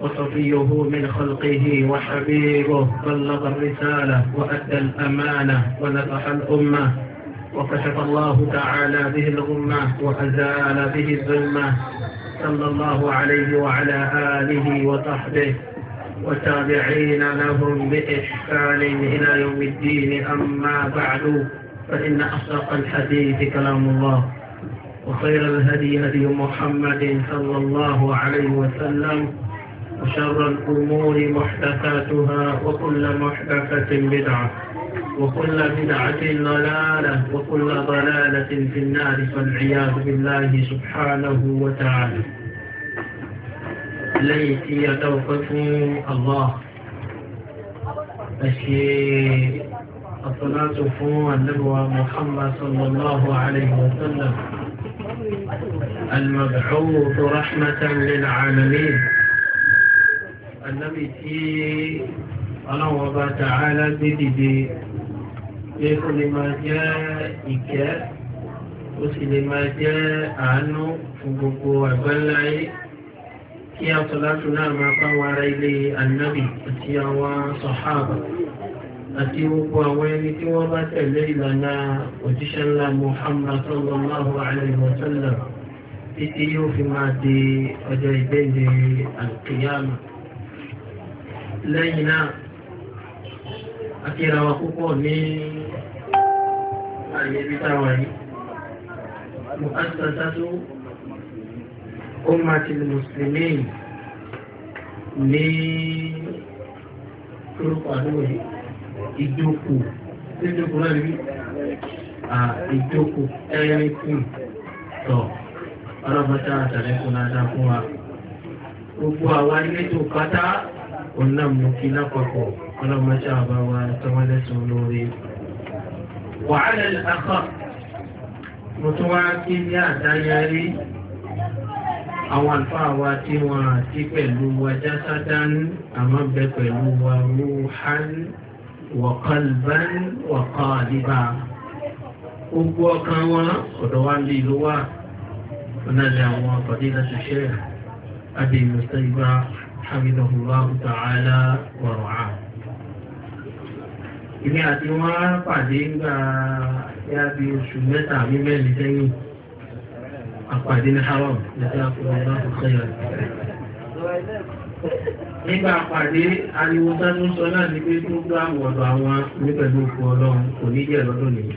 وصفيه من خلقه وحبيبه بلغ الرسالة وأدى الأمانة ونفح الأمة وكشف الله تعالى به الغمة وأزال به الذمة صلى الله عليه وعلى آله وصحبه وتابعين لهم بإحسان إلى يوم الدين أما بعد فإن أصدق الحديث كلام الله وخير الهدي هدي محمد صلى الله عليه وسلم وشر الأمور محدثاتها وكل محدثة بدعة وكل بدعة ضلالة وكل ضلالة في النار فالعياذ بالله سبحانه وتعالى ليتي يتوقف الله أشي الصلاة فوق النبوة محمد صلى الله عليه وسلم المبعوث رحمة للعالمين ànábì tí ọlọ́wọ́ ọba tààlà gbé dìde pé ó lè máa jẹ́ ìkẹ́ ó sì lè máa jẹ́ àánú fún gbogbo àgbáńláyé kí àtọ́látò náà máa bá wa ara ilé ànábì àti àwọn sọ̀háàbà àti gbogbo àwọn ẹni tí wọ́n bá tẹ̀lé ìlànà òjíṣẹ́ ńlá Muhammad sallallahu alaihi wa sallam títí yóò fi máa di ọjọ́ ìgbẹ́ǹde àlùkìyàmù lẹ́yìn náà akíra wa púpọ̀ ní ààyè ibi táwà yìí mo á sọ sátú ó máa ti mùsùlùmí ní orúkọ àdúgbò yìí ìjókòó tí ìjókòó náà rí ìjókòó ẹ̀rín kùn tọ̀ ọlọ́mọta àtàlẹ́kùn náà dá wa gbogbo àwa ilé tó òun náà mú kí lápapọ̀ ọlọ́mọṣẹ́ àbá wa tọ́wọ́lẹ́sùn lóore. wàhálà àkọ́ mo tún wá kí ní àdáyarí àwọn àlùfáà wa tí wọ́n àti pẹ̀lú wa jásádán àmọ́ bẹ pẹ̀lú wa rúhán wọ̀kọ́lbán wọ̀kọ́líbà gbogbo ọkàn wọn ọ̀dọ̀ wa lè ló wà ọ̀nà ìlẹ̀ àwọn ọ̀pọ̀dé láti ṣe àdéhùn sí ibà. حفظه الله تعالى ورعاه ilé àti wọn pàdé ńgbà yá bí oṣù mẹ́ta àbí mẹ́rin sẹ́yìn àpàdé ní haram lẹsẹ àkùnrin náà kò sẹ́yìn rẹ. nígbà àpàdé ariwo sánú sọ náà ní pé tó gbá wọ̀dọ̀ àwọn onípẹ̀lú òkú ọlọ́run kò ní jẹ́ lọ́dún nìyí.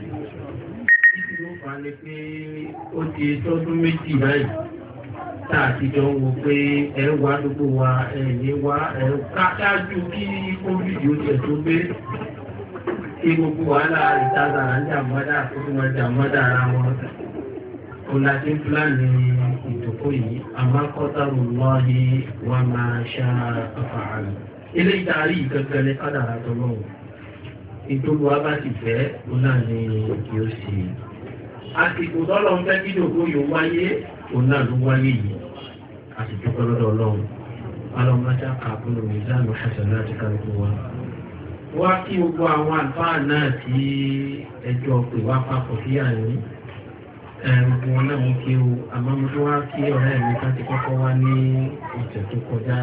ó ti tọ́dún méjì báyìí tá a ti jọ wò pé ẹ wá gbogbo wa ẹ ní wá ẹ káṣáájú kí covid ó tẹ̀ tó gbé kí gbogbo wàhálà ìtajà ń jàmọ́dà tó fún wọn jàmọ́dà ara wọn ọ̀làdé fúlàní ìdòkó yìí àmàkọ́tàrò lọ́ọ̀hí wa máa ṣá àfààní. ilé ìdarí ìkankan ní kádàrà tó lọ́wọ́ ìtòlù abátìfẹ́ ọ̀làní kí ó sì. àsìkò tọ́lọ̀ ń fẹ́ kí ìdòkó yóò wáyé ọ̀là ló wáyé yìí àti dúpẹ́ lọ́dọ̀ ọlọ́run alọ́mọdé àkàkùnrin mizanu hasanati kálukú wa. wá kí gbogbo àwọn àlùfáà náà tí ẹjọ́ pè wá papọ̀ sí àyín gbogbo wọn náà mú kí o àmọ́ mo tún wá kí ọ̀rẹ́ mi ká ti kọ́kọ́ wá ní ọ̀sẹ̀ tó kọjá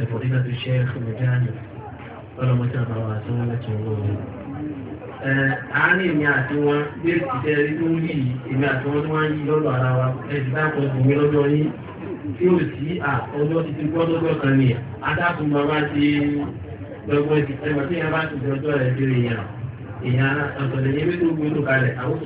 ẹ̀fọ́ tó ṣe é fún mi dáhùn ọlọ́mọdé àbáwá tí wọ́n lẹ́tọ̀ọ́ lọ́wọ́ Eh, àárín èmi àti wọn gbé ìṣẹ́ rí tó ń rí èmi àti wọn tó wá ń yí ara wa ẹ̀sì dákọ̀ sí mi lọ́jọ́ yín tí ó sí à ti ti gbọ́ lọ́jọ́ kan ni adákùn bàbá ti lọ́gbọ́n ti ẹgbẹ́ tí yẹn bá ti jọjọ́ rẹ̀ sí èèyàn èèyàn ọ̀sọ̀lẹ̀ yẹn tó gbé ló kalẹ̀ àwọn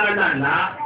ọmọ àti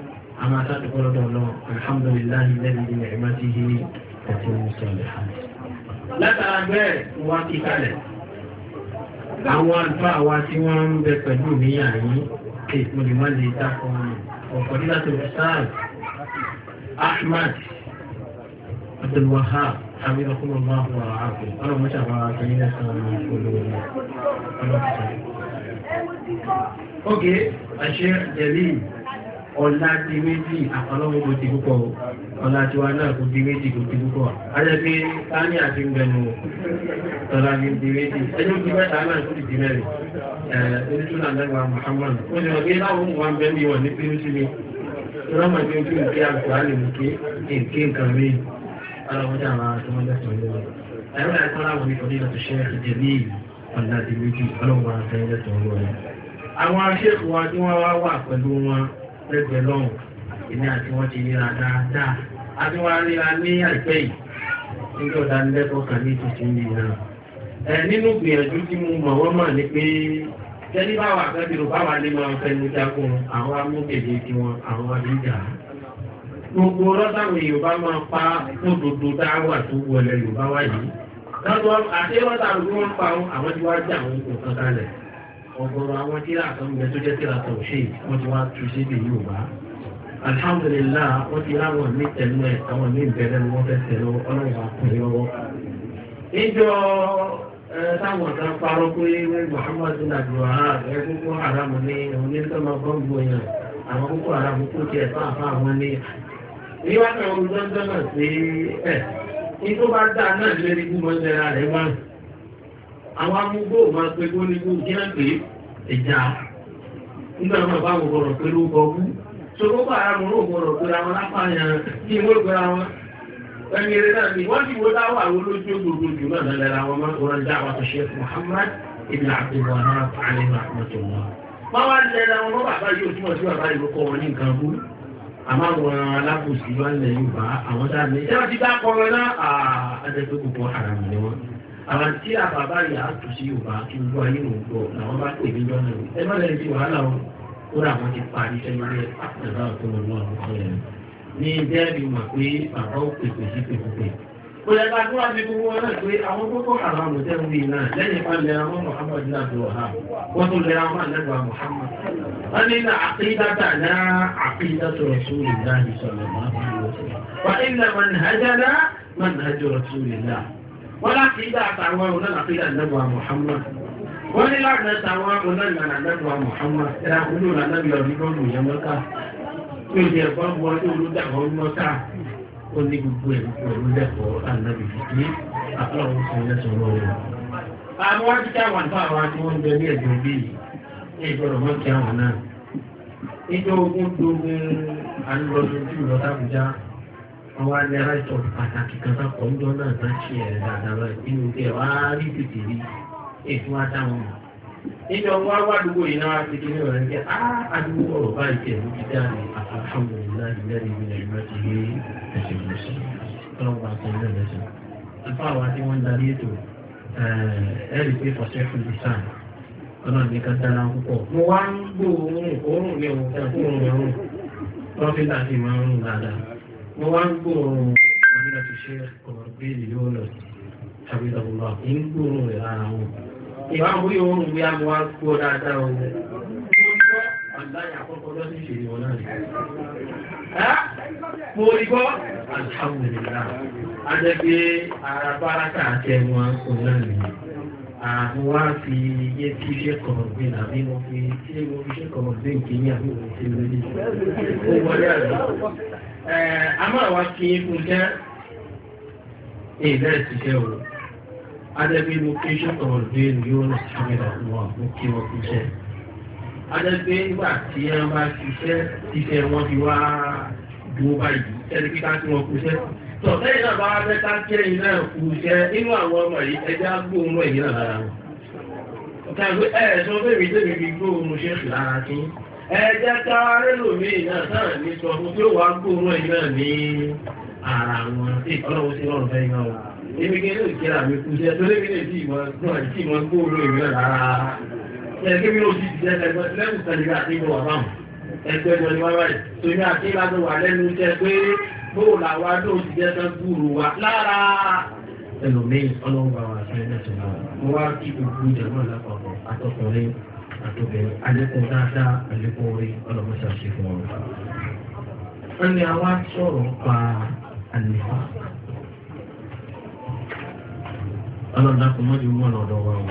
àmà àtàkùn ọlọ́dọ̀ ọlọ́run alhamdulillahi lẹ́nu ní ẹ̀rọ ti yí ẹ̀tí omi sọ̀rọ̀ ha. látara bẹ́ẹ̀ wá kí kalẹ̀ àwọn àlùfáà wa tí wọ́n ń bẹ pẹ̀lú mi àyín kí mo lè má dákọ̀ ọ̀pọ̀ nígbà tó fi sáà Ahmad Abdulwahab حفظكم الله ورعاكم أنا ما شاء الله كلنا أوكي الشيخ جليل ọ̀la ti méjì àfọlọ́wọ́ ti púpọ̀ ọ̀la tiwa náà kò ti méjì kò ti púpọ̀ ajẹ́pẹ́ tání àti ngẹnu ọ̀la ti ti méjì ẹjọ́ ti mẹ́ta náà kò ti mẹ́rin ẹ̀ẹ́dẹ́gbẹ̀rún àdẹ́gbà Muhammad ó ní ọ̀gẹ́ láwọn ohun wa ń bẹ́ mi ní pínú sí mi àgbà mú nǹkan mi àwọn ẹ̀rọ láwọn lẹ́gbẹ̀ẹ́ lọ́hùn èmi àti wọ́n ti ríra dáadáa a ti ní àìpẹ́ yìí nígbà kan ní tuntun ẹ nínú gbìyànjú tí mo mọ̀ wọ́n mọ̀ ní pé tẹ́lí báwa àgbẹ̀bí ló báwa lè máa fẹnu jagun àwọn amúgbèdè àwọn gbogbo rọ́tàwọn Yorùbá máa pa dáwà tó wọlé Yorùbá wáyé. lọ́dọ̀ àti tí wọ́n pa àwọn tí wọ́n ọ̀gọ̀rọ̀ àwọn tíra kan ń bẹ tó jẹ́ tíra tó ṣe wọ́n ti wá tu sí ibi yóò bá alhamdulillah wọ́n ti láwọn mí tẹ̀lú ẹ̀ àwọn mí bẹ̀rẹ̀ ni wọ́n fẹ́ tẹ̀lú ọlọ́wà pẹ̀lú ọwọ́ níjọ táwọn kan parọ́ pé muhammadu abdulhaj ẹgbẹ́kú haramu ní onísọ́mọ bọ́ǹbù yẹn àwọn kókó haramu kó tiẹ̀ fáfá wọn ní ní wọ́n fẹ́ orí dandan náà sí ẹ̀ ikú bá dá náà lórí bí wọ́n lẹ́ra rẹ̀ wá àwọn amúgbó máa pe kó ní kú kí náà pè é ìjà nígbà náà bá wọn gbọ́dọ̀ pé ló gbọ́ wú tó ó bá ara wọn ló gbọ́dọ̀ pé àwọn alápáyà kí wọ́n gbọ́ ara wọn ẹni eré náà ni wọ́n ti wo dáwọ́ àwọn olójú gbogbo jù náà lọ́lẹ́ ra wọn máa ń wọ́n dá àwọn àṣẹ Muhammad ibn Abdullah náà alẹ́ náà àmọ́tò wọn. wọ́n wá lẹ́ ra wọn bàbá yóò túmọ̀ sí bàbá yóò kọ́ wọn ní nǹkan kú àmọ́ àwọn alákòóso ìlú alẹ́ Yorùbá àwọn dáadé. ṣé wọ́n ti dá kọ́ wọn náà àdẹ́gbẹ́ gbogbo àràmù ni wọ́n àwọn tí àbàbà yà á tù sí yorùbá kí gbogbo ayé ò gbọ́ làwọn bá pè mí lọ́nà rẹ̀ ẹ má lẹ́yìn tí wàhálà o ó rà wọn ti parí sẹ́yìn rẹ̀ àpàdà tó wọn lọ́wọ́ àwọn ọ̀rẹ́ rẹ̀ ní bẹ́ẹ̀ni mọ̀ pé bàbá ó pèpè sí pèpè. Olè bá tó wá sí gbogbo wọn náà pé àwọn gbogbo àwọn àmọ̀tẹ́rù yìí náà lẹ́yìn pa lẹ́ra wọn Muhammad náà tó ha wọ́n tó lẹ́ra wọn àlẹ́gbà Muhammad. Wọ́n ní na àkídàtà náà àkídàtà Rasulillah sallallahu alaihi wasallam. Wà ilẹ̀ mọ̀nìhàjá náà mọ̀nìhàjá Rasulillah wọ́n láti ìdá àtàwọn onáàlàfíà lẹ́gbàá Muhammad wọ́n ní láti àtàwọn onáàlàfíà lẹ́gbàá Muhammad ẹ̀rà kúrò lànàbí ọdún lọ́nà ìyẹn mọ́ta tó ìdí ẹ̀kọ́ bu ọdún olùdàgbọ́ mọ́ta ó ní gbogbo ẹ̀kọ́ olùdàgbọ́ ànàbí ní àtàwọn sọ̀rọ̀ lọ́wọ́. àwọn wájú táwọn àtàwọn àti wọn jẹ ní ẹ̀dùn bíi ní ìgbọ́dọ̀ mọ́ kí àwọn náà ìjọ ogun dogun àlùbọ̀dún tí ìlọ́tà àwọn alẹ́rájọ pàtàkì kan bá kọ́ ńjọ́ náà bá ṣe ẹ̀rẹ̀ dáadáa nínú tẹ̀ wá rí tètè rí ètò àdáwọn mọ̀. níjọ wá wá àdúgbò yìí náà ti kíní ọ̀rẹ́ jẹ́ á àdúgbò ọ̀rọ̀ báyìí tẹ̀ ló ti dáa ní àfàṣọ́mọ̀lá ìlẹ́rìí ilẹ̀ ìmọ̀tì ní ẹ̀sẹ̀ lọ́sẹ̀ tọ́wọ́ àti ilẹ̀ lẹ́sẹ̀. àfa àwa tí wọ́n darí ètò ẹ̀rí pé fọ̀ṣẹ́ fún mi sáà ọlọ́run ní ká dára púpọ̀. mo wá ń gbòòrùn òórùn ní òun fẹ́ fún òun rọrùn. wọ́n fi máa ń rún dáadáa mo wá ń gbòòrò àbínà tó ṣe ọ̀rọ̀ pé ìlú ọ̀nà tàbí ìdàgbòmọ̀ àbí ń gbòòrò rẹ̀ lára wọn. ìwà wí oorun bí a mọ wá kú ọ dáadáa o. Àgbáyà àkọ́kọ́ lọ́sí ìṣèlú wọn náà Mo rí gbọ́, àlùfáà wò lè àti ẹ̀wọ̀n kò nìyẹn àmọ́ ah, wá fi yé kí iṣẹ́ kọ̀ọ̀ gbé àbí mo fi tí mo fi iṣẹ́ kọ̀ọ̀ gbé nkìíní àbí mo fi ṣe lórí ó wọlé àná. Eh, a máa wá kí ikú jẹ́ ìbẹ̀rẹ̀ ṣiṣẹ́ o adẹ́gbé mo kí iṣẹ́ kọ̀ọ̀ gbé ni yóò lọ sí mi lọ́wọ́ wọn mo kí wọn kú iṣẹ́. adẹ́gbé nígbà tí wọ́n bá ṣiṣẹ́ ṣiṣẹ́ wọn ti wá dúró báyìí ẹni kíkà tí wọ́n kú iṣẹ́ tọ̀tẹ́ yìí náà bá fẹ́ káàkiri yìí náà kù jẹ́ inú àwọn ọmọ yìí ẹjẹ́ agbó ohun ẹ̀yí náà lára wọn. ọ̀tàgbé ẹ̀ sọ bẹ́ẹ̀ mi débi bí gbó ohun ṣe sùn lára kí. ẹjẹ́ ká rélòmíì náà sáà ní sọ fún tí ó wàá gbó ohun ẹ̀yí náà ní ara wọn. ọlọ́run sí lọ́rùn fẹ́ yín náà wà èmi kí ló kíra mi kú sí ẹtọ́ lébí lè tí ìmọ̀ gbóòrò ìwé rárá ẹgbẹ́ mi ò sì ti ẹgbẹ́ lẹ́nu tẹ̀lé àti ìwọ̀ bóò làwa ló ti jẹ́ tán gbúrò wa lára ẹlòmíín ọlọ́run bá wa fẹ́ lẹ́tọ̀ọ́ náà mo wá kí gbogbo ìjàmọ́ lápapọ̀ àtọkùnrin àtọbẹ̀rẹ̀ àlékún dáadáa àlékún orí ọlọ́mọṣà ṣe fún ọ. wọ́n ní àwa sọ̀rọ̀ pa àlèfà. ọlọ́dà kò mọ́ ju mọ́nà ọ̀dọ̀ wa o.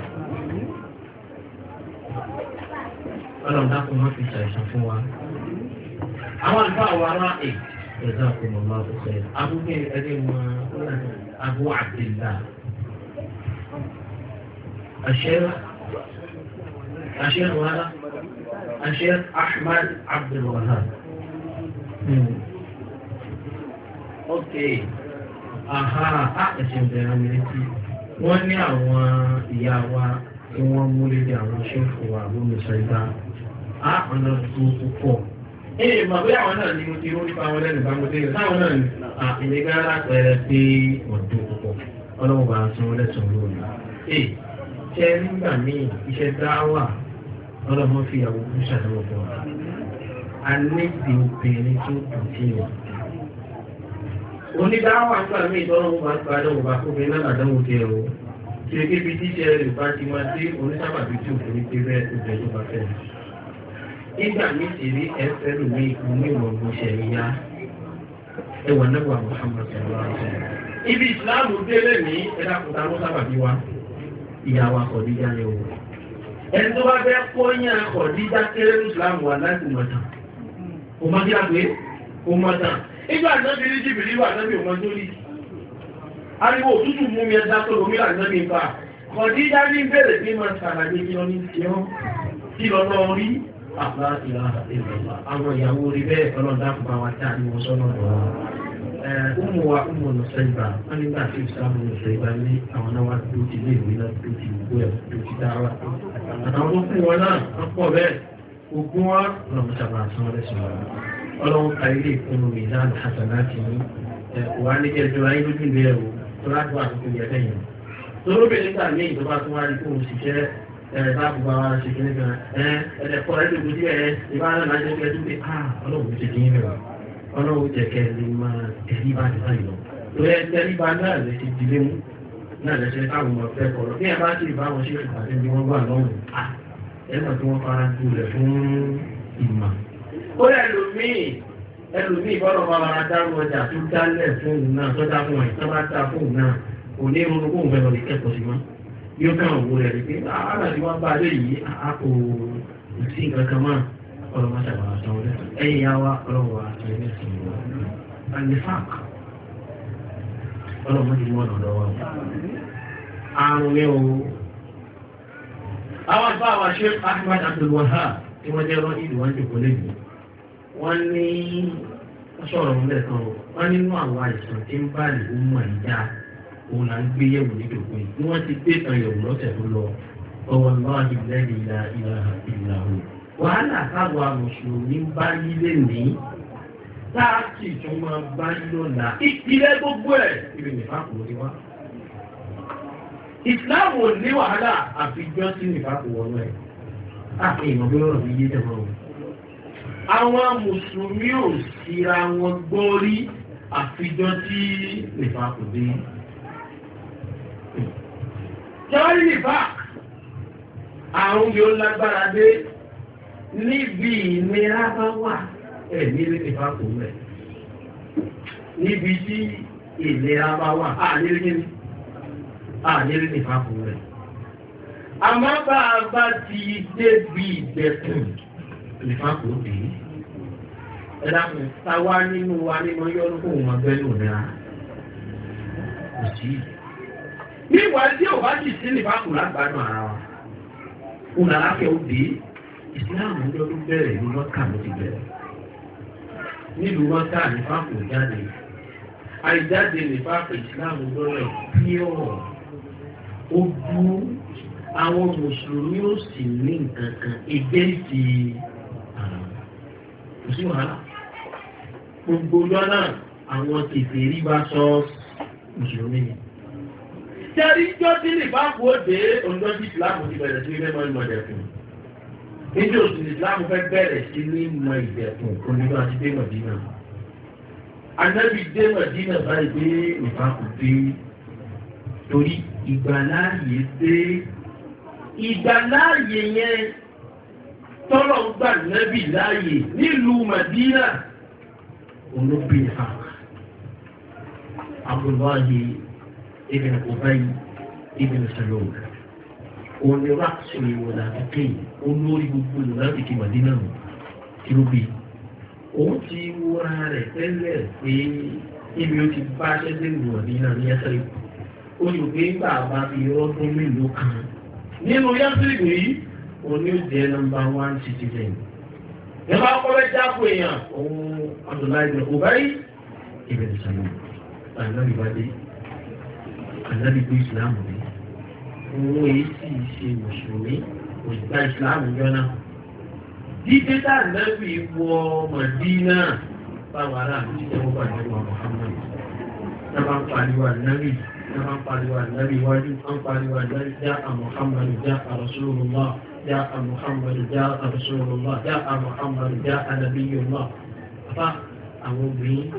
ọlọ́dà kò mọ́ fi ṣàìsàn fún wa. àwọn àlùfáà wa rán èyí. جزاكم الله خير أبو كيف أدين أبو عبد الله الشيخ الشيخ وهذا الشيخ أحمد عبد الوهاب أوكي أها أحسن بأمريكي wọ́n ní àwọn ìyá wa tí wọ́n múlé di àwọn ṣẹ́fù àbúrò ṣẹ́gbà á ọ̀nà tó púpọ̀ ee mọ̀ bí àwọn náà ni mo ti rú nípa wọn lẹ́nu bá mo dé lọ sáwọn náà ni àìlégá lápẹẹrẹ pé ọ̀dọ́ púpọ̀ ọlọ́wọ́ bá tún wọn lẹ́sùn lónìí ee ṣe nígbà míì iṣẹ́ dáwà ọlọ́wọ́ fi àwọn òkú ṣàdánwò bọ̀ a níbi obìnrin tó kù sí ọ onídáwà nígbà míì tọ́lọ́wọ́ bá gba àdánwò bá kóbi náà àdánwò tẹ ọ ṣe kébi tíṣẹ́ rẹ̀ bá ti máa dé oníṣàbàbí tí òfin ti rẹ̀ òbẹ̀ tó bá nígbà méjì rí ẹsẹ̀ ló ní ikú ní ìwọ̀nbù ṣẹ̀yà ẹwà nẹ́wà Muhammad sallallahu alaihi wasallam. ibi ìsìláàmù délé ní ẹ̀dá kúta ló sábà bí wa ìyá wa Khadija ni o. ẹni tó bá fẹ́ kóyàn Khadija kéré ní ìsìláàmù wa láti mọ̀tàn. o má kí àgbẹ̀ o mọ̀tàn. ìgbà náà bí jìbìrì wà náà bí o mọ lórí. ariwo òtútù mú mi ẹja tó lómi láti náà mi bá. Khadija ní bẹ̀rẹ̀ bí àwọn ìyàwó orí bẹ́ẹ̀ ọlọ́dà kò bá wa tá a ní wọn sọ́nà ọ̀rọ̀ ọmọ wa ọmọ ọ̀nà sẹ́gbà wọn nígbà tí ìsàmù ìsẹ̀gbà ní àwọn náà wá tó ti ilé ìwé náà tó ti ìwé ẹ̀ tó ti dára àtàwọn tó fún wọn náà wọn pọ̀ bẹ́ẹ̀ ogun wa ọlọ́run sábà sán wọn lẹ́sìn ọlọ́run ka ilé ìpinnu ìdáhùn àtàlá ti ní wàá ní kẹjọ ayé ìgbéyàwó tó láti tó yẹ lẹ́yìn tó lóbìnrin tà ní ìjọba tó wá ní kóhun báàbù bá wàá ṣe kéré kan ẹ̀ẹ́dẹ̀ kọ́ ẹ̀ lóògùn díẹ̀ ẹ̀ ìbára náà jẹ́ kẹ́ẹ́ dúpẹ́ ah ọlọ́run ṣe kéré mẹ́wàá ọlọ́run jẹ́ kẹ́ẹ́ lè máa tẹ̀lé bá ti báyìí lọ. tó yẹ tẹ̀lé bá náà lè ti dilé mú náà lè ṣe káwọn ọmọ fẹ́ kọ̀ lọ. bí ẹ bá ti bá wọn ṣe ìpàdé bí wọ́n wà lọ́rùn ah ẹ̀mọ̀ tí wọ́n fara gbolẹ̀ fún ìmọ̀. ó ẹlòmíì ẹlòmíì bọ́lọ̀ bá wàrà dárú ọjà tó dálẹ̀ fún òun náà tó dá fún ẹ̀ tó bá dá fún òun náà òní ìrúnú kóun fẹ́ lọ lè kẹ́kọ̀ọ́ sí mọ́ yóò kàn wò rẹ̀ rí pé ah, aláàdì wá bá lè yí àpò sí nǹkan kan mọ́ ọ̀rọ̀ máa ṣàbàwà tán wọlé ẹ̀yìn yá wá ọ̀rọ̀ wà tẹ̀lé ní ìsìn wọn. alifak ọlọ́mọ ti mú ọ̀nà lọ́wọ́ àrùn ní o. àwọn àgbà wa ṣe Ahmad Abdul Wahab tí wọ́n jẹ́ wọ́n ní wọ́n àwọn àìsàn tí ń bá ìlú mọ̀ ìjà òun là ń gbé yẹ̀wò nídòkó yìí bí wọ́n ti gbé kan yẹ̀wò lọ́sẹ̀ tó lọ ọwọ́ náà ní lẹ́yìn ìlà ìlà ìlà o. wàhálà táwọn amòṣùlùmí ń bá nílé ní táàkì tó máa bá lọ́la ìpìlẹ̀ gbogbo ẹ̀ ìrìn ìfàkùn ni wá. ìsìláàmù ò ní wàhálà àfijọ́ sí ìfàkùn wọnú ẹ̀ láti ìmọ̀ bí wọ́n fi yé o. àwọn mùsùlùmí ò síra wọn gbọ́ rí àfijọ́ sí ìfàkùn dé jẹ́wọ́n ní bá àrùn yóò lágbára dé níbi ìnira bá wà ẹ̀mí ní nípa kò rẹ̀ níbi tí ìnira bá wà àníríkíní ànírí nípa kò rẹ̀ àmọ́ bá a bá ti débi ìdẹ̀kùn nípa kò dé ẹ̀dàkùn táwa nínú wa nínú yọ́nù kò wọ́n bẹ́ẹ̀ lò náà kò sí yìí bí ìwà tí ò bá jì sí ní bá kù lágbàdùn ara wa kù làlákẹ́ ó dé ìsìláàmù ọjọ́ tó bẹ̀rẹ̀ ní mọ́kà ló ti bẹ̀rẹ̀ nílùú mọ́kà ní fáàkù jáde àìjáde ní fáàkù ìsìláàmù lọ́rẹ̀ píọ̀ ó bú àwọn mùsùlùmí ó sì ní nǹkan kan ẹgbẹ́ ti kò sí wàhálà gbogbo lọ́nà àwọn kèfèrí bá sọ mùsùlùmí ni tẹ́rí jọ́ tí lè bá kú ó dé ọ̀dọ́jú ìsìláàmù ti bẹ̀rẹ̀ sí mẹ́mọ́ ìmọ̀ ìdẹ̀kùn níbi òsì ìsìláàmù fẹ́ bẹ̀rẹ̀ sí ní ìmọ̀ ìdẹ̀kùn onígbà àti dé mọ̀dínà anábì dé mọ̀dínà báyìí pé ìfà kò dé torí ìgbàláàyè dé ìgbàláàyè yẹn tọ́lọ̀ ń gbà nábì láàyè nílùú mọ̀dínà olóbìnrin àbúrò báyìí ابن أبي ابن سلول òní ráṣọ ìwọ̀nà àkẹ́kẹ́ yìí olórí gbogbo olùdáríkì màdínà nù kí ló bí òun ti wúra rẹ̀ tẹ́lẹ̀ pé ibi ó ti bá ṣẹ́ṣẹ́ lù màdínà ní yásírìkù ó lò pé nígbà bá fi rọ́dún mélòó kan nínú yásírìkù yìí òní ó jẹ́ nọ́mbà one citizen nígbà kọ́lẹ́ jáko èèyàn òun Abdullahi ibn Ubay ibn Salul àná ìbàdí ànábì gbé ìsìlámù rí òun èyí sì ṣe mùsùlùmí kò sì gba ìsìlámù jọ́nà. dídé tá ànábì wọ mọ̀dínà báwọn aráàlú ti tẹ́wọ́ bá ìjọba Muhammad náà bá ń pariwo ànábì náà bá ń pariwo ànábì wájú náà ń pariwo ànábì já Muhammad já Rasulullah já Muhammad já Rasulullah já Muhammad já Nabiyullah. àbá àwọn obìnrin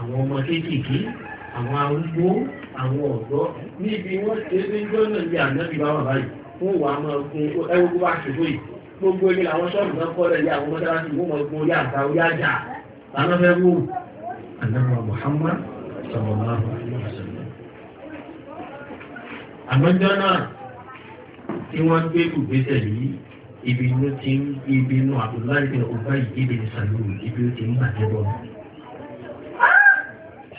àwọn ọmọ kéékèèké àwọn arúgbó àwọn ọ̀dọ́ níbi wọ́n ṣe é lójú ọ̀nà bí ànábì bá wà báyìí fún wa máa gun ẹwọ́ tó bá ṣòfò yìí gbogbo ilé àwọn ṣọ́ọ̀bù náà kọ́ lẹ́yìn àwọn mọ́ṣáláṣí ìwọ́n máa gun orí àgbà orí àjà lánàá fẹ́ wò ànábì Muhammad sallallahu alaihi wasallam. àmọ́jọ́ náà tí wọ́n gbé ìgbésẹ̀ ibi inú ti ibi inú Abdullahi bin Ubay ibi ìsàlù ibi ó ti ń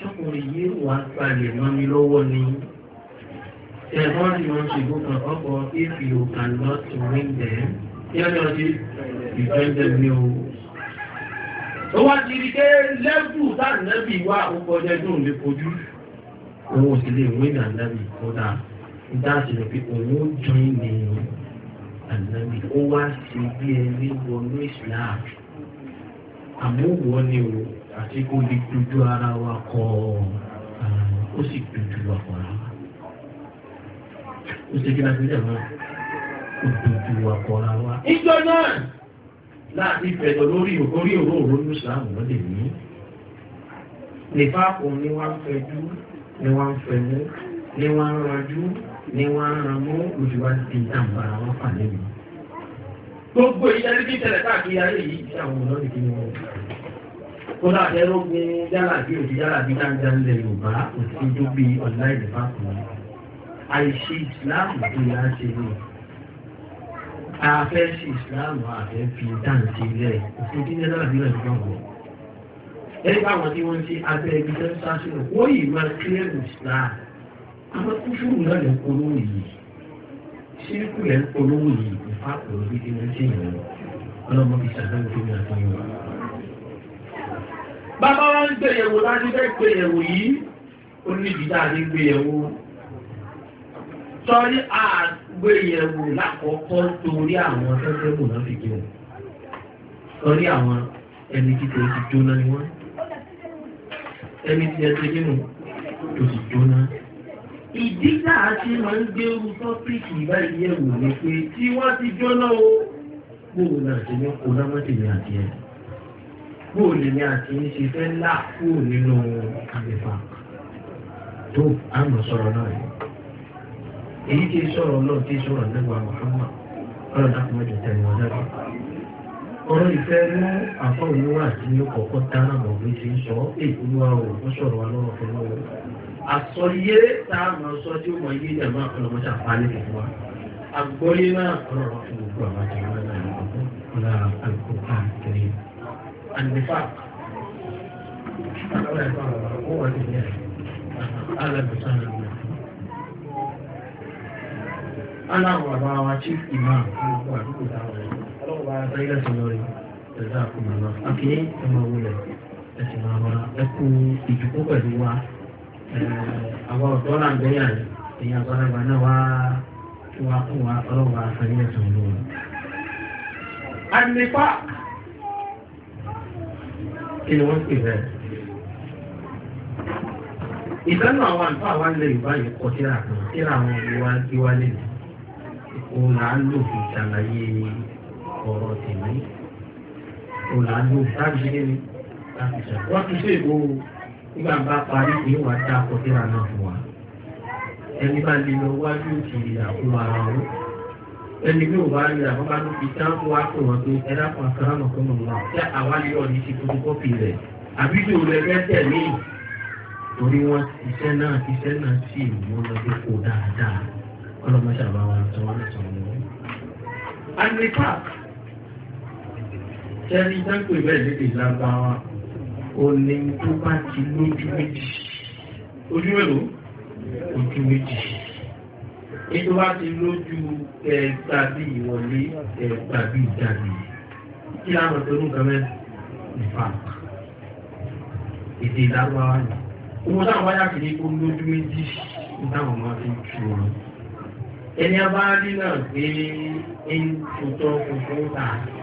ṣọ́kùnrin yìí wà balẹ̀ mọ́ mi lọ́wọ́ ni ẹ̀gbọ́n ni wọ́n ṣe gbọ́kàn ọkọ̀ if you cannot win them yẹ́nà sí ìfẹ́ǹdẹ̀ ní o. ó wá ti rí pé lẹ́bù tánàbì wá ọkọ̀ ọjọ́dún lè fojú òun ò sì lè win and ànábì kódà dáàsì rẹ̀ pé òun ó join and ànábì ó wá sí bí ẹni wọnú ìsìláàmù àmọ́ wọ́n ní o àti kó lè dojú ara wa kọ ó sì dojú wa kọ rà ó sì kíra sí ìjàmbá ó dojú wa kọ ra wa. ìjọ náà láti fẹ̀tọ̀ lórí orí òróòró ní ìsìlámù lọ́dẹ̀ yìí nípa òun ni wọ́n fẹ́jú ni wọ́n fẹ́mú ni wọ́n ranjú ni wọ́n ranmú lójú wa ti dàmbára wọn pàdé mi gbogbo ìyẹn ní tẹ̀lẹ̀ káàkiri ayé yìí tí àwọn olórí kí ni wọ́n wọ́n kó náà jẹ́ lógún jálàbí òbí jálàbí dáńdá ńlẹ̀ Yorùbá òtún tó bí ọ̀la ìdìbò àkùnrin àìṣe ìsìláàmù tó yà á ṣe ní àfẹ́ sí ìsìláàmù àfẹ́ fi dáǹtì lẹ̀ òfin kí ní jálàbí rẹ̀ gbọ́n wọ̀ ẹni báwọn tí wọ́n ti abẹ́ ibi tó ń sáṣẹ́ lọ wọ́n yìí máa kílẹ̀mù ìsìláàmù àwọn pápọ̀ lórí ilé tí ìlú ọlọ́mọ fi ṣàdánù tó ní àtúnyọ. bàbá wa ń gbéyẹ̀wò láti fẹ́ gbéyẹ̀wò yìí ó ní ìdíjà àti gbéyẹ̀wò sọ́rí àgbéyẹ̀wò lákọ̀ọ́kọ́ torí àwọn tẹ́tẹ́ kò náà fi jẹun sọ́rí àwọn ẹni títẹ̀ ti jóná ni wọ́n ẹni títẹ̀ ti jóná tó ti jóná. ìdí a ṣe máa ń gbé orú tọ́pìkì báyìí yẹ̀wò ni pé tí wọ́n ti jóná o bóò náà ṣe ní kó ní àti ẹ̀ bóò lè ní àti ń ṣe fẹ́ ńlá kúrò nínú àgbẹ̀fà tó àmọ̀ sọ̀rọ̀ náà yìí èyí sọ̀rọ̀ náà tí sọ̀rọ̀ nígbà ọ̀rọ̀ ọ̀rọ̀ ìfẹ́ mú àsọyé táàmù sọ tí ó mọ̀ yí ìjàmbá ọlọ́mọṣà parí fún wa àgbọ́yé náà ọlọ́rọ̀ fún gbogbo àwọn àjọyọ̀ náà ní ọ̀la àlùkò káàkiri ànífà àlọ́rẹ̀ fún àwọn ọ̀rọ̀ wọ́n ti imam gbogbo àdúgbò táwọn ẹ̀ ọlọ́wọ́ bá sáré lẹ́sìn lórí ẹ̀dá àkùnrin náà akínyé ẹ̀mọ̀ wọlé ẹ̀sìn àwọn ẹ̀kú ìdìbò pẹ̀lú wa. Eh, àwọn ọ̀dọ́ náà gbẹ́yà rẹ̀ èyàn àgbàlagbà náà wá wá fún wa ọlọ́wà àfẹ́yẹ́ tó lò wọ́n. ànípa kí ni wọ́n pè bẹ́ẹ̀. ìdánù àwọn àlùfáà wa lè yorùbá kọ síra kan síra àwọn ìwà ìwà lè lò òun là á lò fún ìṣàlàyé ọ̀rọ̀ tèmi òun là á lò fún ìṣàlàyé láti ṣàkóso ìgbòho nígbà bá parí ìwà dá kọtíra náà fún wa ẹni bá lè lọ wájú ìṣèlè àkóhò ara wọn ẹni bí òwá rí àwọn bá lóbi dáhùn wá pè wọn pé ẹ̀dá kan sára nà fún wọn tí àwa lè yọ ní ti fún kọ́pì rẹ̀ àbí tó rẹ̀ lẹ́sẹ̀ míì torí wọn iṣẹ́ náà iṣẹ́ náà sì mú lọ́dún kó dáadáa ọlọ́mọṣẹ́ àbá wa sọ wọn sọ wọn. agripark ṣẹ́ni dáńpé bẹ́ẹ̀ lédè lágbára òní tó bá ti lójú méjì ojú mélòó ojú méjì ètò bá ti lójú ẹgbà bí ìwọlé ẹgbà bí ìjáde kí láwọn tó ní nǹkan mẹ́rin ìfà èdè ìdáwàá ni owó táwọn wáyà kìíní ó lójú méjì táwọn máa fi jù wọn ẹni abáyá náà gbé ẹni tó tọ́ fún fún tààrí.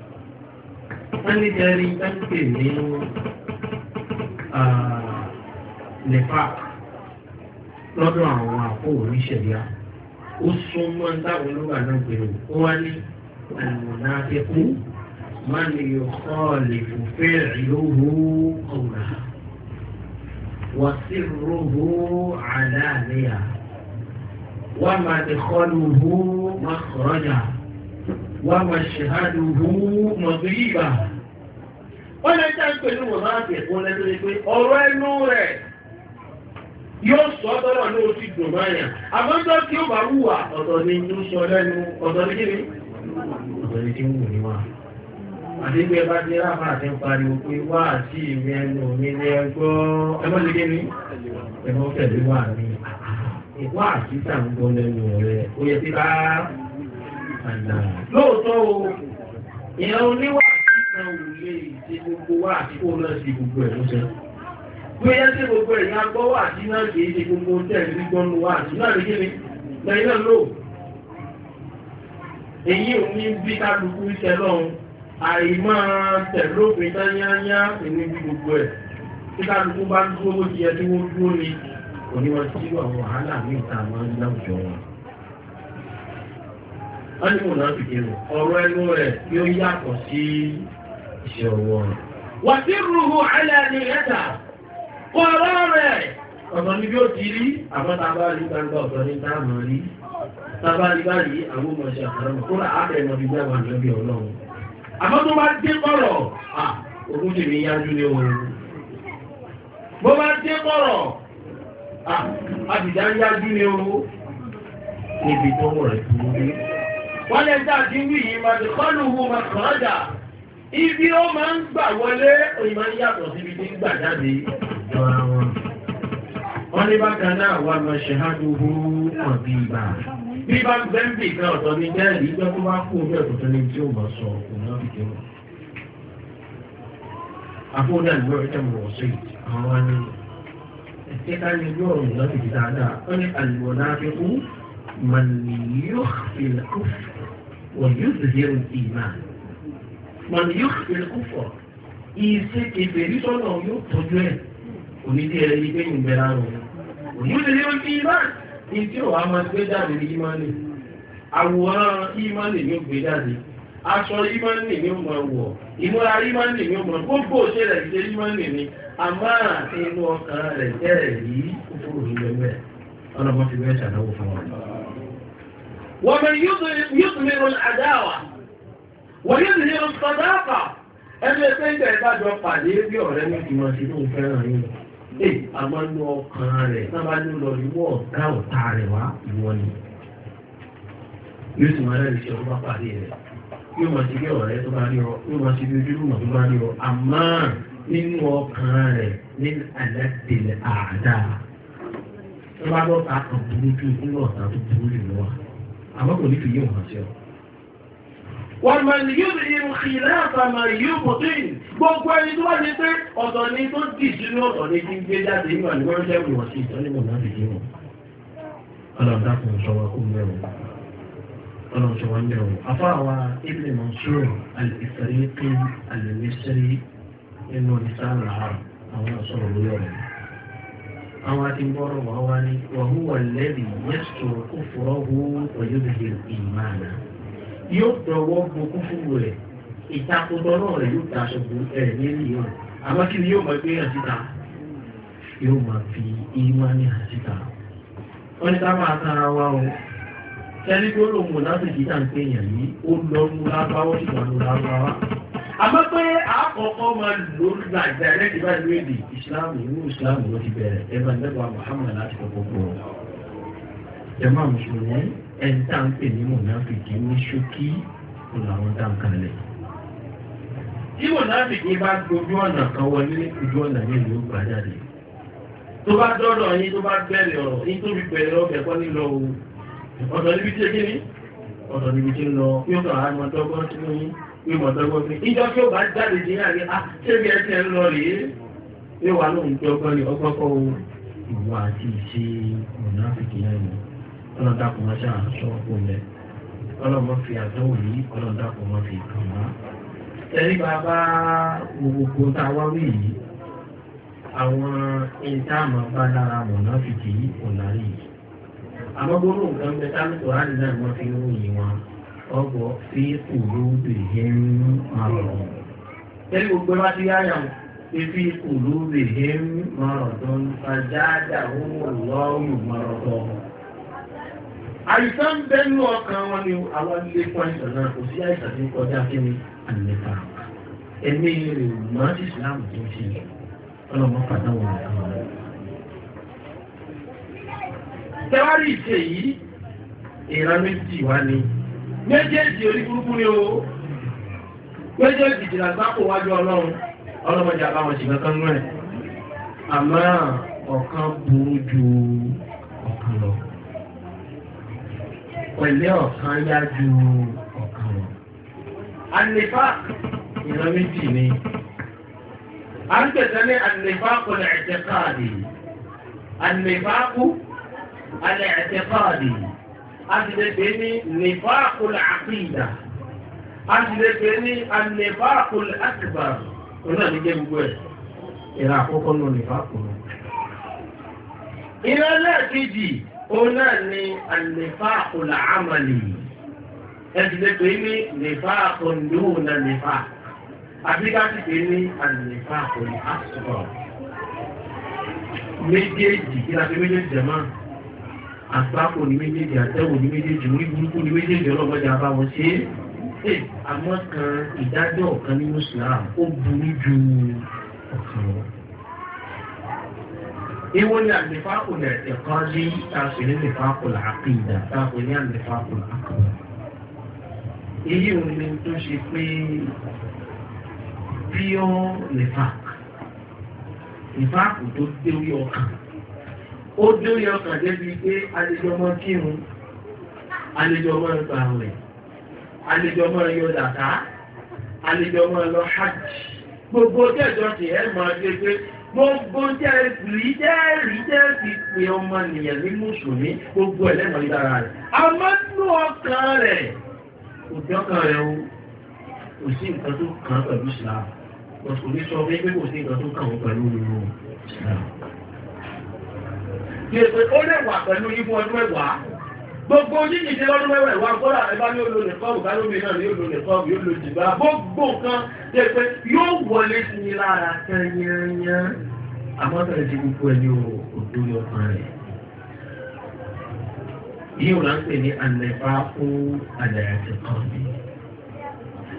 wọ́n ní jẹ́rí ẹ́pì ní nepa lọ́dọ̀ àwọn àpò oníṣẹ̀yà ó súnmọ́ táwọn olóògbà náà gbèrò ó wá ní àlùmọ̀nà ẹkú máa ní ọkọ̀ lè fòfẹ́ ìlóhù ọ̀rà wàsíróhù àdáàlẹ́yà wàmàdìkọ́lùhù mọ́kọ̀rọ́jà. wa má ṣe há lùhú mọ̀gbìlìbà. wọ́n lè já pé ní wọ́n máa bẹ̀ pé ọ̀rọ̀ ẹnu rẹ̀ yóò sọ tọ́lọ̀ ní oṣù dùnmáyà àmọ́jọ́ tí ó bá wùwà ọ̀dọ̀ ni yóò sọ lẹ́nu ọ̀dọ̀ ni kíni ni kí ní wa lóòótọ́ o ìyẹn oníwà kan ò lè ṣe gbogbo wa àti kó lọ sí gbogbo ẹ̀ lọ́sẹ̀ bóyá sí gbogbo ẹ̀ náà gbọ́ wà sí náà kìí ṣe gbogbo tẹ̀lé gbọ́nu wà sí náà lè kéde lẹ́yìn náà lò èyí ò ní bí kálukú iṣẹ́ lọ́hùn àìmọ́ tẹ̀lófin tányányá ìní bí gbogbo ẹ̀ tí kálukú bá dúró bó ti yẹ tí wọ́n dúró ni òníwọ̀n tí àwọn wàhálà ní ìta àwọn ìlànà ìjọ wọn. wọ́n ní kò náà ọ̀rọ̀ ẹnu rẹ̀ yóò yàtọ̀ sí iṣẹ́ ọwọ́ rẹ̀. wà sí rúhu alẹ́ ẹ̀ta kó ọ̀rọ̀ rẹ̀ ọ̀sán níbi ó ti rí àmọ́ gbangba ní táàmù rí tábà rí báyìí ní níbi tó rẹ̀ tó wọ́n lẹ́ tá a ti wí yìí màdìkọ́lùhù màkọ́dà ibi ó máa ń gbà wọlé òyìn máa ń yàtọ̀ síbi tí ń gbà jáde wọ́n ní bákan náà wà lọ ṣe há lóhù ọ̀bí ibà bí bá ń bẹ́ ń bì kan ọ̀tọ̀ ní jẹ́rìí ìgbẹ́ tó bá kú omi ọ̀tọ̀ ní tí ó mọ̀ sọ òun náà fìdí wọn. àfọwọ́dà ìwé ọ̀rẹ́ mọ̀ ọ̀sẹ̀ àwọn wá ẹ̀kẹ́ká ní ojú ọ̀rọ̀ ìlọ́fìdí dáadáa ó ní àlùwọ̀ náà fi kú من يخفي الكفر ويظهر الإيمان من يخفي الكفر ìṣe kèfèrí sọ́nà yóò tọ́jú ẹ̀ onídé ẹ̀rẹ́ ní pé ìgbẹ́ láàrùn onídé ó ti ìmá ní tí ó wá máa gbé jáde ní ìmánì àwòrán ìmánì ni ó gbé jáde aṣọ ìmánì ni ó máa wọ̀ ìmúra ìmánì ni ó máa gbogbo òṣèlè ìṣe ìmánì ni àmọ́ inú ọkàn rẹ̀ jẹ́rẹ̀ yìí kúkúrú ìgbẹ́mẹ́ ọlọ́mọ fi mẹ́ta náwó fún wọn. ومن يضمر العداوة ويظهر الصداقة ẹni ẹgbẹ́ ìgbà ìbájọ pàdé bí ọ̀rẹ́ mi ti máa ṣe ló ń fẹ́ràn yín lọ. ee àmọ́nú ọkàn rẹ̀ sábà ní lọ ìwọ ọ̀gá ọ̀tá rẹ̀ wá ìwọ ni. yóò sì máa rẹ̀ ṣe ọba pàdé rẹ̀ yóò máa ṣe bí ọ̀rẹ́ tó bá rí ọ yóò máa ṣe bí ojúlùmọ̀ tó bá rí ọ àmọ́ nínú ọkàn rẹ̀ ní àlẹ́tẹ̀lẹ̀ àdá. tó bá lọ́ta kan burú jù nínú ọ̀tá tó burú jù lọ́wọ́ àmọ́ kò ní fi yíò hàn sí ọ. wọ́n máa ní yóò fi irun kì láàpá máa yóò pọ̀ tó yìí gbogbo ẹni tó wà ní pé ọ̀dọ̀ ni tó dì sínú ọ̀dọ̀ ni kí n gbé jáde nínú àníwọ̀n jẹ́ ìwọ̀n sí ìtọ́ nínú náà lè yíwọ̀n. ọlọ́dà kò sọ wa kó mẹ́rùn ọlọ́run sọ wa mẹ́rùn afọ àwa Ibn Mansur al-Ifriqi al-Misri àwọn àti bọ́rọ̀ wà wá ní wàhúwà yóò yóò lérí ni yóò máa gbé àtìta yóò máa fi ìwá àtìta wọ́n ní máa tara wa o kẹ́lí gbólóhùn láti kìí ń pè yàn yìí ó lọ́ọ́ mú lábáwọ́ àmọ́ pé àkọ́kọ́ máa lò ó nígbà direct bá ìlú èdè ìsìláàmù ìlú ìsìláàmù ló ti bẹ̀rẹ̀ ẹ̀fà nígbà Muhammad láti kọ́kọ́ kọ́ jama mùsùlùmí ẹni tá à ń pè ní mùnàfìkì ní ṣókí kò làwọn tá à ń kalẹ̀. tí mùnàfìkì bá dojú ọ̀nà kan wọlé ojú ọ̀nà yẹn ló gbà jáde tó bá dọ́dọ̀ yín tó bá bẹ̀rẹ̀ ọ̀rọ̀ yín tó fi bẹ̀rẹ̀ ọ̀bẹ̀ kọ́ o ọ̀dọ̀ níbi tí ó ìmọ̀tọ́gbọ́ mi ìjọ tí ó bá jáde jí náà ní ah, ṣébi ń lọ rèé yóò wà lóhun tí ọgbọ́n ní ọgbọ́n kọ́ ohun. ìwà àti ìṣe mọ̀nàfíkì náà ni ọlọ́run máa ṣáà fi yìí máa fi kàn wá. ẹ̀rí bàbá tá a wá wí yìí àwọn ọgbọ̀ fi òru bèèrè ń marọ̀dún. Tẹ́lẹ̀ gbogbo bá ti yáyà wọn, fi òru bèèrè ń marọ̀dún, fàjáàdà òun lọ́rùn marọ̀dún. Àìsàn bẹ́nu ọkàn wọn ni àwọn ilé pọ́ìntà náà kò sí àìsàn tí kọjá kí ni àlẹ́fà. Ẹ̀mí rẹ̀ mọ́ ìsìláàmù tó ṣe ọlọ́mọ pàdánù àwọn ọ̀rẹ́. Tẹ́wárí ìṣe yìí, ìran méjì wá ni méjèèjì orí burúkú ni o méjèèjì jìnnà sápò wájú ọlọ́run ọlọ́mọdé àbáwọn jìnnà kan nú ẹ̀ àmọ́ ọ̀kan burú ju ọ̀kan lọ pẹ̀lẹ́ ọ̀kan yá ju ọ̀kan lọ. ànífà ìran méjì ni a ń tẹ̀sẹ̀ ní ànífà kò ẹ̀jẹ̀ káàdì ànífà kú alẹ́ ẹ̀jẹ̀ káàdì àti lè pè ní nifaqul aqida àti lè pè ní an-nifaqul akbar òun náà ní jẹ́ gbogbo ẹ̀ ìrà àkọ́kọ́ náà nifaqul. ìrà lẹ́ẹ̀kejì òun náà ní an-nifaqul amali ẹ̀sì lè pè ní nifaqun duna nifaq àbí ká ní an-nifaqul asghar méjèèjì kí àgbákò ní méjèèjì àtẹ́wò ní méjèèjì orí burúkú ní méjèèjì ọlọ́mọdé abáwọn ṣe é àmọ́ kan ìdájọ́ ọ̀kan nínú Islam ó burú ju ọ̀kan lọ. Èwo ni àlùfáà kò lẹ̀ ẹ̀kọ́ sí àṣẹ ní àlùfáà kò là á pè ìdá táàkò ní àlùfáà kò là á kò là. Èyí ò ní tó ṣe pé pure nifak nifak tó dé orí ọkàn. ó dórí ọkàn débi pé alejọmọ kírun alejọmọ gbàwẹ̀ alejọmọ yọ dàkà alejọmọ lọ hajj gbogbo ti ẹ gbogbo jẹ rí jẹ ti pe ọmọ nìyẹn ní gbogbo ẹ lẹ́mọ̀ọ́ dára rẹ̀ àmọ́ nú ọkàn rẹ̀ òbí ọkàn rẹ̀ o kò sí nǹkan tó kàn pẹ̀lú sọ pé kò sí nǹkan tó kàn pẹ̀lú lèpè ó lè wà pẹ̀lú ibú ọdún ẹ̀wàá gbogbo yíyí dé lọ́dún mẹ́wàá ìwà kọ́lá ẹ̀bá ní olóò lè náà ní olóò yóò lò jìbá gbogbo nǹkan lèpè yóò wọlé sí i lára kẹyẹnyẹ àmọ́ bẹ̀rẹ̀ sí gbogbo ẹni òdo yọkan rẹ̀ yíò là ń pè ní àlẹ́fà fún àlẹ́ àti kan bíi.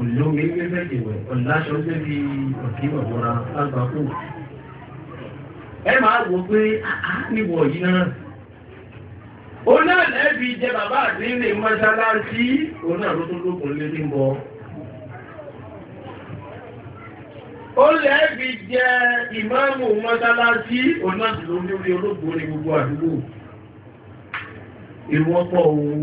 olómi pẹ́fẹ́ ìwẹ̀ ọ̀láṣọ débi ọ̀kí ọ̀bọ̀ra lágbàkú. ẹ máa wò pé níwọ̀ yìí náà ó náà lẹ́bi jẹ bàbá àti ilé mọ́ṣáláṣí òun náà ló tó lókun lé ní bọ́. ó lẹ́bi jẹ ìmáàmù mọ́ṣáláṣí òun náà sì ló ní orí olóògbé ní gbogbo àdúgbò. ìwọ́pọ̀ òun.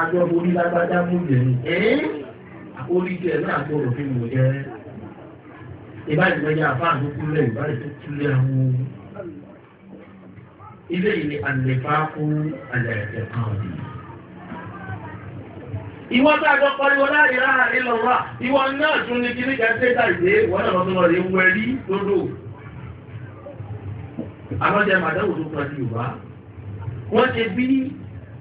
àjọ orí lágbájá mú yẹn ẹ́ orí jẹ́ náà gbọ́dọ̀ fi mọ̀ jẹ́ ìbáyìí lọ́yẹ́ àfáà tó kúlẹ̀ ìbáyìí tó kúlẹ̀ àwọn ohun ilé ìní àlèfáàkú àlẹ̀ẹ̀kẹ̀ kan rí. Ìwọ tó àjọ pariwo láàrin láàrin lọ́wọ́, ìwọ náà tún ní kiri kan ṣe tàìdé, wọ́n náà lọ́tún lọ́rẹ̀ ń wẹ̀rí lódò. màdáwò tó kọjú Yorùbá. Wọ́n ṣe bí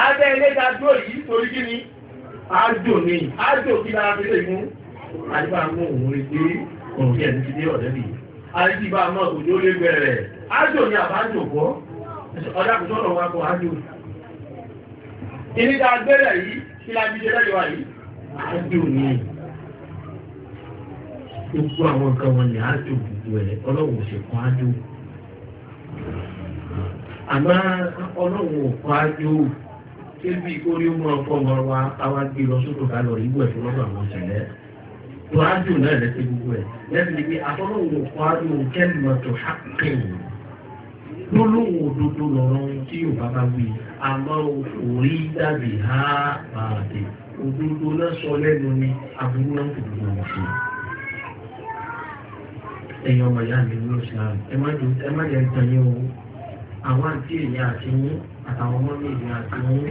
abẹ́ ẹlẹ́dà dúró yìí torí kí ni ájò ni ájò kí lára fi lè mú àyíká mú òun rí pé òun yẹn ti dé ọ̀dẹ́ nìyí àyíká bá mọ òjò lé bẹ̀rẹ̀ ájò ni àbájò bọ́ ọ̀dà kò sọ̀rọ̀ wa kọ ájò. ìníta yìí kí la fi ṣe ájò gbogbo àwọn nǹkan wọn ni ájò gbogbo ẹ̀ ọlọ́wọ́ ájò àmọ́ ọlọ́wọ́ kébi orí ó mọ̀ ọkọ̀ wọn wá àwa gbé lọ sódò ká lọ ìwú ẹ̀fọ́ lọ́dọ̀ àwọn ìṣẹ̀lẹ̀ tó ájú náà lẹ́sẹ̀ gbogbo ẹ̀ lẹ́sìn ni pé àtọ́lọ́wọ̀ kọ́ ájú kẹ́mọ̀ tó hákẹ́wò lólóhùn òdodo lọ́rọ̀ tí yóò bá bá wí àmọ́ òrí dàbí há bàdé òdodo náà sọ lẹ́nu ni aburú náà kò gbogbo wọn ṣe. ẹ̀yin ọmọ ìyá mi ló ṣe àrùn ẹ má jẹ́ ń tan yín o àwọn àti èyí àti yín àtàwọn ọmọ mi èyí àti yín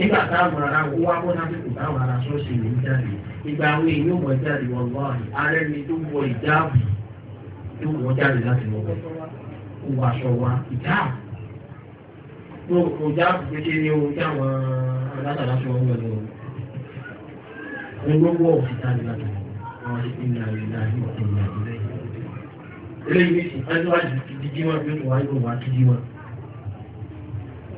nígbà táwọn ará wọ́n wá bọ́ náà kò táwọn ará sọ́ọ̀sì rẹ̀ ń jáde ìgbà àwọn èèyàn mọ̀ jáde wọn lọ́ ààrẹ ni tó wọ ìjáàbù tó wọ jáde láti lọ bẹ̀ kó wọ aṣọ wa ìjáàbù tó kò jáàbù pété ní ohun tí àwọn alátàlá sọ wọn lọ olówó òfin jáde láti lọ àwọn ìpínlẹ̀ àrílá yóò tẹ̀lé àdúrà yìí. eléyìí ní ìsìn ẹjọ́ àjù ti di jíwọ́n bí ó ti wáyé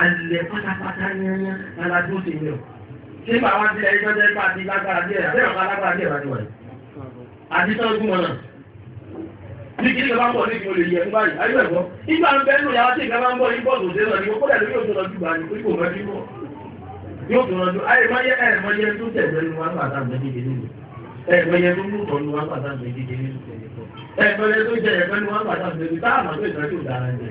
alẹ́ pátápátá yányá aládùn sí mi ò bá wá sí ẹjọ́ jẹ́ pé àti lágbára díẹ̀ ọ̀gá lágbára díẹ̀ wáyé àti tán náà ní kí ní bá ń bọ̀ ní yẹ fún báyìí ayé ń bẹ́ ìgbà máa ń bọ̀ ní náà ni kọ́lẹ̀ lórí ọdún gbà kò yóò tó lọ́dún ayé mọ́yẹ ẹ̀ mọ́yẹ tó tẹ̀lé ní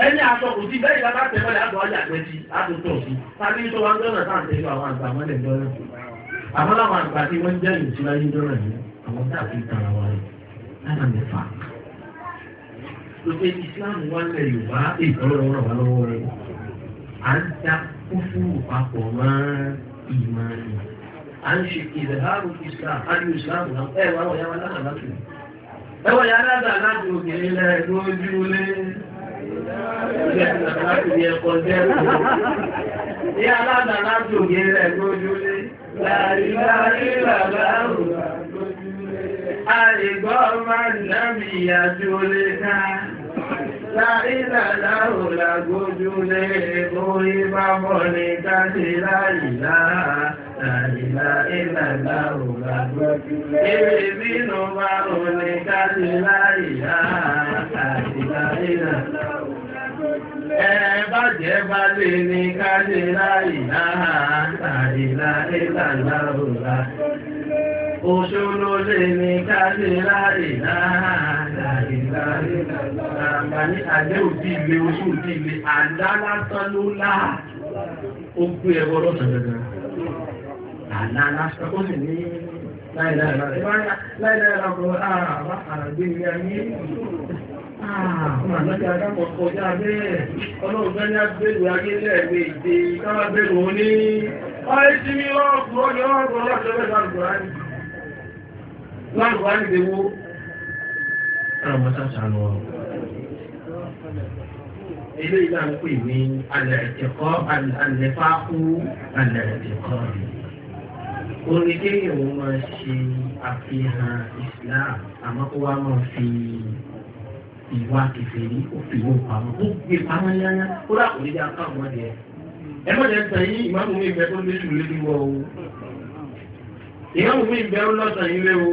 ẹni àtọkù tí bẹ́ẹ̀ ìlànà àtẹ̀mọ́lẹ̀ àtọ̀ ọjà àgbẹ̀ ti àtúntò sí tàbí tó wọn gbọ́nà sáà tẹ̀lé àwọn àgbà mọ́lẹ̀ lọ́rẹ̀ àgbà tí ìlú tí yìí àwọn tá a fi tara wa wọn yorùbá ìtọ́lọ́ lọ́wọ́ à ń papọ̀ mọ́ ìmọ̀ à ń ṣe ìdàgbàrú ẹ̀ Ní aládàlá jòyè rẹ̀ lójúlé, làrílàrílà láàrùn lójúlé. Àìgbọ́ máa nàbìyà jòlé náà láìlà láòlà gójúlé orí bá bọ́ ní káṣí láìlà láìlà ìlà láòlà gójúlé. Èrè bínú bá rò ní káṣí láìlà láìlà ìlà láòlà gójúlé. Ẹ bàjẹ́ bá lè ní káṣí láìlà láìlà ìlà láòlà gójúlé. Òṣòlólèmí káṣílá ìlàáàlá ìlàáàlá ní àjẹ́ òbí ilé oṣù òbí ilé àlálásán ló láà. Ó gbé ẹgbọ́ lọ́sàn dandan. Àlálásán ó sì ní láìláìlá rẹ̀. Láìláìlá kò àbá àgbé ilé ayé. Àwọn àlọ́jà adápọ̀ kọjá bẹ́ẹ̀. Ọlọ́run fẹ́ ní àgbélù ayé lẹ́ẹ̀mẹ́ ìdè káwá bẹ́ẹ̀ lòun ní. Ọ̀rẹ́ ti mi lọ́ọ̀kùn ọjọ́ ọ̀gbọ̀n lọ́sọ̀rọ̀ ìgbàlùkùn láàrín wá nílé wó ọ̀rọ̀ mọ́tà sànù ọ̀rọ̀ ilé ìlà ń pè ní alẹ́ ẹ̀kọ́ alẹ́fáàkú alẹ́ ẹ̀kọ́ rẹ̀ orin kéèyàn wọn máa ṣe àfihàn Islam àmọ́ kó wá máa fi ìwà kẹfẹ́rí ó fi wọ́n pamọ́ ó gbé pamọ́ yányá ó rà kò ní dá ká ọmọdé ẹ̀ ẹ má jẹ́ sàn yín ìmáàmù mi ìfẹ́ tó lé jù lé ní wọ́ o ìmáàmù mi ìfẹ́ ó lọ́sàn yín lé o.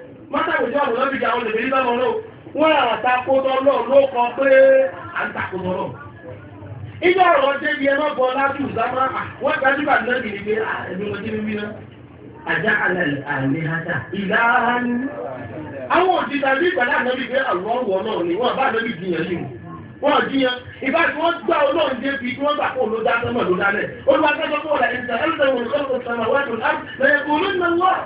mata àwọn olóbìjà àwọn olèmí nígbà mọ́ náà wọ́n àtakò tọ́lọ́ ló kọ pé àtakò ìjọ ọ̀rọ̀ ṣe bí ẹ máa bọ̀ ìzámá wọ́n wọn jírí wí náà àjá alẹ́ ha ìlàáhà ní. àwọn òjìdá bí ìgbàlá ànábì pé àlọ́wọ̀ náà ni wọ́n bá ànábì jiyàn yìí wọ́n jiyàn ìbá tí wọ́n gbá ọlọ́run dé bí wọ́n gbà kó ló dá sọ́mọ̀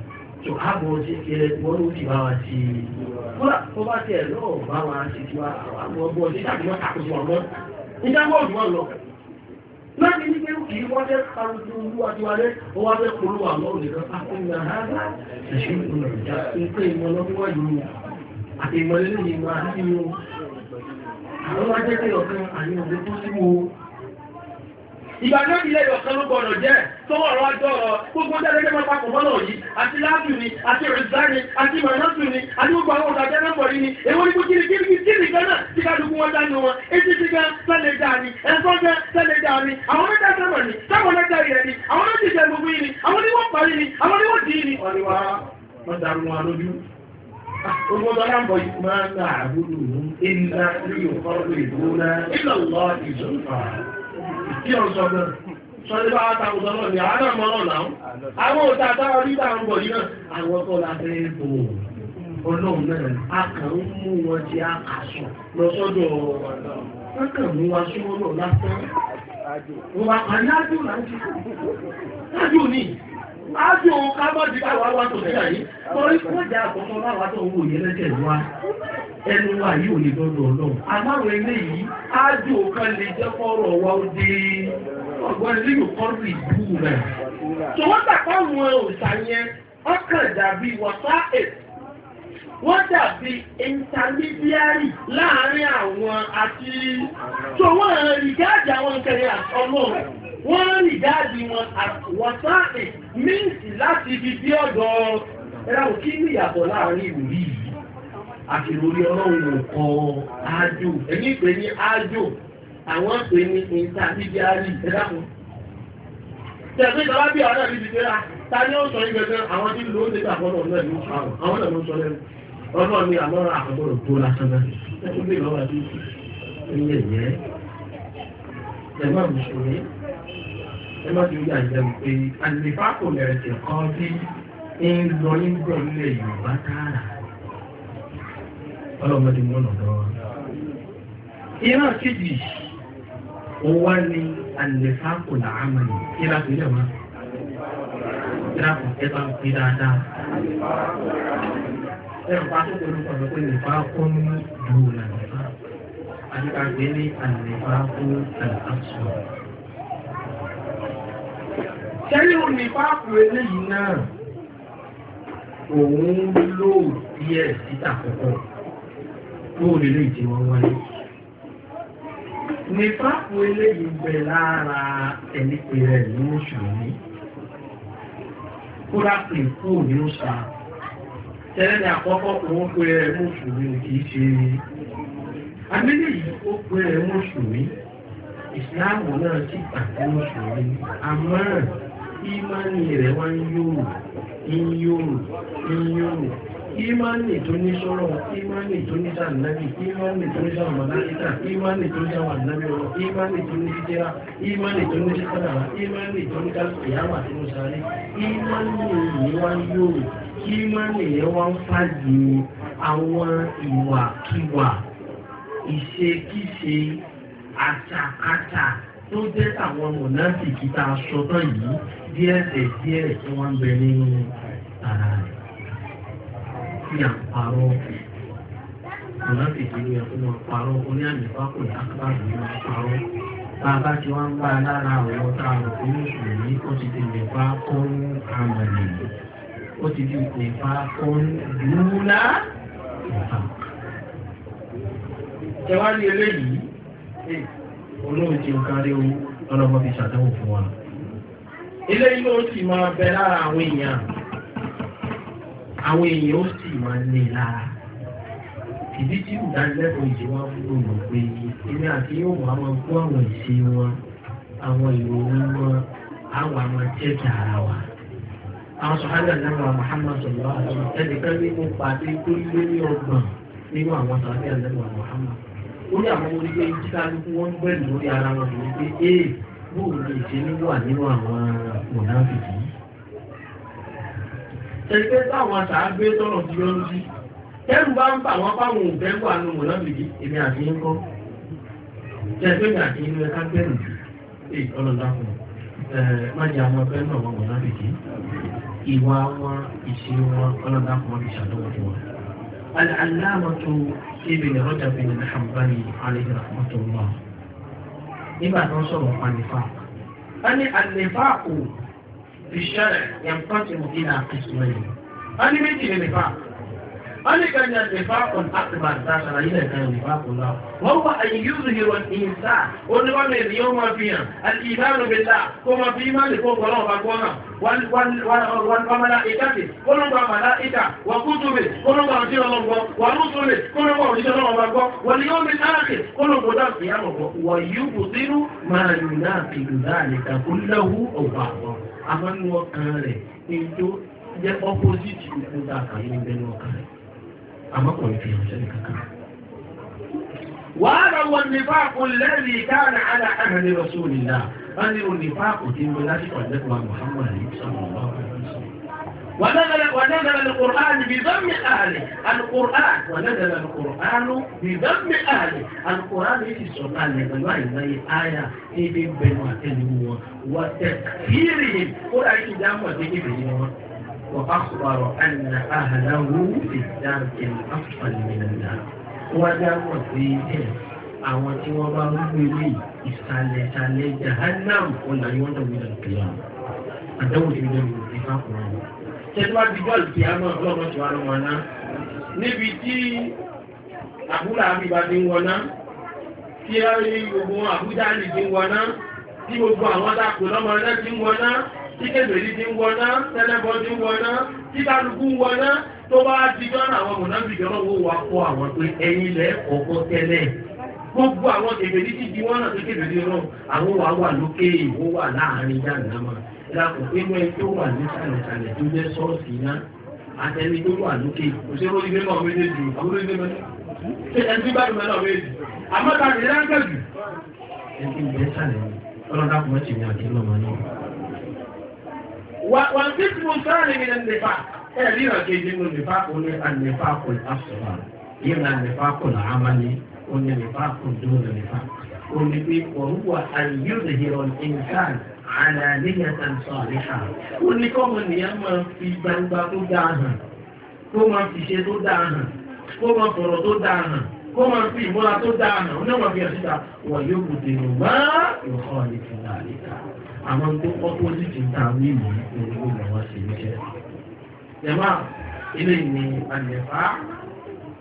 tó káàbọ̀ ṣe kéré wọ́n ló ti bá wa ti kúrà tó bá tiẹ̀ lọ́ọ̀ bá wa ṣe ti wa àwọn ọgbọ́n ṣe tàbí wọ́n ṣàkóso ọmọ nígbà wọ́n jù wọ́n lọ. láti ní pé kì í wọ́n jẹ́ kárùkù olúwa ti wálé ó wá fẹ́ polówó àmọ́ òní kan akóyà hàgá ìṣe ìpinnu ìjà ń pé ìmọ̀ lọ́wọ́dù àti ìmọ̀ ìmọ̀ àti ìmọ̀ àwọn wá ìgbàgbọ́ ilẹ̀ ìyọ̀kan ló gbọ́dọ̀ jẹ́ tọwọ́ ọ̀rọ̀ ajọ́ ọ̀rọ̀ gbogbo jẹ́lẹ́gbẹ́ máa papọ̀ mọ́nà yìí àti láàbù ni àti ìrìnsá ni àti ìmọ̀nàtù ni àti gbogbo àwọn ọ̀dà jẹ́rẹ́ pọ̀ ni èwo ni kúkiri kiri kiri kan náà tí ká dùkú wọn dánú wọn etí ti gan sẹ́lẹ̀ dáa ni ẹ̀fọ́ gan sẹ́lẹ̀ dáa ni àwọn mẹ́ta sẹ́mọ̀ ni sẹ́mọ̀ mẹ́ta yẹ ni àwọn méjì jẹ gbogbo yìí ni àwọn ni wọ́n parí ni àwọn ni wọ́n dì í ni. wọ́n ni wá wọ́n dàrú wọn lójú Gbogbo ọlá ń bọ̀ yìí máa ń gbà àbúrò ìlú ìlú ìlú ọ̀rọ̀ ìlú náà ìlú ọ̀rọ̀ ìlú náà kí ọ̀sọ̀ náà sọ́dẹ́ bá ta ọ̀sọ̀ náà ní àwọn náà mọ́ràn náà àwọn òta táwọn oníta ń bọ̀ yìí náà àwọn ọkọ̀ lábẹ́ ìbò ọlọ́run náà a kàn ń mú wọn ti àkàsọ̀ lọ sọ́dọ̀ wọn kàn mú wa súnmọ́ náà lásán wọn àyájò láti Ajụ ohun ká ẹnu wa yìí lè dọ́dọ̀ ọlọ́run àmárùn ilé yìí ájú ohun lè jẹ́ kọ́rọ̀ wá ó dé ọgbọ́n ilé yóò kọ́ rí ìbú rẹ̀ tó wọ́n dàbí wọ́n dàbí intermediary láàárín àwọn àti tó wọ́n rí wọ́n rìn jáde wọn àwọ̀sáàlì míǹtì láti fi bí ọ̀dọ̀ ẹ̀ráwò kí ní ìyàtọ̀ láàrin ìwòrí yìí àti lórí ọlọ́run ọkọ̀ ájò ẹ̀mí pè ní ájò àwọn pè ní ìntàbíjárì ẹ̀ráwò tẹ̀sí ìjọba bí ọ̀rẹ́ mi ti gbé ra ta ni ó sọ ìgbẹ̀gbẹ̀ àwọn tí ló ń tẹ́ta fọ́nà náà ló àwọn náà ló sọ lẹ́nu ọlọ́run ni àmọ́ra ẹ̀gbọ́n mi ṣòro ẹ má ti rí àjẹ́ pé àlèfà kò lẹ̀rẹ̀sẹ̀ kan tí ń lọ ní gbọ́ nílẹ̀ Yorùbá tààrà ọlọ́mọdé mọ́ lọ́dọ́ wa. ìran kejì ó wá ní àlèfà kò làámà ní ìlà ìlẹ̀ wa ìlà kò tẹ́ bá ń pè dáadáa. ẹ̀rọ pa tó kọlu kọlu pé nìfà kún dùn nàìjíríà àti àgbélé àlèfà kún àlàáfíà. Tẹ́lẹ̀ ò ní pápù eléyìí náà, òun ló yẹ títà kọ̀kọ́ tó lè lè jẹ wọn wáyé. Ní pápù eléyìí bẹ lára ẹni pé rẹ̀ ní Mùsùlùmí. Kúrá pè kú ní Mùsà. Tẹ́lẹ̀ ní àkọ́kọ́ òun pé rẹ̀ Mùsùlùmí kì í ṣe. Amílẹ̀ yìí ó pé rẹ̀ Mùsùlùmí. Ìsìláàmù náà ti pàtẹ́ Mùsùlùmí. Àmọ́ ìmánì rẹ̀ wá ń yòrò ń yòrò ń yòrò ìmánì tó ní sọ́rọ̀ ìmánì tó ní sàǹdábì ìmánì tó ní sàmàláìta ìmánì tó ní sàmàlábì ọ̀rọ̀ ìmánì tó ní jíjẹ́ra ìmánì tó ní sípàdàwà ìmánì tó ní kálùkìyàwà tó ní sáré ìmánì yìí wá ń yòrò ìmánì yẹn wá ń fàjì àwọn ìwàkiwà ìṣekíṣe àtàkátà tó jẹ́ àwọn mọ̀nàtì kíta aṣọ yìí díẹ̀ tẹ̀ díẹ̀ tí wọ́n ń bẹ nínú ara rẹ̀ tí à ń parọ́ mọ̀nàtì oní àmì pákó ní akábàbí máa parọ́ bá a bá ti wá ń bá a lára àwọn tá a rò pé mùsùlùmí ó ti di nípa fún àmàlè ó ti di nípa fún dúrúlá nípa. ẹ wá rí eléyìí. onu tí ó kárí owó ọlọ́mọ fi ṣàdánwò fún wa ilé yóò sì máa bẹ lára àwọn èèyàn àwọn èèyàn ó sì máa lè lára ìdí tí ìdánilẹ́kọ̀ọ́ yìí wá fún òun pé ilé àti yóò wá máa kó àwọn ìṣe wọn àwọn ìròyìn wọn àwọn àwọn ara wa àwọn sọ̀hálà náà Muhammad sọ̀rọ̀ ẹnìkan pàdé tó lé ní ọgbọ̀n orí àwọn orílẹ̀ èdè kálukú wọ́n ń gbẹ̀lú lórí ara wọn ee bóòlù lè ṣe ní wà àwọn mọ̀nàfìkì. ẹgbẹ́ táwọn àtàgbé tọ̀rọ̀ ti yọrù sí tẹ́rù bá ń bà wọ́n fáwọn òfẹ́ wà nínú mọ̀nàfìkì èmi àti ń kọ́ jẹ́gbẹ́ mi àti inú ẹ̀ka gbẹ̀rù jù ee ọlọ́dà fún un má àwọn náà ìwà wọn ìṣe wọn ọlọ́dà fún ṣàtọ́wọ́ fún wọn. العلامة ابن رجب الحنبلي عليه رحمة الله إما نصر النفاق أن النفاق في الشرع ينقسم إلى قسمين أن مثل النفاق ولكن النفاق أكبر تاشر إلى النفاق الله وهو أن يظهر الإنسان ونقول اليوم فيها الإيمان بالله كما في إيمان كما الله بقونا والملائكة كما ملائكة وكتبه كما رسول الله ورسله كما رسول الله واليوم الآخر كما قدام قيامه ويبطل ما ينافي ذلك كله أو بعضه أمن وكاره إنتو jẹ́ opposite ìpínlẹ̀ àkàlẹ̀ ìgbẹ̀lẹ̀ ọ̀kàlẹ̀ àmọ́ kò ní fi hàn هو النفاق الذي كان على أهل lẹ́rìí الله àdà àhàlì rọ̀ṣọ́ọ̀lìlá wọ́n ní òní fáàkù tí mo lásìkò àdẹ́kùn ونزل القرآن بذم أهله القرآن ونزل القرآن بذم أهله القرآن في السلطان لبنوا إزاي آية إبن بنوا تنموا وتكفيرهم قرآن إذا ما تكفيرهم وأخبر أن أهله في الدرك الأسفل من النار ودعوا فيه àwọn tí wọ́n bá ń gbélé ìsàlẹ̀sàlẹ̀ jahannam ọ̀là yóò dàbí ìdàgbéyà àdáwò tí wọ́n mú ìfà kùnà. tẹ́lá gbígbọ́ ìpè àmọ́ ọlọ́mọ tí wọ́n lọ wọn ná níbi tí àbúrò àbíbá ti ń wọná tí gbogbo àbújá ti ń wọná tí gbogbo àwọn dàpọ̀ lọ́mọ náà ti ń wọná tí kébèrè ti ń wọná tẹ́lẹ́bọ́ ti ń wọná tí kálukú ń wọná tó bá dijọ́ àwọn mọ̀nàbìgì ọlọ́wọ́ wa kọ́ àwọn pé ẹ̀yin lẹ́ ọ̀kọ́ tẹ́lẹ̀ gbogbo àwọn kébèrè ti di wọ́n náà tó kébèrè náà àwọn wà wà lókè ìwó wà láàrin dáadáa ìlàkùn inú ẹ tó wà ní sàlẹ̀sàlẹ̀ tó jẹ́ sọ́ọ̀sì náà àtẹni tó wà lókè òṣèré olùgbé náà méjèèjì àwọn olùgbé mẹ́ta ṣe ẹni bá dùn mẹ́ta méjèèjì àmọ́ta rẹ̀ láńkẹ́ jù ẹni bẹ́ẹ̀ sàlẹ̀ ọlọ́dà wà ń tẹ́tí mo sọ́rọ̀ ní ilẹ̀ nípa ẹ̀rí ìrọ̀kejì nínú nípa kò ní ànífà kò àṣọ̀rọ̀ yìí ní ànífà kò ní àmàlí ó ní nípa kò dúró ní nípa ó ní pé òwúwa àyùrì hìrọ̀ nǹkan àlàyé tàn sọ̀rí ha ó ní kọ́mọ nìyẹn máa fi gbangba tó dáa hàn kó máa fi ṣe tó dáa hàn kó máa sọ̀rọ̀ tó dáa hàn kó máa fi ìmúra tó dáa hàn ó ní wọ́n fi ẹ̀ síta wọ̀ yóò kù dèrò máa yóò kọ́ ọ àwọn tó ọ́pọ́sìtì ta wíìlì òwúrò làwọn sì ń jẹ́. Yàmá ilé ni àlẹ́fà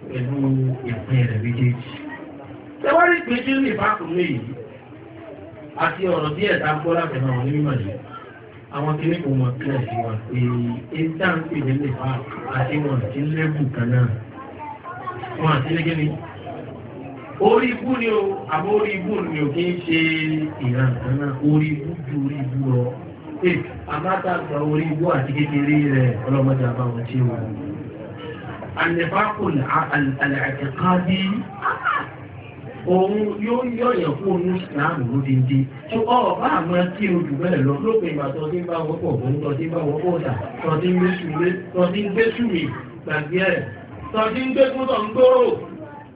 pẹ̀lú ìpín rẹ̀ méjèèjì. Tẹ́wọ́n rí pé tí ní ìbákùnrin yìí àti ọ̀rọ̀ díẹ̀ tá a gbọ́ láti àwọn onímọ̀ yìí. Àwọn kìíní kò mọ̀ kílẹ̀ sí wa pé ẹ̀ńtà ń pè ní nípa àti wọn àti lẹ́bù kan náà. Wọn àti lẹ́gẹ́ni orí ibú ni o àmọ́ orí ibú ni o kì í ṣe ìran kan náà orí ibú ju orí ibú lọ àmátàgbà orí ibú àti kékeré rẹ̀ ọlọ́mọdé àbáwọn tí wọ́n àlẹ́fàkùn àlẹ́kàdí òun yóò yọ̀yàn fún oní ìsìláàmù lódindi tí ọ̀rọ̀ bá àwọn tí o jù bẹ́ẹ̀ lọ lópin ìgbà tó ti ń bá wọ́pọ̀ fún tó ti ń bá wọ́pọ̀ ọ̀dà tó ti ń gbé sùmí gbàgbé ẹ̀ tó ti ń gbé fún tó ń gbòòrò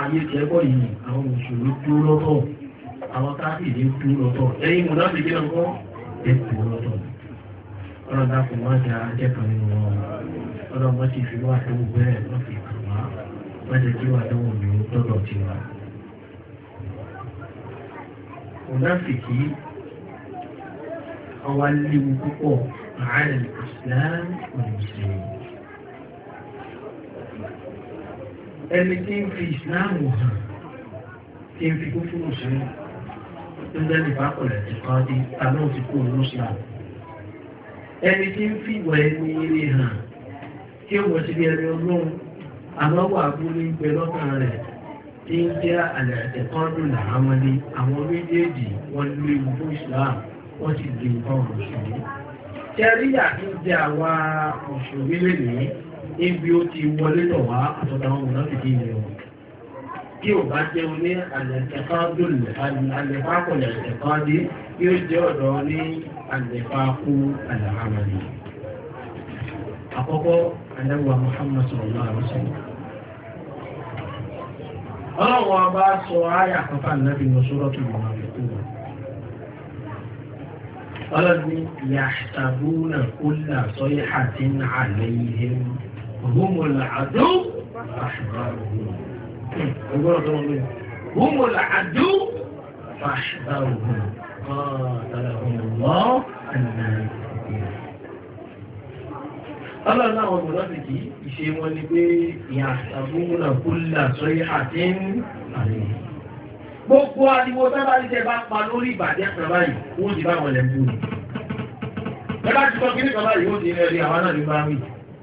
ayé tẹ́gbọ́ yìí àwọn mùsùlùmí dúró lọ́tọ̀ àwọn káàkiri dúró lọ́tọ̀ ẹ̀yìn mú láti gbé lọ́kọ́ ẹ̀ lọ́tọ̀ ọlọ́dà kò jẹ́ ajẹ́kan wọ́n jẹ́ ẹni tí ń fi ìsìláàmù hàn tí ń fi kúfúrú sí tó jẹ́ nípa pẹ̀lẹ̀ ti kọ́ di àlọ́ ti kú òun síláàmù ẹni tí ń fi ìwà ẹni ire hàn tí ó wọ́n ti rí ẹni ọlọ́run àlọ́wọ́ abúlé ń pẹ lọ́kàn rẹ̀ tí ń jẹ́ àlẹ́ ẹ̀kọ́dún làámọ́lé àwọn méjèèjì wọ́n léwu fún ìsìláàmù wọ́n ti di nǹkan òṣèlú. Ṣé rí àtúndì àwa òṣèlú lè ibi ó ti wọlé tọ̀ wá àtọ̀tàwọn ọmọ náà ti yẹ wọn. Bí ò bá jẹ́ oní àlẹ̀kẹ́fà dòlù àlẹ̀fà kò lẹ̀kẹ́fà dé, bí ó jẹ́ ọ̀dọ́ ní àlẹ̀fà kú àlàhàmà ni. Àkọ́kọ́ Ànábì Muhammad sallallahu alaihi wasallam. Ọlọ́run ọba sọ ayà kọfà nàbì ní Suratul Munafiqun. Ọlọ́run ni yahsabuna kulla sayhatin هم العدو فاحذرهم هم العدو فاحذرهم قاتلهم الله أن Ọlọ́run náà wọn mọ̀lọ́dì kí ìṣe wọn ni pé ìyàn àgbóhùnà kúlà sọ́yí àti ń àrẹ. Gbogbo ariwo sábà ní tẹ bá pa lórí ìbàdí àpẹẹrẹ báyìí, ó ti bá wọn lẹ́gbùn. Ẹ bá ti sọ kí ní kan báyìí, ó ti rẹ̀ rí àwọn náà ní bá wí.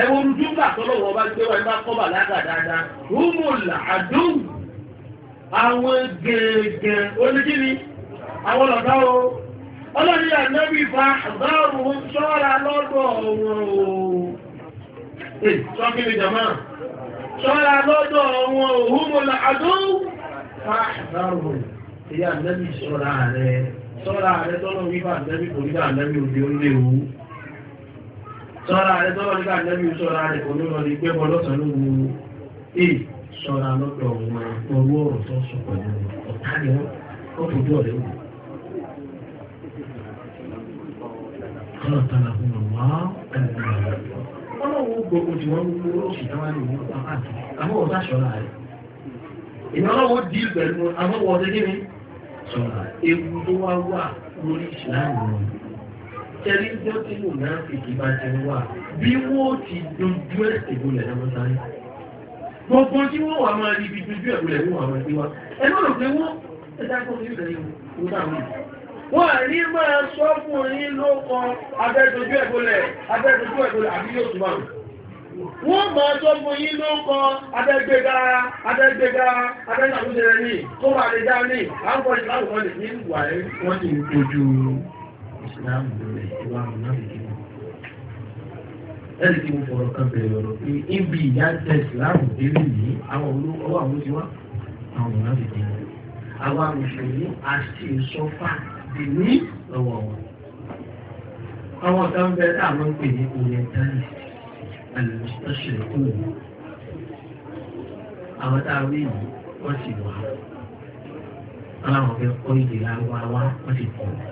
ẹwọ ojúgbà tọ́lọ́wọ́ bá gbé wa bá kọ́ bà lága dáadáa rúmùlà àdóhùn àwọn gẹ̀ẹ́gẹ̀ oníkíni àwọn ọ̀dá o ọlọ́ni ànábì fa àbáwòrán ṣọ́ra lọ́dọ̀ wọn o ṣọ́kìlì jàmá ṣọ́ra lọ́dọ̀ wọn o rúmùlà àdóhùn fa àbáwòrán ìyá ànábì ṣọ́ra rẹ̀ ṣọ́ra rẹ̀ tọ́lọ́ wípé ànábì kò ní ànábì òde ó léwu. sọ́ra rẹ̀ tọ́lọ́ nígbà nẹ́bí sọ́ra rẹ̀ kò ní lọ ní pé lọ́sàn ló wu èyí sọ́ra lọ́dọ̀ wọn ọ̀rọ̀ tó pẹ̀lú ọ̀tá ni wọ́n ó fojú ọ̀rẹ́ ọlọ́wọ́ gbogbo tí tẹ̀lé jọ́ tí mò náà èdè bá jẹ wà bí wọ́n ti dojú ẹ̀sìn ìgbòlẹ̀ náà sáré gbogbo tí wọ́n wà máa rí ibi dojú ẹ̀gbòlẹ̀ wọ́n wà máa gbé wa ẹ lọ́rọ̀ pé wọ́n ẹ̀dá kọ́ mi lè wọ́n náà wọ́n wọ́n àrí máa sọ fún yín ló kọ abẹ́dojú ẹ̀gbòlẹ̀ abẹ́dojú ẹ̀gbòlẹ̀ àbí yóò tún máa wọ́n máa sọ fún yín ló kọ abẹ́gbẹ́gá abẹ́gbẹ́gá abẹ́gbẹ́gá ní tó bá lè dá ní àwọn ọ̀dẹ̀ láwùjọ lè ní ìwà ẹ̀ wọ́n ti ń kojú ìsìlámù lórí ìwà mùnáfíkì náà ẹ̀rí tí mo fọ̀rọ̀ kan bẹ̀rẹ̀ ọ̀rọ̀ pé ibi ìyá tẹ̀sí láàmù délé yìí àwọn olówó àwọn ti wá àwọn mùnáfíkì náà àwa mùsùlùmí àti ìsọfà dì ní ọwọ́ wọn. àwọn kan bẹ táwọn ń pè ní orientalist alimustation kúrò àwọn tá a wọ́n sì wá aláwọ̀ fẹ́ kọ́ ìdè láwa wá wọ́n sì kọ́ ọ.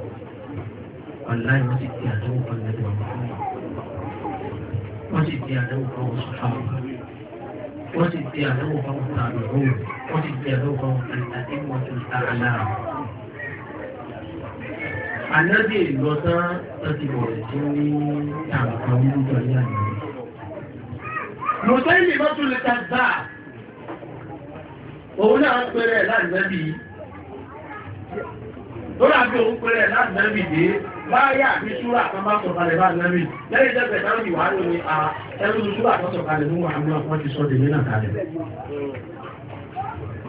wàláì wọ́n sì di àdánwò kan lẹ́nu àwọn wọ́n sì di àdánwò kan wọ́n sọ fáwọn wọ́n sì di àdánwò kan wọ́n ta àdánwò wọ́n sì di àdánwò kan wọ́n ta àti wọ́n tún ta alára. Aládé ìlọ́tán láti bọ̀rẹ̀ tí ó ní àwọn kan nínú ìjọba àná. Mùsùlùmí lọ́tún lè ta gbà. Òun náà ń pẹ́rẹ́ láàrin náà bíi lórí àbí òun pẹ̀lẹ̀ láti nẹ́bì dé báyà àbí ṣúra kan bá sọ̀kalẹ̀ bá nẹ́bì lẹ́yìn tẹ́gbẹ̀ táwọn ìwà ló ní a ẹrú ṣúra kan sọ̀kalẹ̀ mú àmì àwọn ti sọ dèmí náà kalẹ̀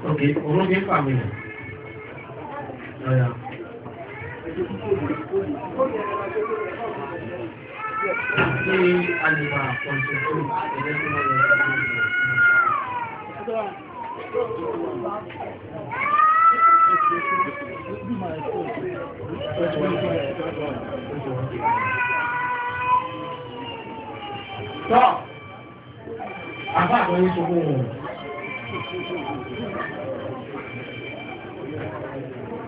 ok òun ní fàmì ọ̀yà Tí a lè máa pọ̀jù tó ẹgbẹ́ tí wọ́n lọ sí ọjọ́ ìgbà. tọ́ àbáàbọ̀ yìí ṣogbo wọn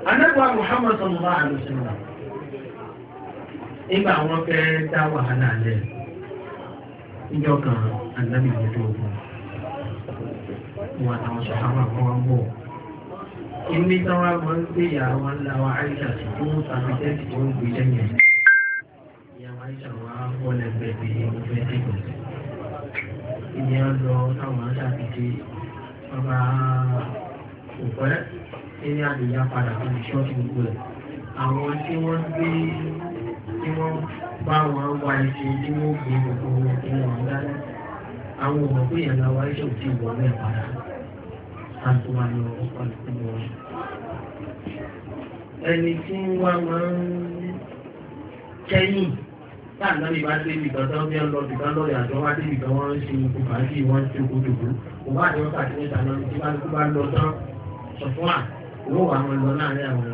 anẹ́gbà Muhammad sallallahu alaihi wasallam nígbà wọn fẹ́ dá wàhálà lẹ̀ níjọ́ kan anábìyàn tó ilé tán wá máa ń gbé ìyàwó ńlá wa àìsà sí fún sàmìtẹ́ tí ó ń gbé lẹ́yìn ìyàwó àìsà wa wọlé gbẹ̀gbẹ̀ ìgbẹ́ dìbò ìyẹn lọ táwọn ṣàkíyèsí bàbá òpẹ́ ní àdìyá padà fún ṣọ́ọ̀ṣì gbogbo ẹ̀ àwọn tí wọ́n gbé tí wọ́n bá wọn wá iṣẹ́ tí wọ́n gbé gbogbo wọn wọ́n dáná àwọn òmò pé ìyànlá wa iṣẹ́ òtí ìwọ́n mẹ́ẹ̀ padà àtúwàlú ọ̀pọ̀lọpọ̀ wọn. ẹni tí wá máa ń kẹ́yìn táàgbá mi bá dé ibìkan tó ń bí ọlọ ibìkan lọ́ọ̀yà tó wá dé ibìkan wọ́n ń ṣe ipò fàájì wọ́n ń ṣe oko dòdò kò bá àdéhùn pàṣẹ níta lọ tí bá lóko bá lọ tán sọ fún wa owó wa máa lọ láàrin àwọn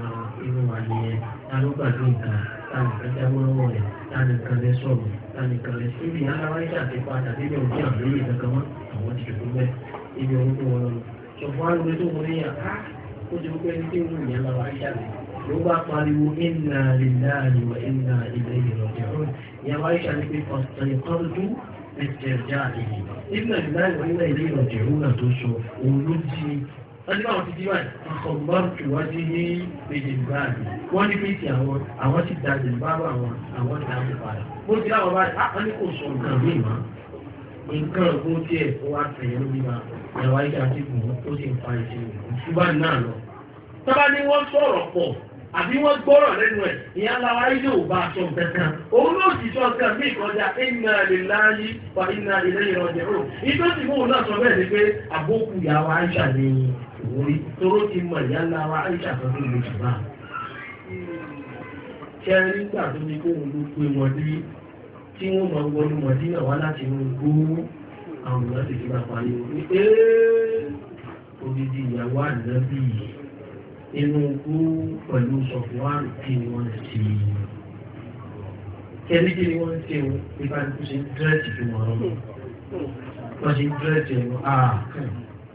inú wa nìyẹn alógbà tó ń ta táwọn kan já wọ́n wọ̀ rẹ̀ táwọn kan lẹ sọ̀rọ̀ táwọn kan lẹ síbi aláwárí ṣàtìpá tàbí bí òun tí àwọn lórí ìkankan mọ́ àwọn ti dòdò bẹ́ẹ̀ ibi ṣùgbọ́n gbé tó wọlé yàn ká ó ti wípé ní tí ó wù yẹn lọ́wọ́ àṣàlẹ̀ ló bá pariwo iná lílá àríwá iná ilẹ̀ ìrọ̀jẹ̀ rún ìyá wa ṣe àti pé ọ̀sán ìkọ́rù tó ẹ̀jẹ̀ já àlejò iná lílá àríwá iná ilẹ̀ ìrọ̀jẹ̀ rún náà tó sọ òun ló di ọdún ti díwà ìkọ̀gbọ́rùkù wọ́n ti ní èdèbáàlì wọ́n ní pèsè àwọn àwọn ti da èdèbáàlì àwọn àwọn ti dáhùn padà bó ti dáhùn báyìí á ní kò sọ nǹkan mí nǹkan ògbó tiẹ̀ wá tẹ̀yẹ́ lórí máa ẹ̀rọ ayélujáfíìmù ó sì ń fa ìṣẹ̀lẹ̀ ìṣúbà náà lọ. tọ́ba ni wọ́n sọ̀rọ̀ pọ̀ àbí wọ́n gbọ́rọ̀ lẹ́nu ẹ̀ ìyá lára yóò bá aṣọ kankan òun ló sì sọ sí àmì ìkọjá iná lè láyé pa iná ilé ìrọ̀jẹ̀ rò ìjọ sì mú òun náà sọ bẹ́ẹ̀ ni pé àbókù ìyàwó Aisha ni òórí toró ti mọ ìyá lára Aisha tó ní ìlú jùlọ. ṣé ẹ nígbà tó ní kó ló pe wọn dé tí wọ́n mọ wọlé wọn wá láti inú gbóòó àwọn ìgbà tí ìgbà parí ní ẹ́ẹ́ orílẹ̀ ìyàwó àdẹ́bì inú ogú pẹ̀lú sọ̀fúnwárì kí ni wọ́n ti kẹ́lí kí ni wọ́n ti o nípa ní kó ṣe ń dírẹ́tì tó wọ́n rọ̀ wọ́n ṣe ń dírẹ́tì ẹ̀rọ àà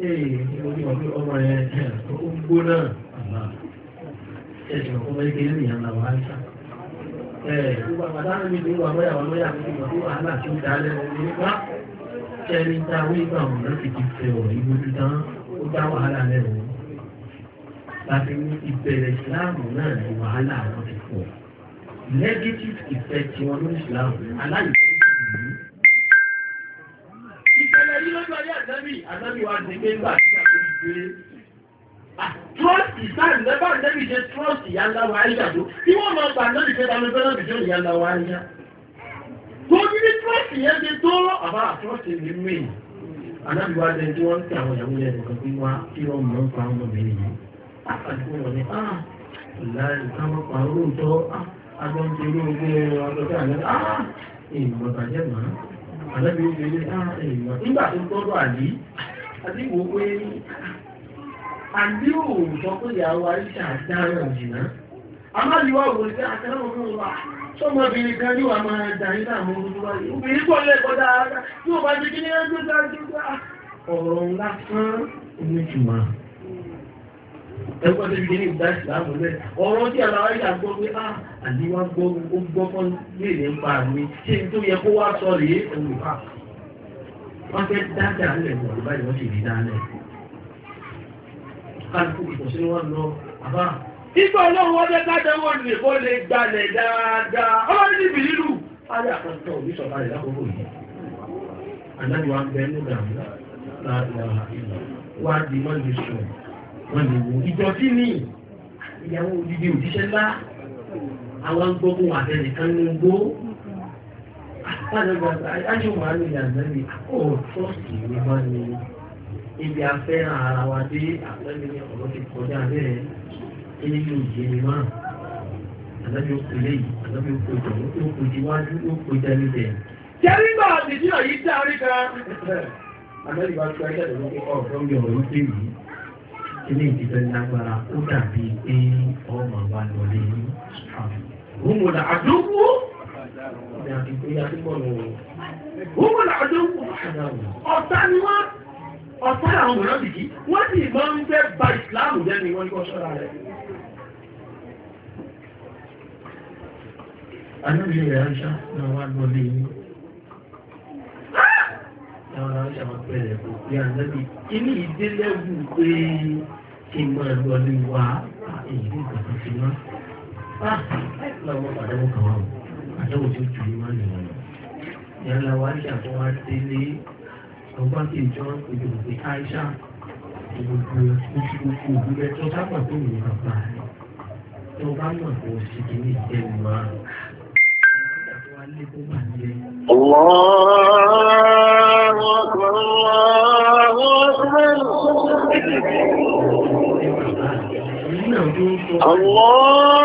ẹ̀ẹ́ orí ọ̀pẹ ọmọ ẹ̀ ó gbóná àmà ẹ̀sìn ọ̀pọ̀ mẹ́rin kéré nìyàn làwọn àìsàn ẹ̀ẹ́ gbogbo àpàdánù mi ló wà lọ́yà wà lọ́yà mi ló kẹrin tá a wíwá ọ̀hún láti fi fẹ́ ọ̀ ìbòjú tán ó dá wàhálà lẹ́nu láti ní ìbẹ̀rẹ̀ ìsìláàmù náà ní wàhálà àwọn ti pọ̀ negative effect wọn lórí ìsìláàmù aláìsí ìṣẹ̀lẹ̀ yìí ló ń lọ́ọ́ yá àdábì wa ti gbé gbà sí àkókò ìgbé ah, trust ìsáàlì lẹ́bàá àdábì ṣe trust ìyá ńlá wa àdó tí wọ́n máa gbà náà ìṣẹ́ta lọ́jọ́ náà ìṣẹ́ ìyá ńlá tó ní ní kílọ̀sì yẹn ti tó àbá àtúrọ̀sì lè mú èyí alábìwá jẹ tí wọ́n ń tẹ àwọn ìyàwó yẹn nìkan pé wá kí wọ́n mọ̀ ń pa àwọn yìí àtàkùn wọn ni ah, láì káwọn pa olóòótọ́ ogún ah, ah, bàjẹ́ mọ́ ní ah nígbà tó gbọ́dọ̀ àlí àdíwò pé pé ìyàwó jìnnà ní sọmọbìnrin kan yóò wà máa dà ní láàmú ojú wáyé obìnrin pọ̀ lẹ́kọ̀ọ́ dáadáa tí ó bá ti kí ní ẹgbẹ́ sáájú gbá ọ̀rọ̀ ńlá fún omi jùmọ̀ ẹgbẹ́ tó ti kí ní ìgbà ìsìlámù rẹ̀ ọ̀rọ̀ tí àlàwà yà gbọ́ pé á ah, àdíwá gbọ́ ó gbọ́ fọ́n léèrè ń pa mi ṣé n tó Igbó ọlọ́run ọjọ́ tádẹ́wò ní ìbò lè gbalẹ̀ dáadáa. Ọlọ́run níbi lílù. Ayé àkọ́ntọ́ òbí sọ̀rọ̀ ayé lákòókò yìí. Àdáni wa ń bẹ ẹnu dàmú láàrin ìlú. Wá di wọ́n lè sùn, wọ́n lè wo. Ìjọ sí ni ìyàwó odidi òjíṣẹ́ ńlá. Àwọn gbogbo àtẹnìkan ń gbó. Ayé wà ní ìyàgbẹ́ni, àkóòtọ́ sì ni wọ́n ní. Ibi afẹ́ràn ara wa dé àpẹ́ni ọ̀rọ̀ ti kọjá bẹ́ẹ̀ eléyìí ò yé mi máa àdájọ́ ó pe léyìí àdájọ́ ó pe tọ̀hún ó pe iwájú ó pe dání bẹ̀. jẹ́rí gbà àdìsí ọ̀yí tí a rí kan. àdájọ́ ìwà tó ẹgbẹ́ ìlú pé ọ̀rọ̀ mi ọ̀rọ̀ yìí dé yìí ilé lágbára ó dàbí pé ọmọ wa lọ lé ní rúmùlà àdókù ọ̀tá ni wọ́n ọ̀tá àwọn mìíràn bìkí wọ́n sì máa ń fẹ́ ba ìsìláàmù jẹ́ ni wọ́n ní kọ́ ṣọ́ra rẹ̀. Àníbi rẹ̀ Aisha náà wá lọ lé yín. Ah! Àwọn Aisha máa bẹ̀rẹ̀ kò pé ànábì. Inú ìdílé wù pé kí n máa lọ lé wa ah, èyí ní ìgbà sí wá. Láwọn àdáwọ̀ kan wà o, àdáwọ̀ tó jù ní wá nìyẹn. Ìyá ńlá wa Aisha ọgbọ́n ìjọ ìdìbò ti Aisha ìgbòho oṣù tó sábà tó yẹ bàbá tó bá mọ̀ kó o sì kí ní ìjẹun wa. الله أكبر الله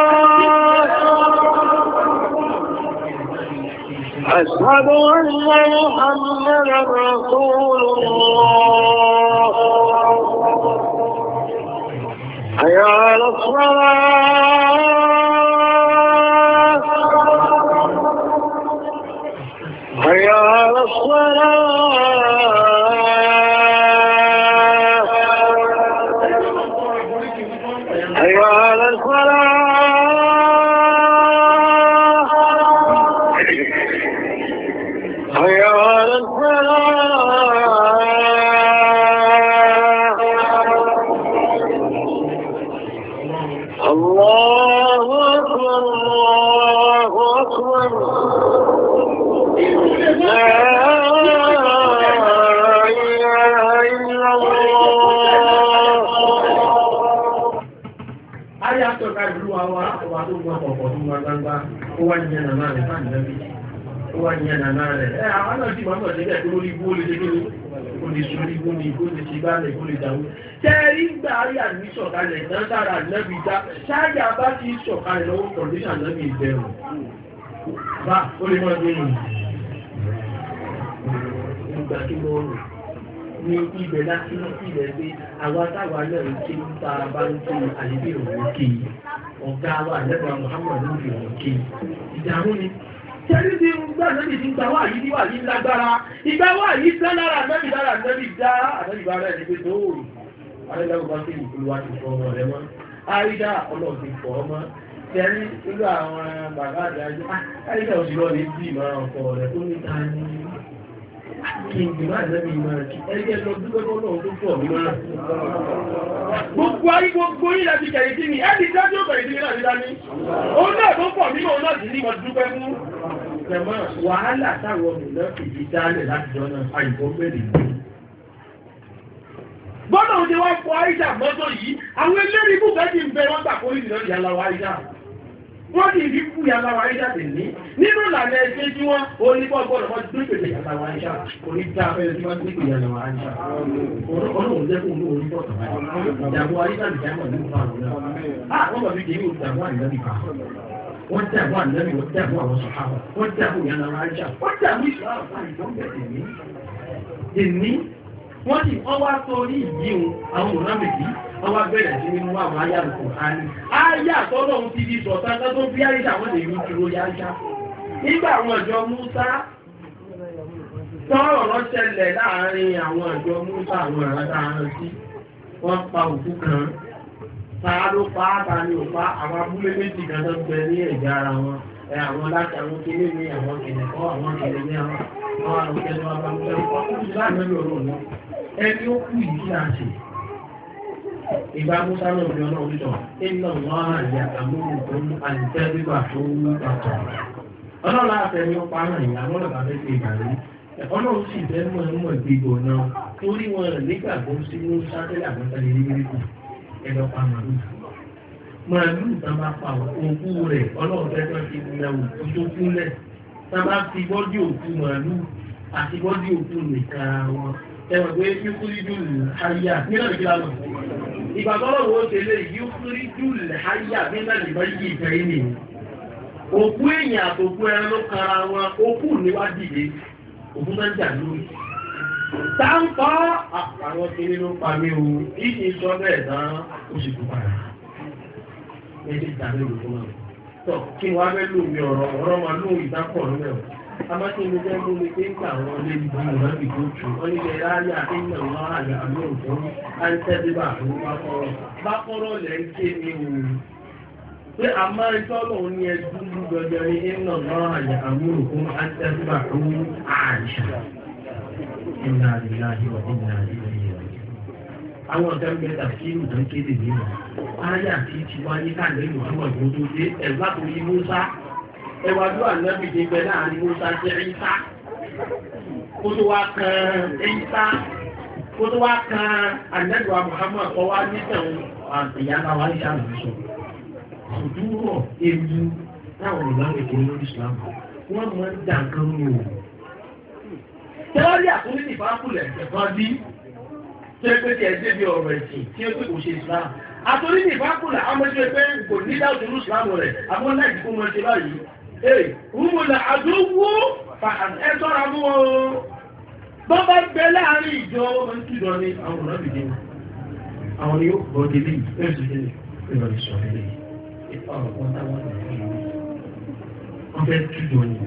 أشهد أن محمد رسول الله حيا على الصلاة ó wá ní ẹ̀nà náà rẹ̀ fáàní lẹ́bí ó wá ní ẹ̀nà náà rẹ̀ ẹ̀ àwọn náà ti wọ́n náà ṣe bẹ́ẹ̀ tó lórí ibú ó lè ṣe kí ni ó lè sùn ní ibú ni ó lè ṣe bá lẹ̀ ó lè dàwó. tẹ́rí gbà rí àmì sọ̀kalẹ̀ náà sára lẹ́bí dá ṣáájà bá ti sọ̀kalẹ̀ lọ́wọ́ kọ̀ndíṣà lẹ́bí ìbẹ̀rù bá ó lè ní ibẹ̀ láti náà sí ilẹ̀ pé àwa táwa náà ń ké nípa bá ń ké àlébí òun ké ọ̀gá wa lẹ́gbàá Muhammad ló fi òun ké ìdààmú ni tẹ́lí ti ń gbà lẹ́bi ti ń gbà wáyé ní wáyé lágbára ìgbà wáyé tẹ́ lára lẹ́bi lára lẹ́bi dá àtẹ́bí bá rẹ̀ ní pé tó òòrùn alẹ́lẹ́wọ̀ bá sí ìpolówó àti ìfọ̀ ọmọ rẹ̀ mọ́ àrídà ọlọ́ọ̀tì fọ̀ ọmọ tẹ́lí irú àwọn bàbá àdájọ́ Gbogbo ayé gbogbo yìí láti kẹ̀rì sí mi, ẹ́bí dájú ó kẹ̀rì náà nílá ní. Ó náà tó pọ̀ nínú náà sí ní mọ̀ mú. Ẹ̀mọ́ wàhálà táwọn ọmọdé fìdí dálẹ̀ láti jọ́nà àìkọ́ mẹ́rin. Gbọ́dọ̀ ti wá fọ àìsà mọ́tò yìí, àwọn eléré ibùgbẹ́ wọ́n ní ibi kú yàláwà ayé jáde ní nínú ìlànà ẹgbẹ́ tí wọ́n onígbọ́gbọ́n wọ́n gbé pèsè yàláwà ayé jáde orí dá abẹ́rẹ́ tí wọ́n gbé pèsè yàláwà ayé jáde ọlọ́run jẹ́ fún olóorí bọ́ọ̀tà báyìí ìyàwó ayé jáde jáde ní ìfà àwọn náà àwọn bàbá mi kì í yóò dàbó àdìlẹ́bì kan wọ́n dàbó àdìlẹ́bì wọ́n dàbó àwọn sọ̀háwọ̀ wọ́n dàbó yàláwà ayé jáde wọ́n dàbó ìsọ̀rọ̀ àwọn ìjọ wọ́n wá bẹ̀rẹ̀ sí nínú àwọn ayé àlùkò àní. ayé àtọ́lọ̀ ń ti di sọ̀tá tó bí àríṣà wọ́n lè rí dúró yáṣá. nígbà àwọn ìjọ Musa tọ́rọ̀ lọ ṣẹlẹ̀ àwọn ìjọ Musa àwọn ìrádá ara sí wọ́n pa òkú kan tàà ló pa á ta ni ò pa àwọn abúlé méjì kan tó ń ní ẹ̀já ara wọn ẹ àwọn láti àwọn kéré ní àwọn kẹlẹ̀ kọ́ àwọn kẹlẹ̀ ní àwọn àwọn àrùn kẹlẹ̀ wọn bá ń bẹ wọn kó ti láàrin lọ́rọ̀ náà ẹni ó kú ìdí àṣẹ ìbá musa náà ní ọlọ́run títọ̀ iná wọn àyà àmúlò tó ń àyíká bíbà tó ń pàtó ọlọ́run àtẹ̀yìn ọ̀pá náà ìyá lọ́rọ̀ bá fẹ́ ṣe ìgbàlè ọlọ́run sì fẹ́ náà torí wọn nígbàgbọ́ sí musa tẹ́lẹ̀ àgbẹ̀tẹ̀lẹ̀ ní mílíkù ẹ̀dọ̀ pa màlúù màlúù tán bá pa òkú rẹ̀ ọlọ́run fẹ́ tán ti wù òkú tó kúnlẹ̀ tán bá ti bọ́dí E yúkúrídùlù háyà nínú ìgbìlá lọ. ìgbàgbọ́lọ́wọ́ ó tẹ̀lé yúkúrídùlù háyà nínú ìgbà yìí ìfẹ́ ìní. òkú èèyàn àtòkú ẹran ló kara wọn òkú níwájú ilé òkú máa ń jà lórí. táǹkọ́ àwọn o ìdí sọ bẹ́ẹ̀ dán oṣù tó padà. méjì tàbí olùkọ́ náà. tọ́ kí wọ́n á fẹ́ ọ̀rọ̀ ọ̀rọ̀ amátí mo fẹ́ mú mi pé ń gbà wọn lé ní bí ìwọ́n bí tó tù ó nílẹ̀ ráyà ẹ̀yìn àwọn àjà àmì òfin àìsẹ́débà àwọn bákọ́rọ̀ bákọ́rọ̀ lẹ́ ń ké ní òun pé àmọ́ ìtọ́lọ̀ àwọn ọ̀gá nínú ayé àti ẹwàjú ànábì ti bẹ láàrin musa jẹ ìta kó tó wá kan ìta kó tó kan ànábì muhammad kọ wá nítàn ìyáná wa ìṣà lùsọ òdúrọ̀ ewu táwọn ìlànà ìkíni lórí islam wọn máa ń dà nǹkan ní o. tẹ́lọ́rì àkúrí ní ìfàkùlẹ̀ ẹ̀fọn bí tí ó pé tí ẹ débi ọ̀rọ̀ ẹ̀sìn tí ó pé kò ṣe islam àtòrí ní ìfàkùlẹ̀ àwọn ọmọ ẹgbẹ́ kò ní dáhùn ìlú islam rẹ̀ àwọn láì kó mọ ṣe báyìí rúmùlẹ̀ àdúgbò ẹ̀tọ́ra mú ọ bọ́ bá gbẹ láàrin ìjọ ìjọ ni àwọn ọ̀nà bìí àwọn ni ó gbọ́ délé ẹ̀sùn délé ìrọ̀lẹ́ sọ délé ọ̀pọ̀ táwọn ọ̀nà wọ́n fẹ́ tújọ ni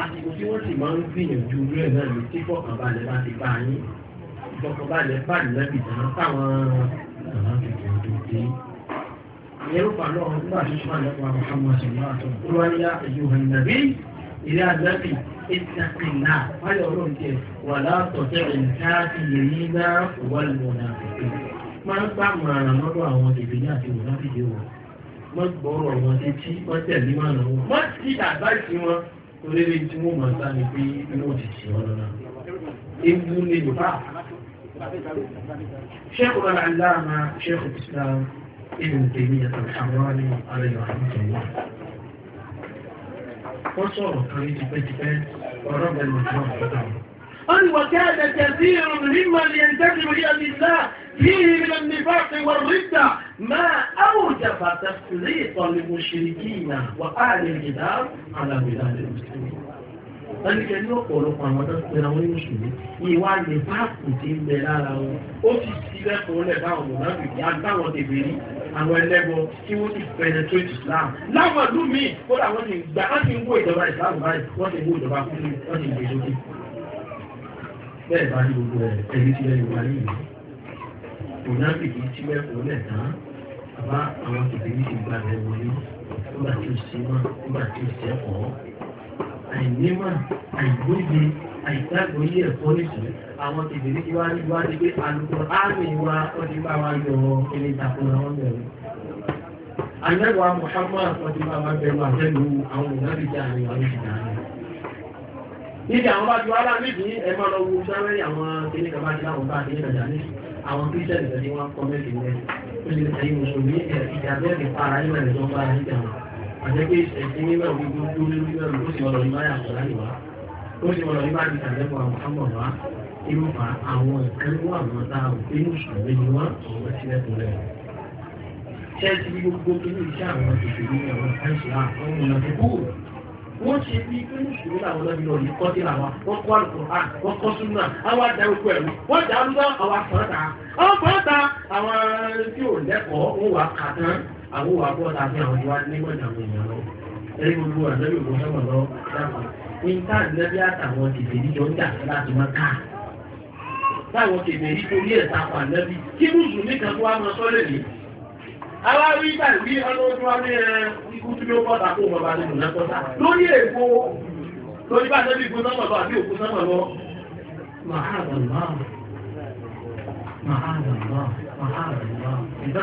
àsìkò tí wọ́n sì máa ń gbìyànjú orí ẹ̀ náà ní tí fọkànbalẹ̀ bá ti bá yín ìfọkànbalẹ̀ bá nìlẹ́bìtàn táwọn àwọn àgbègbè ọdún dé. يرفع له الله سبحانه ومحمد صلى الله عليه وسلم إلى النبي اتق الله هذا رمك ولا تطع الكافرين والمنافقين ما نطع ما نمر àwọn ìbílẹ̀ àti mùnáfíkì wọn wọ́n gbọ́rọ̀ àwọn títí wọ́n tẹ̀lé máa nà wọ́n wọ́n ti àbáṣe wọn oríire tí wọ́n máa sá ni pé inú òtítì ابن تيمية الحراني عليه رحمة الله وصار بيت ورب ورد المجموعة قال وكان كثير ممن ينتسب إلى الله فيه من النفاق والردة ما أوجب تفريط المشركين وأهل الكتاب على بلاد المسلمين wọ́n ní ẹni ọ̀pọ̀lọpọ̀ àwọn tó pẹ̀lú àwọn oníṣòwò ní ìwà lè bá kù tí ń bẹ lára wọn ó sì sí lẹ́kọ̀ọ́ lẹ̀ báwọn mọ̀ láti ìyá báwọn tèbè rí àwọn ẹlẹ́gbọ́ tí wọ́n ti penetrate Islam láwọn ìlú míì kódà wọ́n ti gbà á ti ń wó ìjọba Islam báyìí wọ́n ti wó ìjọba kúlù wọ́n ti gbé lókè bẹ́ẹ̀ bá ní gbogbo ẹ̀ ẹni tí lẹ́yìn wá ní ìlú mọ̀nàbìkì tí lẹ́kọ̀ọ́ lẹ̀ tán àbá àwọn tèbè rí ti gbà lẹ́wọ̀n nígbà tí ó sí mọ́ nígbà tí ó sẹ́kọ̀ọ́ àìnímọ̀ àìgbóyè àìgbàgbóyè ẹ̀kọ́ nìṣẹ́ àwọn tìbìrì tí wá nígbà tí pé alùpùpù áàmì wa wọ́n ti bá wa yọ ẹni ìtàkùnrin àwọn bẹ̀rẹ̀. Àyẹ̀wò Muhammad wọ́n ti bá wa bẹ̀rù àfẹ́lú àwọn ìgbàlejò àríwá ìṣẹ̀dá rẹ̀. Níbi àwọn bá ti wá láti ní ẹ̀mọ́ lọ wo sáré àwọn kìíní kan bá ti láwọn bá kìíní kan jáde àwọn kírísítẹ̀nì kan ní wọ́n kọ́ mẹ́tì rẹ̀. Ó lè ṣe ìmùsùlùmí ìjà bẹ́ẹ̀ àjẹ́kẹ́ ẹ̀sìn mímọ̀ gbogbo lórí mímọ̀ ló sì ọ̀rọ̀ nígbà yàtọ̀ láyé wá ó sì ọ̀rọ̀ nígbà tí àjẹ́kọ̀ àwọn ọmọ wa irúfà àwọn ìkan wà wọn tá a ò pé mùsùlùmí ni wọn àwọn sílẹ̀ tó lẹ̀. ṣẹ́ẹ̀sì gbogbo tó ní iṣẹ́ àwọn ìṣèlú ní àwọn ìfẹ́sì wa àwọn ọmọ ti kú. wọ́n ṣe bí pé mùsùlùmí làwọn lọ́bi lọ́ọ̀lì kọ́ sí làwọn wọ́n kọ́ àlùkò wọ́n kọ́ súnmọ́ àwọn àdá oko ẹ̀rú wọ́n dá lọ́ àwọn àfọ̀ọ́ta àwọn àfọ̀ọ́ta àwọn tí ò lẹ́kọ̀ọ́ wọ́n wà kà tán àwọn àbọ̀ àti àwọn ìwà nígbọ̀dà àwọn èèyàn lọ ẹ̀rí gbogbo àdébí òkú sọ́mọ̀ lọ dáhùn ní táàdì lẹ́bí àtàwọn kèfèrí jọ ń jà láti máa ká táwọn kèfèrí torí ẹ̀ tapà lẹ́bí kí mùsùlùmí kan tó wá mọ sọ́lẹ̀ ní. àwa rí tàbí ọlọ́dún wa ní ikú tí ó pọ̀ tako bàbá ní mùnàkọ́sá lórí èkó lórí bá lẹ́bí òkú sọ́mọ̀ lọ àbí òkú sọ́mọ̀ lọ. màhàbàlá màhàbàlá màhàbàlá ìbá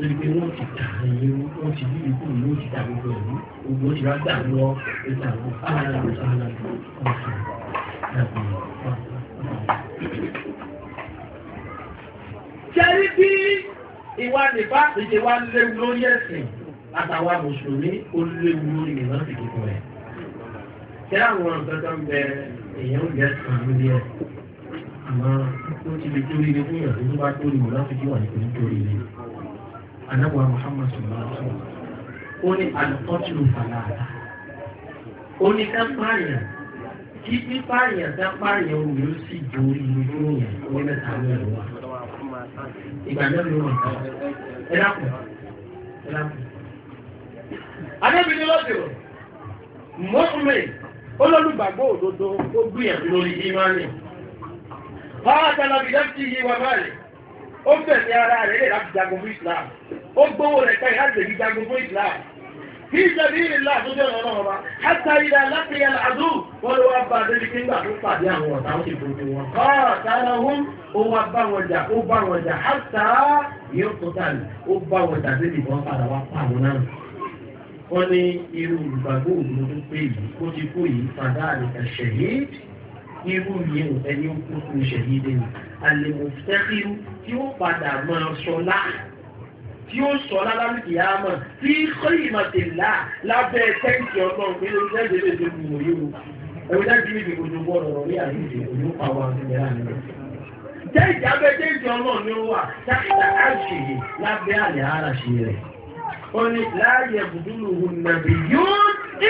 lórí pé wọ́n ti tà ẹ̀yìn wọ́n ti yí ikú ìlú ti tà gbogbo ẹ̀mí gbogbo ti wá gbà lọ ètò àwọn fáwọn fáwọn ọ̀sán ẹ̀bùn ṣẹ́rí bí ìwà nìbá ìṣe wá léwu lórí ẹ̀sìn àtàwọn mùsùlùmí ó léwu lórí ìran ti kíkọ ẹ̀ ṣé àwọn nǹkan tó ń bẹ èèyàn ń gẹ̀ẹ́sì lórí ẹ̀ àmọ́ ó ti lè torí ní fún ìyàtọ̀ tó bá torí mọ̀ láti kí wà ní torí torí ní anábọ̀ Muhammad sallallahu alaihi wasallam ó ní alùpọ́tìlù fàlàlà ó ní ká pààyàn kí pípààyàn ká pààyàn omi ó sì ju ìlú yẹn ó mẹ́ta ní ẹ̀rọ wa ìgbà náà ló wà ká ẹ dákun ẹ dákun. anábìrin lọ́dọ̀ mọ́túnmẹ́ olólùgbàgbọ́ òdodo ó gbìyànjú lórí ìmánì. bá a tẹ̀lé ọ̀bìyàn ti yí wa báyìí ó bẹ̀rẹ̀ ara rẹ̀ lè láti jagun fún Islam ó gbówó rẹ̀ ká ìhàgbè gíga gbogbo ìsìláàmù kí ìjọba ìrìn ńlá àtúnjọ ọ̀rọ̀ ọba hátà ìlà láti yà láàdú wọn ló wá bá a débi kí nígbà tó pàdé àwọn ọ̀tá ó sì gbogbo wọn. kọ́ sára hún ó wá bá wọn jà ó bá wọn jà hátà yóò tó tà ní ó bá wọn jà débi wọn padà wá pa àwọn náà. wọ́n ní irú ìgbàgbọ́ òdodo tó pé yìí kó ti kú yìí padà àlèkà ṣẹ̀yí irú yìí ẹni ó kú fún ṣẹ̀yí dé ni àlè tí ó sọ lálálùkì àmọ́ tí kọ́ ìmọ̀tẹ̀lá lábẹ́ tẹ́ǹtì ọlọ́run pé ló jẹ́ ìdílé tó kù wòye o ẹ̀rọ jẹ́ ìdílé tó kù gbọ́dọ̀ rọ̀ ní àyíjì òní pa wa sílẹ̀ àná. jẹ́ ìjábẹ́ tẹ́ǹtì ọlọ́run ni ó wà dákítà àṣì lábẹ́ àlẹ́ ara ṣe rẹ̀. ó ní láàyè bùdúrù nàbì yóò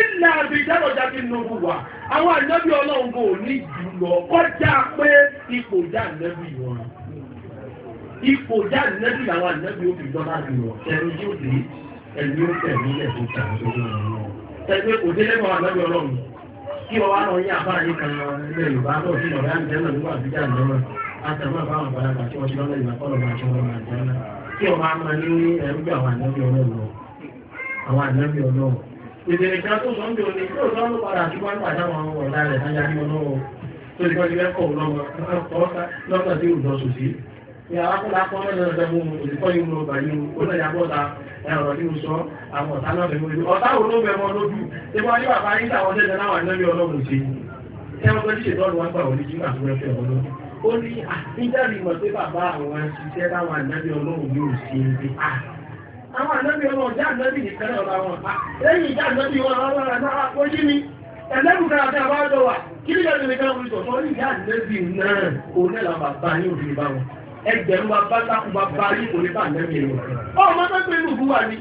ìlà àbíjáròjà ti nùbù wà àwọn àjọbí ọlọ́run kò ní jù lọ kọjá pé ipò dá àjọbí wọn ipò jáde nẹ́bí làwọn ànẹ́bí ó fi jọba jù lọ ẹni yóò dé ẹni ó tẹ̀ nílẹ̀ tó tà lórí ọ̀rọ̀ ẹgbẹ́ kò délé mọ́ ànẹ́bí ọlọ́run kí ọwọ́ àwọn yín àbáyé kan ilẹ̀ yorùbá náà sí ọ̀rẹ́ àǹtẹ́nà nígbà tó jà lọ́wọ́ àtẹ̀mọ́ àbáwọn àgbàlagbà tí wọ́n ti lọ́lẹ̀ ìgbà kọ́lọ̀ máa ṣe wọn máa náà kí ọmọ àmà ní ẹgbẹ́ àwọn ànẹ́bí ọlọ́run lọ àwọn ànẹ́bí tó sọ ń bí oní tó sọ ń padà tí wọ́n padà ọ̀la rẹ̀ sáyà ní ọlọ́run tó ti kọ́ ilé ẹ̀kọ́ ọlọ́run lọ́kọ̀ tí ò àwọn akọ́lá kọ́ mẹ́lẹ̀ ọ̀dọ́ mú olùkọ́ yìí mú ọgbà yìí ó lọ́jà bọ́ta ẹ̀rọ tí mo àwọn ọ̀tá náà bẹ̀rẹ̀ ojú ọ̀tá wo ló bẹ̀ lójú tí ní wà lórí ọlọ́run ṣe tẹ́wọ́n tó ṣètò ọ̀rọ̀ wọn ọlọ́run ní àtijọ́rì mọ̀ àwọn ṣiṣẹ́ ọlọ́run já ànábì nìkan náà wọn lẹ́yìn já ànábì wọn àwọn àgbà ó yí mi ẹlẹ́rù kan àti àbájọ wà kí ẹgbẹ̀rún wa bá sákùn bá bá yí òní ẹ̀rọ. ọ ma fẹ́ pé nùbú wà ní.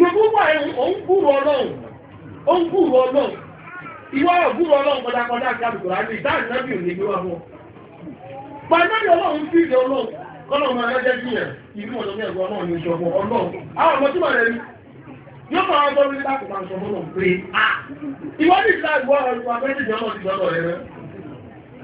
nùbú wà ẹ̀hún òun kúrò ọlọ́run òun kúrò ọlọ́run ìwọ ọ̀rọ̀ kúrò ọlọ́run kọjákọjá àti àbùkù rà ní ìdá nẹ́bí òní gbé wa fún. pàdánù ọlọ́run sí ìdè ọlọ́run kọ́lọ́run yẹn ìlú ní yóò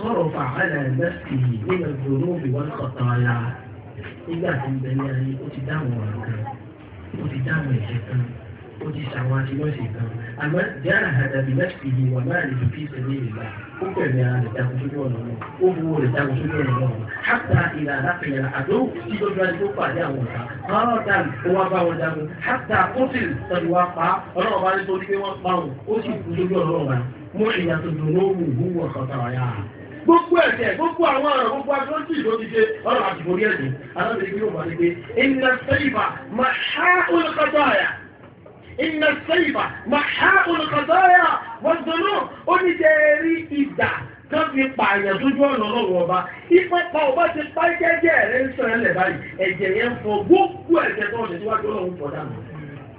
kọ́rọ̀fà àlẹ́ ẹ̀dẹ́sì nínú ìgbòho ìwọ́n kọ̀tàn ọ̀la nígbà tí ń bẹ̀lẹ̀ ayé ó ti dáhùn ọ̀rọ̀ kan ó ti dáhùn ẹ̀ṣẹ̀ kan ó ti ṣàwọn aṣíwọ́ṣe kan àmọ́ jára àdàbí lẹ́sì yìí wà máa lè fi ṣẹlẹ̀ ìlà ó pẹ̀lú ara rẹ̀ dákun sójú ọ̀nà náà ó bu rẹ̀ dákun ọ̀nà náà hátà ìlà aláfẹ̀yà àdó tí lójú ayé tó pàdé àwọn ọ̀tá ọ̀rọ̀ dànù ó wá bá wọn dànù hátà ó sì tọ́jú wa pa ọlọ́run bá ní torí pé wọ́n pa òun ó sì kú sójú ọ̀nà gbogbo ẹ̀jẹ̀ gbogbo àwọn ọ̀rọ̀ gbogbo agbóńtì ìdókíje ọ̀rọ̀ àdìborí ẹ̀jẹ̀ alábẹ̀rẹ̀ yóò wà ní pé iná sẹ́yìnbà máa há olùkọ́jọ́ àyà iná sẹ́yìnbà máa há olùkọ́jọ́ àyà wọ́n dọ́nà ó ní jẹ́ rí ìdà kan fi pààyàn dójú ọ̀nà ọlọ́run ọba ipa pa ọba ti pa jẹ́jẹ́ rẹ̀ ń sọ̀rọ̀ lẹ̀ báyìí ẹ̀jẹ̀ yẹn fọ gbogbo ẹ̀jẹ̀ tó ọ̀sẹ̀ síwájú ọlọ́run fọ̀ dànù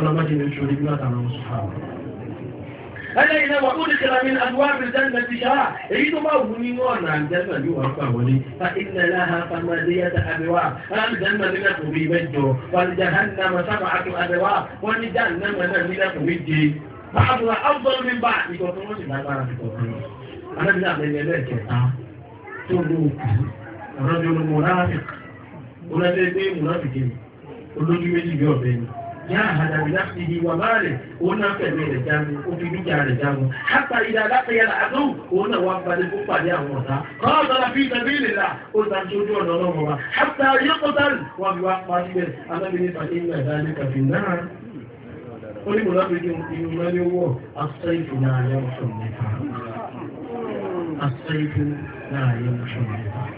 ọlọ́mọdé ní oṣù orígbà àtàrà oṣù àwọn ẹlẹ́ ilẹ̀ wà tó lè tẹ́ra mi àdúwà bìrìtẹ́nà ti ṣáà èyí tó bá wù nínú ọ̀nà àjẹ́sà ní wà fà wọlé fa ilẹ̀ láha famadéyàtà àbẹ̀wà aláàbìtẹ́nà nílẹ̀ kò bí mẹ́jọ wàlìjà hànàmà sábà àti àbẹ̀wà wọn sì lágbára جاهد بنفسه وماله قلنا كبير الجامل وفي بجان الجامل حتى إذا لقي العدو هنا قلنا وانبال يا موسى قاتل في سبيل الله قلنا نشوجون نومه حتى يقتل وبوقفة أنا بني فإن ذلك في النار قل منافق إنما يوه الصيف لا يمشي النفاق الصيف لا يمشي النفاق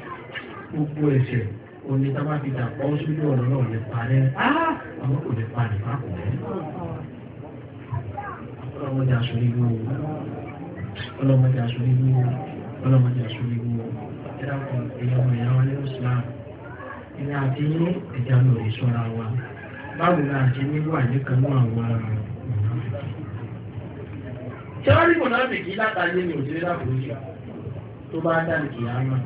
gbogbo شيء omi tábà ti dà pọ́ sójú ọ̀nà náà lè parẹ́ àwọn kò lè parẹ́ má kò rẹ́. ọlọ́mọdé aṣojú ìlú ọlọ́mọdé aṣojú ìlú ọlọ́mọdé aṣojú ìlú ẹ̀dá kan èèyàn ọmọ ìyá wa nínú Islam ìyá àti ní ẹ̀dá lọ ìṣọ́ra wa báwo la àti níwà nìkanú àwọn ọmọ tí wọ́n rí mọ̀nàmì kí látàlẹ́ ní òṣèré lápò yìí tó bá dá nìkìyà náà.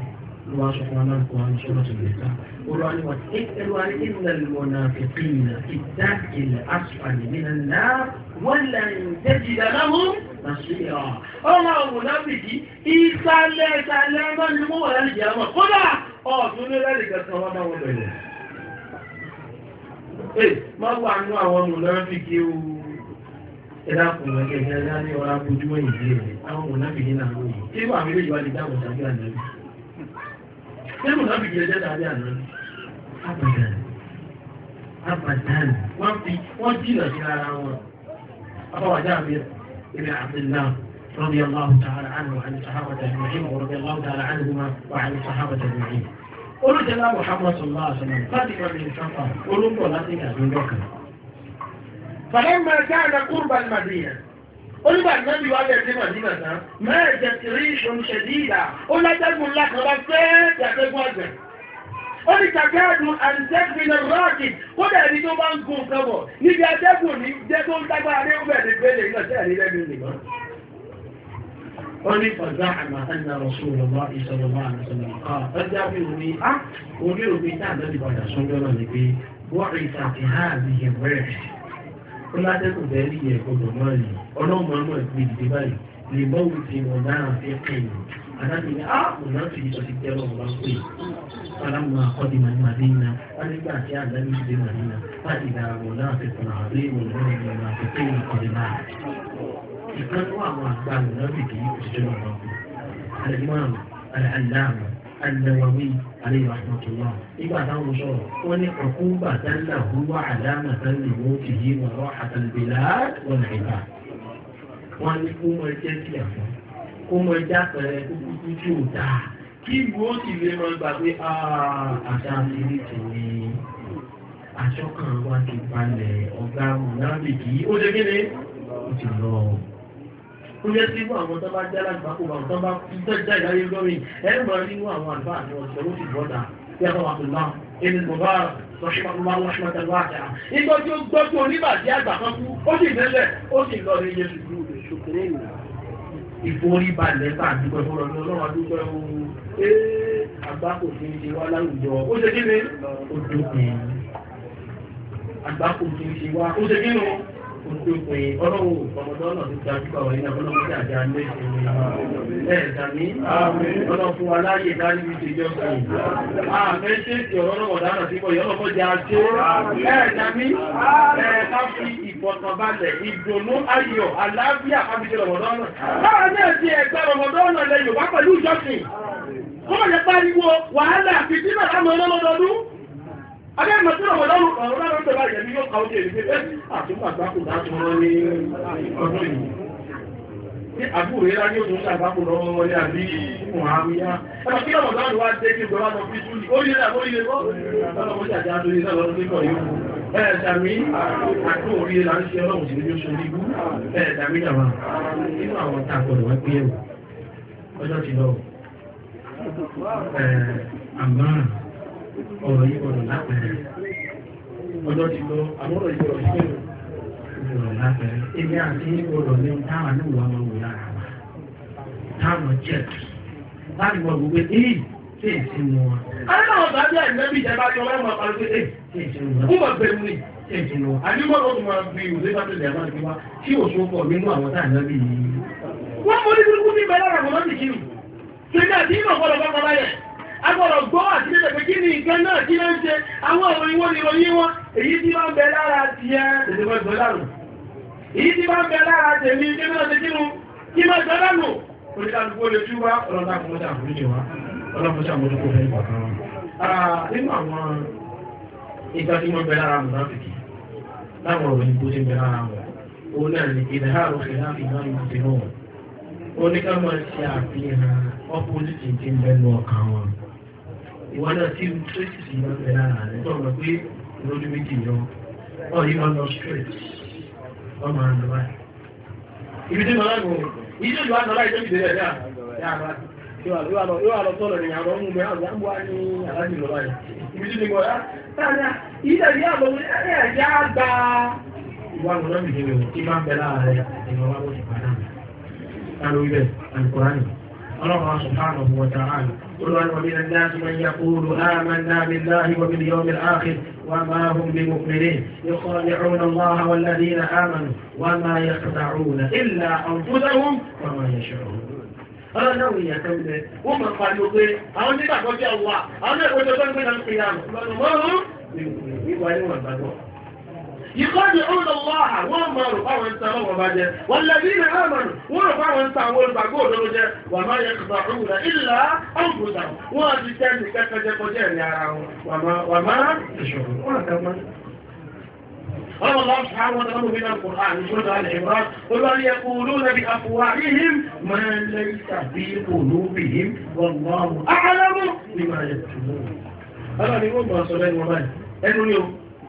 الله سبحانه وتعالى سورة النساء قرآن واتقل وإن المنافقين في الدرك الأسفل من النار ولن تجد لهم نصيرا ọmọ òmùnáfìkì ìsàlẹ̀ ìsàlẹ̀ ẹgbẹ́ ni mú wọ̀lẹ́ ìjẹ́ ọmọ kódà ọ̀tún ní lẹ́lì kẹsàn wọ́n máa wọ́n bẹ̀rẹ̀ ẹ̀ má wà nú àwọn òmùnáfìkì o ẹ̀dá kùn lọ́kẹ̀ ìjẹ́ ẹ̀dá ní ọ̀rá bójúmọ́ ìdí rẹ̀ àwọn òmùnáfìkì náà lóyìn tí wà mí lè yọ ṣé mùnàfíkì lè jẹ́ tàbí àná àbàdàn àbàdàn wọ́n fi wọ́n jìnà sí ara wọn afọwàjá mi ibi Abdullah رضي الله تعالى عنه وعن الصحابة أجمعين ورضي الله تعالى عنهما وعن الصحابة أجمعين olùjẹ́lá Muhammad sallallahu alaihi wasallam láti rẹ̀ ní ìṣàpá olóńgbò láti ìdàgbé lọ́kàn. fàlẹ́ mẹ́rin dáadáa kúrò bá ní Madina onígbà nẹ́bí wá bẹ̀rẹ̀ sí màdínà tán mẹ́ẹ̀jẹ̀ ti rí ìṣòro ṣẹ̀dí ìlà ó lágbẹ́gun ńlá kan bá fẹ́ jàgbẹ́gun àgbẹ̀ ó ní tàbíàdùn àdìsẹ́gbìnà rọ́ọ̀kì kó dẹ̀rí tó bá ń gun nǹkan bọ̀ níbi atẹ́gùn ní jẹ́ tó ń dágbára ní ọgbẹ̀ ní pé lè lọ́sẹ̀ ní lẹ́nu nìkan ó ní fọ̀dá àmà ẹ̀nà rọ̀ṣùlọ́wọ́ ìṣọ̀lọ́wọ́ àmìṣọ̀lọ́wọ́ ọjọ́ bí omi á ah, orí omi tá àdọ́dìbọ̀dà sọ́jọ́ náà ní pé wọ́n rí ìtàkì háàbì ìwẹ̀rẹ̀ ó látẹ́kùn bẹ́ẹ̀ ní ìyẹn gbogbo náà lè ọlọ́mọ náà gbé ìdílé báyìí lè bọ́ wù sí wọn dára fẹ́ kẹ́yìn àdájọ́ ni a kò náà fi ìṣọ́ ti tẹ́lọ ọ̀rọ̀ pé ọlọ́mọ akọ́dé màní màdé iná wọ́n nígbà tí àdáni ìdílé màní iná láti dára wọn náà fẹ́ ah, kọ́nà àbí ìwọ̀n náà ní ọ̀nà àfẹ́kẹ́ ìkọ̀dé náà ìkan tó àwọn àgbà mọ̀ náà fìdí òṣìṣẹ́ náà lọ́kùn النووي عليه رحمة الله إذا دعوا شر ولعقوبة له وعلامة لموته وراحة البلاد والعباد wọ́n ní kó mọ ẹjẹ́ sí àfọ́ kó mọ ẹjẹ́ àpẹẹrẹ kúkúkú tí ò dáa kí ìlú ó sì lè máa gbà pé ah, àṣà àfihàn tèmi àṣọkàn wa ti balẹ̀ ọ̀gá mùnábìkì ó ṣe kí ni ó ti lọ tó yẹ sí fún àwọn tó bá jẹ́ alágbàkó bá tó bá fẹ́ já ìdáyé lọ́rin ẹ mọ̀ nínú àwọn àlùfáà àti ọ̀sẹ̀ ó sì bọ́dà bí àwọn àtùmá ẹni bọ̀bá lọ́ṣọ́mọ́ lọ́ṣọ́mọ́ wájà ìgbọ́ tí ó gbọ́ tó oníbàdí àgbà kan kú ó sì mẹ́lẹ̀ ó sì lọ rí yẹn ṣùgbọ́n ìṣòkèrè ìlú ìforíbalẹ̀ bá àdúgbò ẹ̀fọ́rọ̀ ní ọlọ́run àdúgbò ẹ̀hún ẹ́ àgbákò tí ń ṣe wá láwùjọ ó ṣe kí ni ó dókè àgbákò tí ń ṣe wá ó ṣe kí ni ó ojúpin ọlọ́wọ́ ọmọdọ́nà ti dájúkọ̀ wọ̀nyí náà ọlọ́wọ́ tí àjá ilé ìṣẹ́lẹ̀ ẹ̀ẹ̀dàmí ọlọ́fún aláyè dáríwí ti jọ sọ̀rọ̀ ààfẹ́ ṣèṣì ọlọ́wọ́ dáná sí bọ̀yọ́ ọlọ́wọ́ jẹ́ ajé ẹ̀ẹ̀dàmí ẹ̀ẹ̀ká fi ìfọ̀kànbalẹ̀ ìdùnnú ayọ̀ àlàáfíà kábíjẹ́ ọmọdọ́nà láàárín ẹ̀sìn ẹ̀gbẹ́ ọmọdọ́nà lẹ́yìn wá pẹ̀lú ìjọsìn kó lè pariwo wàhálà fìdí Adé mọ̀ tí ọmọ lọ́rùn ọ̀rọ̀ lọ́rùn tó bá yẹ̀mí yóò kàó jẹ́ ìgbé ẹ́ àtúnkà gbákò láti wọ́n ní ọdún yìí. Ní àbúrò ìlà ní òṣùn ṣàgbákò lọ́wọ́ wọlé àbí Mùhàmíyá. Ọmọ tí ọmọ lọ́rùn wá dé kí ìjọba lọ fi túlì, ó yẹ lábó ilé kọ́. Ọlọ́run ṣàjá tó yẹ lọ́rùn nígbọ̀ yóò. Ẹ ṣàmì àtó orí ìlà ń ṣe ọlọ́run sí ní oṣù Olíbú. Ẹ ṣàmì dàbà nínú àwọn takọ̀dọ̀ wá gbé ẹ̀wọ̀. Ọjọ́ ti lọ. Ẹ àmọ́ ọ̀rọ̀ yìí gbọ́dọ̀ lápẹẹrẹ ọjọ́ ti lọ àmọ́rọ̀ yìí gbọ́dọ̀ ṣe gbọ́dọ̀ lápẹẹrẹ ebi àti gbọ́dọ̀ ní táwọn ní ìwà máa wò lára wa táwọn jẹ́ láti wọ gbogbo èyí tí è sí mu wa. aláwọ̀ ọ̀gá bí àìlẹ́bí ìjẹba yọ ọlọ́run àpàlù pé tí è sí mu wa. ó mọ̀ bẹ́ẹ̀ ni tí è sí mu wa. àdúgbò ló agbọ́dọ̀ gbọ́ àti lè pẹ̀pẹ̀ kí ni nǹkan náà kí ló ń ṣe àwọn ìròyìn wọn ìròyìn wọn èyí tí máa ń bẹ lára ti ẹ ìdìbò ìgbọ́lárù èyí tí máa ń bẹ lára tèmi kí máa ṣe kínú kí máa ṣe lánù oníkàlùkò lè túbá ọlọ́dà fún mọ́tà fún ìjọba ọlọ́fún sàmójúkò fẹ́ ìgbà kan nínú àwọn ìgbà tí wọ́n bẹ lára mọ̀ láti kì láwọn ìròyìn tó ti bẹ lára mọ̀ òun náà ni ìdáhàrò ìdáhàrò ìdáhàrò ìdáhàrò oníkàmọ̀ ṣe àfihàn ọpọlítì tí ìwọ náà tí ó tó sì sí máa ń bẹ lára rẹ̀ tó mọ̀ pé lójú méjì yọ ọ̀ yí wọn lọ straight wọ́n máa ń lọ báyìí. ibi tí mo lágbo ìdí ìlú àná láì tóbi délẹ̀ dáa dáa bá yóò àlọ́ tọ́lọ̀ ní àwọn ọmọ mi àwọn àbúwá ní aláàjì lọ báyìí. ibi tí mo rà dáadáa ìdí ìlú àlọ́ mi ẹ̀yà gba ìwà àwọn ọmọ mi délẹ̀ tí máa ń bẹ lára rẹ̀ ìwọ قل ومن الناس من يقول آمنا بالله وباليوم الآخر وما هم بمؤمنين يخادعون الله والذين آمنوا وما يخدعون إلا أنفسهم وما يشعرون ọlọ́run ìyà tó lẹ̀ ó mọ̀ pàdé pé àwọn nígbàgbọ́ jẹ́ wà àwọn ẹ̀kọ́ tó gbọ́n gbé náà pè é àmọ́ ọlọ́run ìwà níwọ̀n gbàgbọ́ يخدعون الله وما رفعوا انت لهم بجه والذين ورفعوا انت اول بقول وما يخضعون الا انفسهم وذكر كفجه فجه يراهم وما وما يشعرون قال الله سبحانه وتعالى من القرآن سورة آل عمران قل يقولون بأفواههم ما ليس في قلوبهم والله أعلم بما يكتمون. أنا اليوم ما صليت وبين. أنه اليوم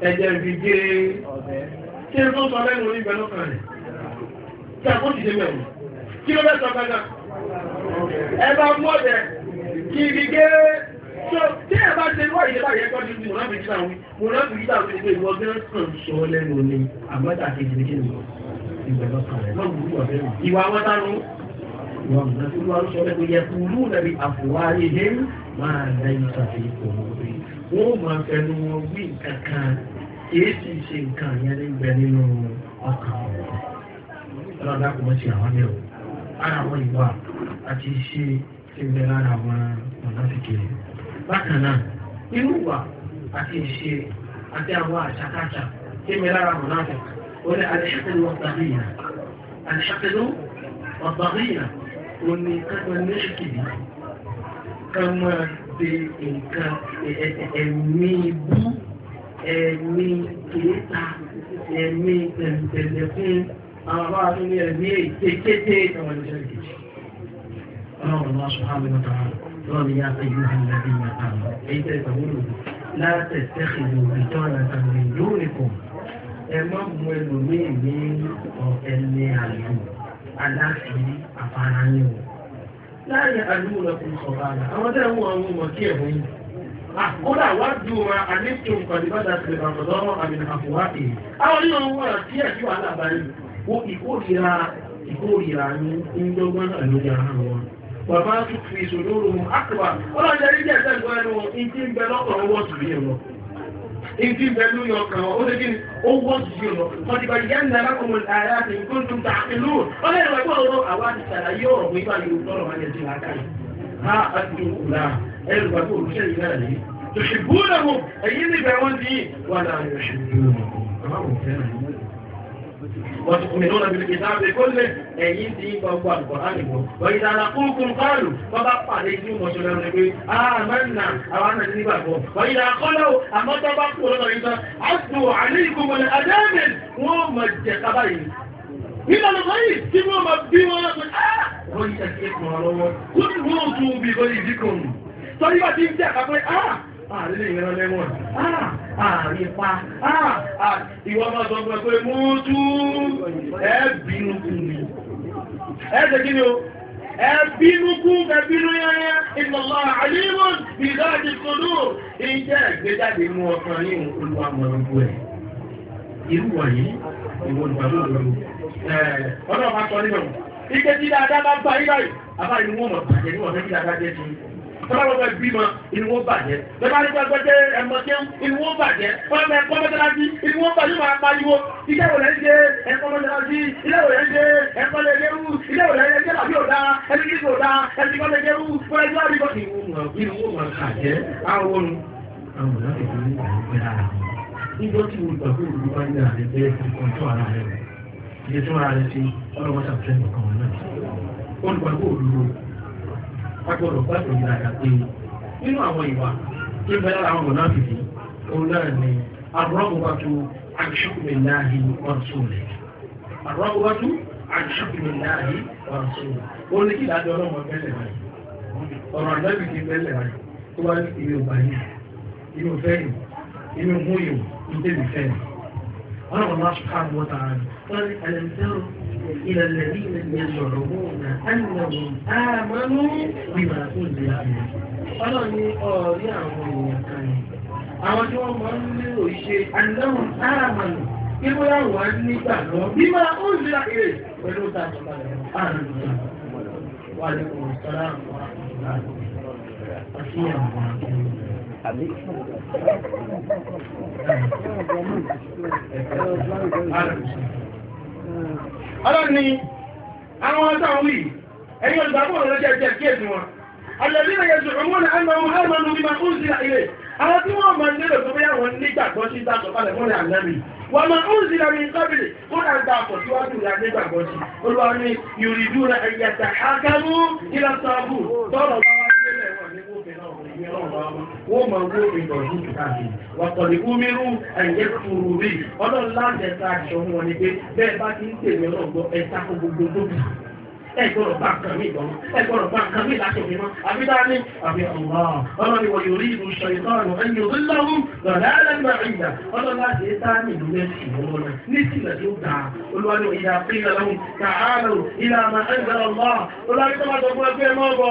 ẹ̀jẹ̀ fi gé kí ló sọ lẹ́nu orí ìbẹ̀lú kan rẹ̀ kí àkó ti dé mẹ́rin kí ló mẹ́sàn gbẹ́gbẹ́ ẹ bá mú ọ̀dẹ̀ kí ibi gé tí ẹ bá ṣe wọ́ ìdí bá yẹ kọ́ ju bí mọ̀lábì jíjà wí mọ̀lábì jíjà wí pé ìwọ gẹ́rẹ́ kàn sọ lẹ́nu ni àgbàtà kejì ní kí ìbẹ̀lú kan rẹ̀ ìwà wọn dánú wọn náà tí wọn sọ lẹ́nu yẹ kúlú nàbí àfùwárí hẹ́m máa dá ìtàkì ìkòrò rí wọ́n máa fẹnu wọn wí nǹkan kan èyí sì ṣe nǹkan yẹn ní bẹ nínú ọkàn wọn ọlọ́dà kò mọ̀ sí àwọn ní o ara wọn ìwà àti iṣẹ́ ti ń bẹ lára àwọn mọ̀nàfíkiri bákan náà irú wà àti ìṣe àti àwọn àṣàkáṣà tí ń bẹ lára mọ̀nàfíkiri ó ní alẹ́ṣẹ́pẹ̀lú ọ̀gbàgbìyà alẹ́ṣẹ́pẹ̀lú ọ̀gbàgbìyà o ní kápẹ́ ní ṣìkìdì ká pé nǹkan ẹ̀mí bú ẹ̀mí kìíta ẹ̀mí tẹ̀lẹ̀tẹ̀lẹ̀ fún àwọn bá tó ní ẹ̀mí ètè kété àwọn ìṣẹ́ kejì ọlọ́run lọ́wọ́ sọ hàn mẹ́ta lọ́wọ́ ni yá fẹ́ yóò hàn lẹ́bí mẹ́ta èyí tẹ́ ìtàwọ́lò láti tẹ́kìlì ìtọ́ àtàwọn ìlúrìkọ̀ ẹ má mú ẹlòmíì ní ẹni àlè aláfíì afárá yẹn o láàrin àdúgbò lọ fún sọ̀rọ̀ àná àwọn tẹ́ wọ́n àwọn ọmọ kí ẹ̀wọ̀n yìí àkọ́dà wá ju ma àníkùn pàdébàdà sílẹ̀ pàmọ́dọ́rọ̀ àmì àfọwá èyí àwọn nínú wọn wà ẹ̀kí wà lábàárí wo ìkórìíra ìkórìíra ní ìjọgbọ́n náà lórí wọn bàbá tún fi ìṣòro rò wọn àkùbà ọlọ́jẹ́ rí jẹ́ ẹnu wọn lọ́kọ̀ọ́ wọ́n sì rí ẹ̀wọ̀n ìdí pẹ̀lú yọkàn ó lè kí ni ó wọ́n ti yọ̀ lọ. wọ́n ti bàjẹ́ ń dára kọ́mọ ààrẹ àti nǹkan tó ta ìlú. wọ́n lè wá gbọ́ ọ̀rọ̀ àwa ti ṣàlàyé ọ̀rọ̀ pé bá yóò tọ́rọ̀ wọn lè ti láta ha a ti ń kula ẹrù bàbá olùṣẹ́ yìí náà yìí. tòṣìbú làwọn èyí níbẹ̀ wọ́n ti wà láàrin òṣèlú وتؤمنون بالكتاب كله ẹ̀yin tí gbogbo àgbọ̀rá nìbò ọ̀yìn ara kún kún kọ́ọ̀lù wọ́n bá pàdé sí mọ̀ṣọ́lá rẹ̀ pé àmàlà àwọn àti nígbàgbọ́ ọ̀yìn àkọ́lọ́ àmọ́tọ́ bá kú lọ́dọ̀ yìí tán á tó àlẹ́ ìgbòmọ̀lẹ̀ àdáàmẹ̀ wọ́n mọ̀ jẹ̀ kábà yìí nígbà lọ́wọ́ yìí tí wọ́n mọ̀ bí wọ́n lọ́dọ̀ ah, wọ́n yìí ṣe kí ẹ̀kọ́ lọ́wọ́ ààrẹ ìran lẹ́wọ̀n ààrẹ pa ìwọ́n máa sọ pé mú tú ẹ̀bínú kùn mi ẹ̀ẹ́dẹ̀ kí ni o ẹ̀bínú kún ẹ̀bínú yẹnyẹ ìmọ̀lá àlímọ̀ ìdájì kòdó ìjẹ́ ìgbéjáde mú ọkàn ní olùwàmọ̀lọ́gbò ẹ̀ irú wọ̀nyí ìwọ̀lùwàmọ̀lọ́gbò ọ̀nà ọ̀pá sọ nínú ìkẹ́ tí dáadáa bá gbà yíyá yìí àbáyé wọn mọ̀ pàtẹ́ ní ọ̀fẹ́ tí dáadáa jẹ́ sí i tọ́lọ́wọ́ bẹ bímọ inú wọn bàjẹ́ lọ́ba nípa gbẹ́gbẹ́ ẹ̀mọ́ jẹun inú wọn bàjẹ́ pọ́nbẹ́ pọ́nbẹ́tẹ́lájí inú wọn bàjẹ́ máa pariwo iṣẹ́ wò lẹ́ ń ṣe ẹ̀kọ́nbẹ́tẹ́lájí ilé wò lẹ́ ń ṣe ẹ̀kọ́lẹ́gẹ́rú ilé wò lẹ́ ń ṣe làbí òdá ẹni kí kò dá ẹni kọ́lẹ́gẹ́rú fún ẹjọ́ àríkọ́ inú wọn máa kàjẹ́ àwọn àwọn ọ̀dọ́ ìgbàlódé ìgbàlódé ara rẹ̀ nígbà tí mo gbàgbé òdòdó bá ń agbọ́dọ̀ gbàdọ̀ yìí dáadáa pé nínú àwọn ìwà tí ń bẹ lára àwọn ọ̀nà àfìdí òun náà ni àrọ́bùbátú àṣùkùnmíláàhí ọ̀ṣùnlẹ̀ àrọ́bùbátú àṣùkùnmíláàhí ọ̀ṣùnlẹ̀ ó ní kí ìdájọ́ ọlọ́mọ bẹ́lẹ̀ báyìí ọ̀rọ̀ àdábì ti bẹ́lẹ̀ báyìí tó wá ní ìwé ọ̀bà yìí inú fẹ́yìn inú mú yìí ní tẹ́lifẹ́yìn قال الله سبحانه وتعالى قل ألم تروا إلى الذين يزعمون أنهم آمنوا بما أنزل إليك قالوا لي أه يا أبوي يا كريم àwọn tí wọ́n mọ̀ ń lérò ṣe àdáhùn ààmàlù ibú láwọ̀ á nígbà lọ bí máa ó ń lera èrè pẹ̀lú tàbí ààrùn wà lẹ́kọ̀ọ́ sọ́lá àwọn àti àwọn àti Ala ọlọ́run ni àwọn ọ̀sán wí ẹni olùgbàgbọ́ ọ̀rọ̀ jẹ́ jẹ́ kíyèsí wọn alẹ́bíra yẹsùn ọmọ ala ẹnu ọmọ ẹgbẹ́ ọmọ bíbá ó ilé àwọn tí wọ́n máa nílò tó bóyá wọn nígbàgbọ́ sí dáàtọ̀ kalẹ̀ mọ́lẹ̀ àlẹ́bí wọ́n máa ó sí olúwa wọ́n mọ̀ owó ìdọ̀dún káàkiri wàtọ̀lẹ̀ omírú ẹ̀yẹ́ kúrú rí ọlọ́run láti ẹ̀ta àṣọ wọn ni pé bẹ́ẹ̀ bá ti ń tèmi ọlọ́gbọ́ ẹ̀ta kó gbogbo tóbi ẹgbọ́rọ̀ bá nǹkan mi lọ́wọ́ ẹgbọ́rọ̀ bá nǹkan mi láti òfin mọ́ àbídáni àbí ọ̀wọ́ ọmọ ni wọ́n yóò rí ìlú ṣe ìtọ́rọ̀ ẹni òfin lọ́wọ́ lọ́dà ẹlẹ́gbà ìyà ọlọ́lá ṣe é tá ní ìlú mẹ́sì ìwọ́n náà ní ìsìlẹ̀ tí ó ga olúwarò ìyá pínlẹ̀ lọ́wọ́ tààrò ìlà àmà ẹgbẹ́ ọmọ olúwarò tó bá sọ fún ẹgbẹ́ mọ́ bọ̀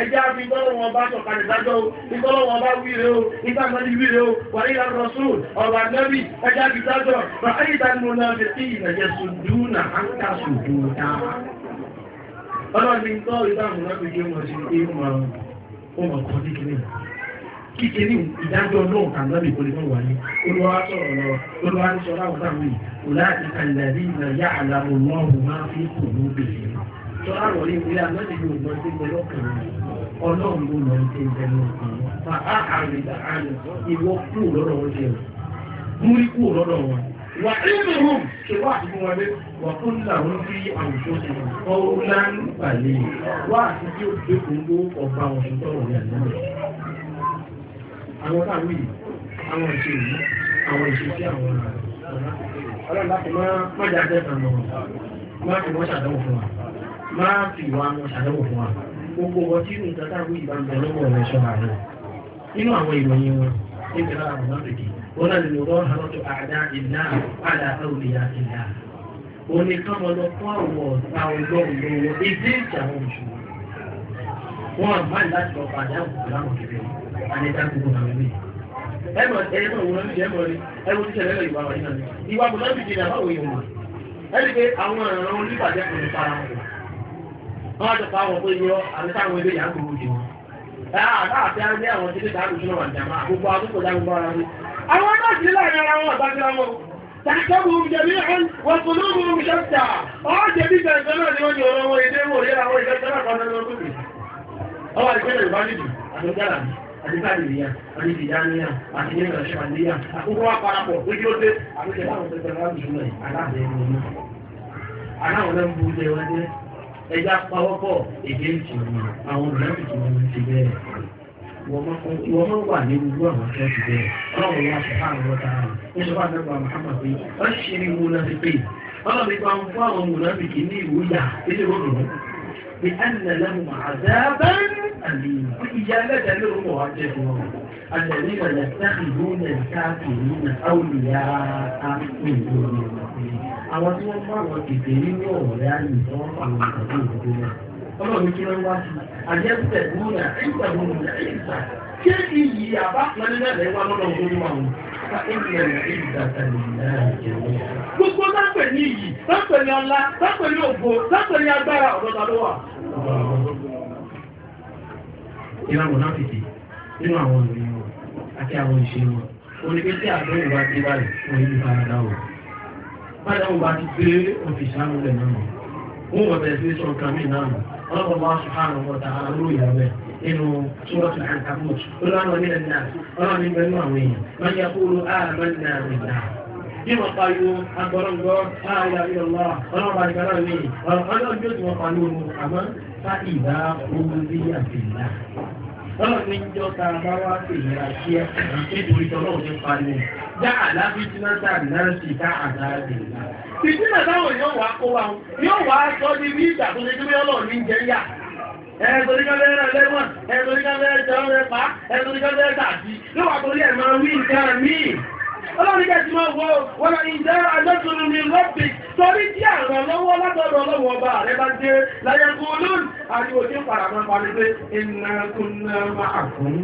ẹjẹ́ àfi ìtọ́lọ̀ wọn bá sọ kalẹ̀ dájọ́ o ìtọ́lọ̀ wọn bá wíire o ìtàgbọ́n wíire o wà ní ìlànà rọ̀ṣù ọ̀rọ̀ àgbẹ̀bí ẹjẹ́ àfi ìtọ́jọ́ bàtà ìdánimọ̀ náà fi sí ìrẹ̀jẹ̀ sùdúnà ọlọ́ni tó ìdáàmù láti jẹ́ mọ̀ sí pé ó mọ̀ kọ́ ní kìíní kíkiri ìdájọ́ náà kà lọ́bì kò lè mọ̀ wáyé olúwa sọ̀rọ̀ lọ olúwa ní sọ̀rọ̀ àwọn táwọn yìí kò láti kàlẹ́rì ìlà yá àlàbò lọ́rùn máa fi kò ní bèèrè sọ̀rọ̀ àwọn orí ìwé àgbẹ̀dì yóò lọ sí ìgbẹ́ lọ́kùnrin ọlọ́run ló lọ sí ìgbẹ́ lọ́kùnrin fa á àrùn ìdá àrùn kúrò lọ́dọ̀ wọn múrí kúrò lọ́dọ̀ wọn wà nínú hùn ṣèwà àtúkú wọlé wà kó làwọn bí àwùjọ ọ̀la ń pàlẹ́ wà àti bí òṣèlú gbogbo ọba ọ̀sùn tọrọ ní àná àwọn táwọn yìí àwọn ìṣe yìí àwọn ìṣe sí àwọn ọ̀la ọlọ́run láti má jáde kan lọ má fi wọ́n ṣàdánwò fún wa má fi wá wọn ṣàdánwò fún wa gbogbo wọn tí nǹkan táwọn ìbá ń bẹ lọ́wọ́ rẹ̀ ṣọ́ra rẹ̀ nínú àwọn ìròyìn wọn ní ìpínlẹ̀ àwọn náà wọ́n lè lọ́rọ̀ àdá ìlà padà àwòrìyà ìlà. ó ní wọn fún wọ́n á láti lọ padà àwòrán gbogbo àwọn ìwé. ẹ̀mọ̀ ẹ̀mọ̀ wọ́n ń ṣe ẹ̀mọ̀ rí ẹ̀wọ̀ ti tẹ̀lé ìwà wà nínú ìwà kò lọ́bì jìnnà báwo yẹn ní wọn. àwọn àwọn náà sí láàrin ara wọn àbájá wọn tàìkẹ́bùn jẹ̀bí ẹ̀hún wọ́n tó lóòrùn omi ṣẹ́ta ọ́ jẹ̀bí ìgbẹ̀ẹ̀gbẹ̀ náà ni wọ́n jẹ́ ọ̀rọ̀ wọn ilé ìwòye àwọn ìgbẹ̀ẹ̀gbẹ̀ náà kan lọ́dún lórí ọwọ́ ìpínlẹ̀ ìbánidì àtọ́jára àti báyìíyà àti ìdíyàníyà àti nígbà ṣàlíyà wọ́n máa wà nínú ìlú àwọn tó ti bẹ̀rẹ̀ ọlọ́run wá sọ fáwọn ọmọ tààrà ó sọ fáwọn ẹgbẹ́ Muhammad pé wọ́n ṣe ní mo náà ti pè tí wọ́n fún àwọn kèké nínú ọ̀rẹ́ àyè tí wọ́n fún àwọn ìgbàgbọ́ ọlọ́run ní kí wọ́n wá sí àjẹsẹ̀ múnà ìgbà múnà ìgbà ṣé iyì àbá pẹ́lẹ́lẹ́ wà lọ́dọ̀ gbogbo àwọn Gbogbo lápẹ̀ ní iyì, lápẹ̀ ní ọlá, lápẹ̀ ní ògbò, lápẹ̀ ní agbára ọ̀dọ́ta ló wà. Ìlànà náà fìdí nínú àwọn ìrìn wọn àti àwọn ìṣe wọn. Onígbé tí àgbẹ̀ ìwà ti báyìí, wọ́n yí ní faradà wọn. bá ti gbé òfìsà múlẹ̀ náà wọ́n wọ́n bẹ̀rẹ̀ sí sọ nǹkan mí náà nù ọlọ́pàá bá subhanahu wa ta'ala ló yà bẹ́ẹ̀ inú suratul Ankabut olóòwò ní ẹ̀dá ọlọ́run ní pẹ̀lú àwọn èèyàn wọ́n yẹ kó ló àmàlà ìlà bí wọ́n pariwo agbọ́rọ̀gbọ́ ààyè àríọ̀lá ọlọ́run àríkàrà mi ọlọ́run yóò ti wọ́n pariwo àmọ́ fa ìdá ogun bí àtìlá Bọ́lá ní jọ ta bá wá sí ìlera sí ẹ, nítorí tọ́lọ́ ní pariwo. Dá àlábí tí wọ́n tà náà sì ká àdára sí ìlà. Ìdílé táwọn yóò wá kó wa, yóò wá sọ ní bí ìgbà tó ṣe kí wọ́n lọ ní jẹ yà. Ẹ̀ẹ́dọ̀rí kan bẹ́ẹ̀ rẹ̀ pa, ẹ̀ẹ́dọ̀rí kan bẹ́ẹ̀ tà sí. Lọ́wọ́ ẹ̀ máa wí nǹkan míì ọlọ́rìnkẹ́ ti máa wọ wọ́nà ìjẹ́ àjọ́tùnú ní rọ́bì torí tí àrùn lọ́wọ́ látọ̀dọ̀ ọlọ́wọ́ ọba rẹ̀ bá dé láyẹ̀kún olóòn àríwò tí paramọ́ parí pé ìnàkúnnà máa fún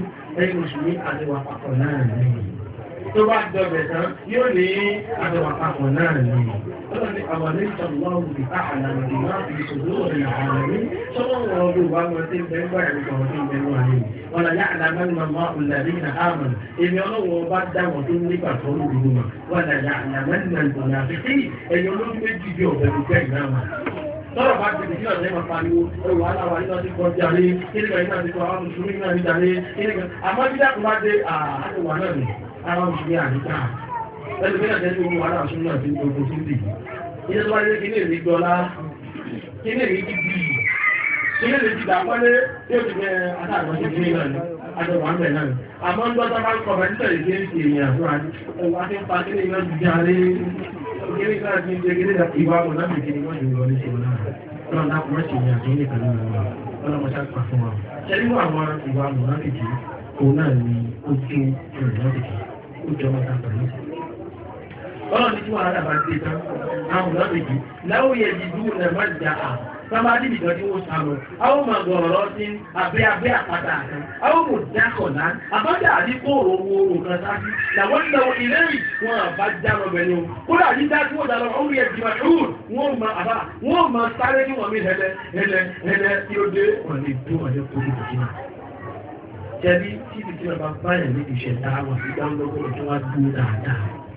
ẹ̀yìn oṣù ní àdíwà papọ̀ náà ní tó bá jọ bẹ̀tán yóò ní àdíwà papọ̀ náà ní ọlọ́ni àmàlẹ́sọ̀ lọ́rùn ní àhàlàmì láti ìṣòro ní àhàlàmì sọ́wọ́n wọn ọdún wa máa ti bẹ́ẹ̀ gbà ẹ̀rù kan ọdún bẹ́ẹ̀ wà ní wọn àyà àlàmì màmá ọ̀làdí na àmàn èmi ọlọ́wọ́ bá dá wọn tó nípa tó ń dùn mà wọn àyà àlàmì nà ìgbọ̀nà àfikún ẹ̀yọ́ ló ń méjì bí ọ̀bẹ̀ Tọ́rọ̀ bá ti dìkí àwọn mùsùlùmí náà ní ẹni pé àjẹ́ tó wà náà súnmọ́ sí gbogbo tó dì ní ẹgbẹ́ ayé kí ní èmi gbọ́lá kí ní èmi ti dì kí ní èmi ti dà pọ́lé tí ó ti fẹ́ adáàgbọ́n ti fi náà àjọwà ń bẹ̀ náà àmọ́ ń gbọ́dọ̀ máa ń kọ̀ bẹ́ẹ̀ nítorí kí ní ti èèyàn fúnra ẹwà ti ń pa kí ní ìyọ́n ti jẹ́ alé kí ní káà ti ń jẹ́ kí ní ìwà mọ̀ náà kì í wọ́n yóò wọlé ṣe náà lọ́nà náà kọ́ ṣe ìyàn tó ní ìkàlẹ́ wọn lọ́nà mọ́ṣá pa fún wa ṣẹ́yìn àwọn ìwà mọ̀ náà kì í òun náà ni ó tún ìrìn náà kì í ó jọ mọ́ta pẹ̀lú ọlọ́run ní kí wọ́n alábàá ti ìjọ àwọn ọ̀dọ́mẹ̀jì láwùyẹ ìdíjú rẹ̀ má jà á sábàdì ìjọ tí wọ́n sá lọ àwọn màgọ̀rọ̀ sí abẹ́ abẹ́ àpáta àtàn àwọn kò dákọ̀lá àbájá àti kóòrò owó oòrùn kan sáájú làwọn ń lọ ìlẹ́rìí wọn àbá já lọ bẹ̀rẹ̀ o kódà ní dájú ó dalọ ọ̀rùn yẹn jìmọ̀ ṣùgbọ́n wọn ò máa àbá wọn ò máa sáré kí wọn mi hẹlẹ hẹlẹ hẹlẹ tí ó dé wọn lè dún wọn lè kó ní ìdíjìmọ̀ jẹbi tí ibi tí wọn bá báyà níbi ìṣẹ̀dá wọn fi dá lọ́gbọ́n tó wá dúró dáadáa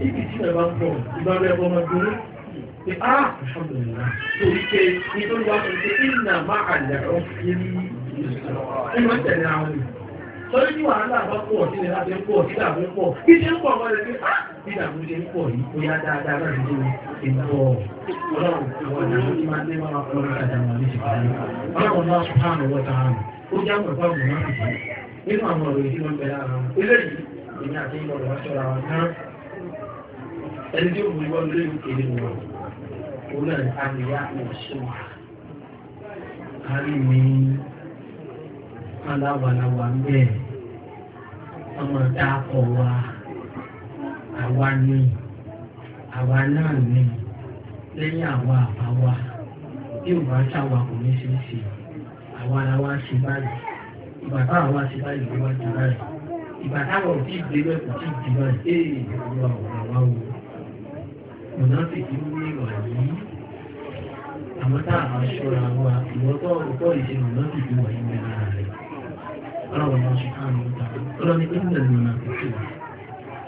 ibi tí ìrẹ̀bá pọ̀ ìbára ẹ̀bọ̀ máa dúró pé á ah, alhamdulillah tó rí pé nítorí wá pé ìnà má àlẹ́rọ̀ ìrí ìmọ̀ tẹ̀lé àwọn sọ́rí ní wàhálà bá pọ̀ sílẹ̀ láti pọ̀ sílẹ̀ àbẹ́ pọ̀ kí ṣe ń pọ̀ wọ́n lè fi á bí ìdààmú ṣe ń pọ̀ yìí ó yá dáadáa láti ṣe ìtọ́ ọlọ́run tí wọ́n ní wọ́n máa ń lé wọn ọlọ́run àdàmọ́ ní ṣùgbọ́n ọlọ́run náà sùn hàn wọ́n ta hàn ó jáwọ́ ẹ̀fọ́ àmọ́ náà nínú àwọn ọ̀rọ̀ ìdí wọn bẹ̀rẹ̀ ara wọn eléyìí èmi àti ìlọ̀rọ̀ wá ṣọ́ra wọn náà ẹni tí òun wọ́n lé ìkéde wọn òun náà àríyá ìṣòwò kárí mi aláwàláwà ń bẹ̀ ọmọ dáàpọ̀ wa àwa ni àwa náà ni lẹ́yìn àwa àbá wa bí ò bá ṣàwà kò ní ṣe é ṣe àwa ara wa ṣe báyìí ìgbà táwa ṣe báyìí ló wá ti báyìí ìgbà táwa ò tí kò tí ì gbé báyìí éè ìgbà wa ò rà wò mùnáfìkì ń ní ìwà yìí àmọ́ tá a máa ṣọ́ra wa ìwọ́tọ́ ọ̀pọ̀ ìṣe mùnáfìkì wà ní ara rẹ̀ ọlọ́wọ́ náà ṣe ká àwọn ọ̀tá ọlọ́ni pé nílẹ̀ mùnáfìkì wà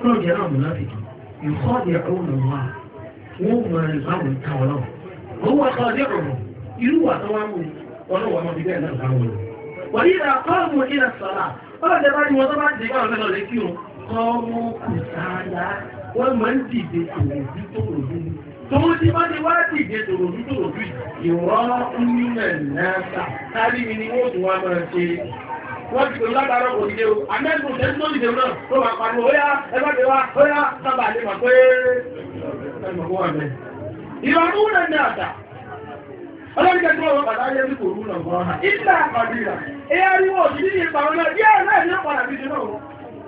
ọlọ́run jẹ́ àwọn mùnáfìkì ìkọ́ọ̀dì àwọn ọ̀nà wọn mọ ìbáwọn ká ọlọ́run òun wà kọ́ ọdẹ ọmọ bíbẹ́ náà bá ní wọn tó bá dé báwọn lọ́dẹ kí wọn kọ́ọ̀mù kùsàlá wọ́n máa ń dìde tòròdú tòròdú tòun tí wọ́n ti wá dìde tòròdú tòròdú ìwọ́ nílẹ̀ náà kárí mi ni wọ́n tún wá máa ṣe wọ́n ti pè látara òdìdé o amẹ́kùn tẹ́sí tó dìde náà tó máa pariwo ó yá ẹgbẹ́ mi wá ó yá sábà lè máa pé ìrọ̀rú rẹ̀ ní àdá ọlọ́dún tó wọ́n pàdá yẹ́ ní kò rú náà mọ́ ha ìlà àpàdé rà èyí ariwo òdìdí ìpàwọn náà díẹ̀ náà ní ọ̀pọ̀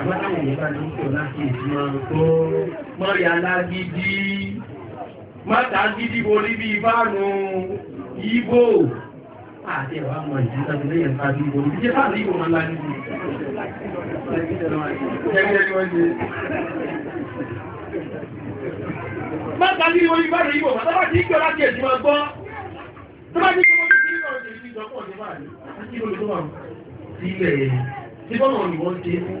àgbáyé ìpàdé ìpò láti ìsìnmọ̀ tó mọ́rí alágídí mọ́ta gídí borí bí ìbánu ìbò àti ẹ̀wà mọ̀ ìjìnlẹ̀ lẹ́yìn ìpàdé ìbò ní jẹ́ fàárí ìbò máa lágídí mọ́ta gídí borí ìbánu ìbò mọ́ta bá ti ń gbọ́ láti ẹ̀sìn máa gbọ́ tó bá ti ń gbọ́ sílẹ̀ tí bọ́nà ni wọ́n ṣe fún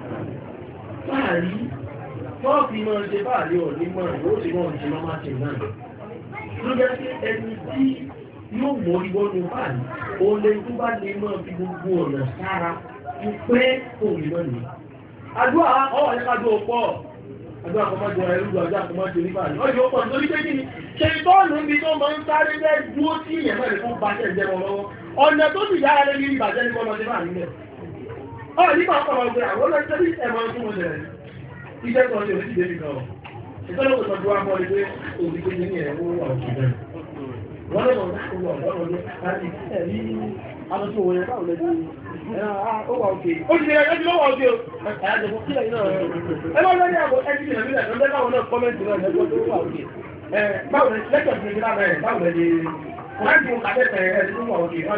fáàrí tọ́ọ̀fì máa ṣe fáàrí ọ̀ ní mọ̀ ó sì mọ̀ ṣe máa ṣe náà ló jẹ́ pé ẹni tí yóò mọ̀ ìwọ́nu fáàrí ó lè tó bá lè mọ̀ fi gbogbo ọ̀nà sára tó pé kò rí mọ̀ ní. àdúrà ọwọ́ ní kájú ọ̀pọ̀ àdúrà kan máa jọ ẹrú àdúrà kan máa jọ ní fáàrí ọjọ́ ọ̀pọ̀ nítorí pé kí ni ṣe bọ́ọ̀lù níbi tó máa ń sáré bẹ́ẹ̀ dúró tí ìyẹn mẹ́rin fún bàtẹ́ ìjẹ́ wọn lọ́wọ́ ọ̀nà tó sì yára lé ní ìbàjẹ́ ní kọ́ Ọ̀rọ̀ nípa ọ̀pọ̀lọ̀ ọ̀gbẹ̀ àwọn olóòjẹ́ bí ẹ̀mọ̀ ọdún mọ̀ lẹ̀. Iṣẹ́ kan lè rí ìdébí náà. Ìtọ́lọ́pọ̀ tọ́jú wá mọ́ ni pé òbí tó ní ẹ̀wọ́ ọ̀gbẹ̀ náà. Wọ́n lọ́wọ́ ọ̀gbẹ̀ ọ̀gbẹ̀ ọ̀gbẹ̀ àti ẹ̀rí alọ́tí òun yẹn báwọn lẹ́gbẹ̀ẹ́ ó wà òkè. Ó ti ṣe ẹjọ́ lọ́wọ́ ọdí o. Ẹ̀yàjẹ̀kọ́ kílẹ̀ náà. Ẹ bá lọ́rí àbọ̀ ẹjí ìrìnà mílẹ̀ tó ń bẹ́ báwọn náà kọ́mẹ́ntì náà lẹ́gbẹ̀ẹ́ tó wà òkè. Báwo lẹ́gbẹ̀ẹ́ tó ń gbé lára ẹ̀ báwo lẹ́gbẹ̀ẹ́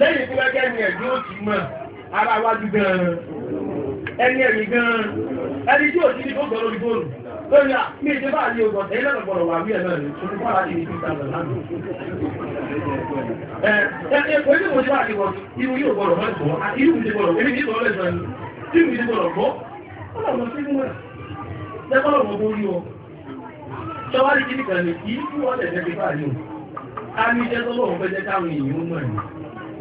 lẹ́yìn tó wẹ́gẹ́ ni ẹ̀jú ó ti mọ̀ ara wájú gan-an ẹni ẹ̀yìn gan-an ẹni tí ò sí ní fóònù lórí fóònù lórí à ní ìjọba àti ogun ọ̀tẹ̀ ilẹ̀ ọ̀pọ̀lọ̀ wà wí ẹ̀ náà ní ṣùgbọ́n wà láti ní two thousand lánàá. ẹ ẹ ẹ kò ní mo ti wá àti wọn irú yóò gbọ́dọ̀ máa gbọ́ àti irú mi ti gbọ́dọ̀ èmi kì í sọ ọlẹ́sọ ẹni tí mi ti gbọ́dọ̀ gbọ́ ó lọ sí mú ẹ lẹ́kọ́lọ̀ mọ́ bórí ọ ṣọwárí kí nìkan ní kí wọ́n lẹ̀ jẹ́ pípa yìí àmì ìjẹ́sọ́lọ́wọ́ fẹ́ jẹ́ káwọn èèyàn mọ̀ ẹ̀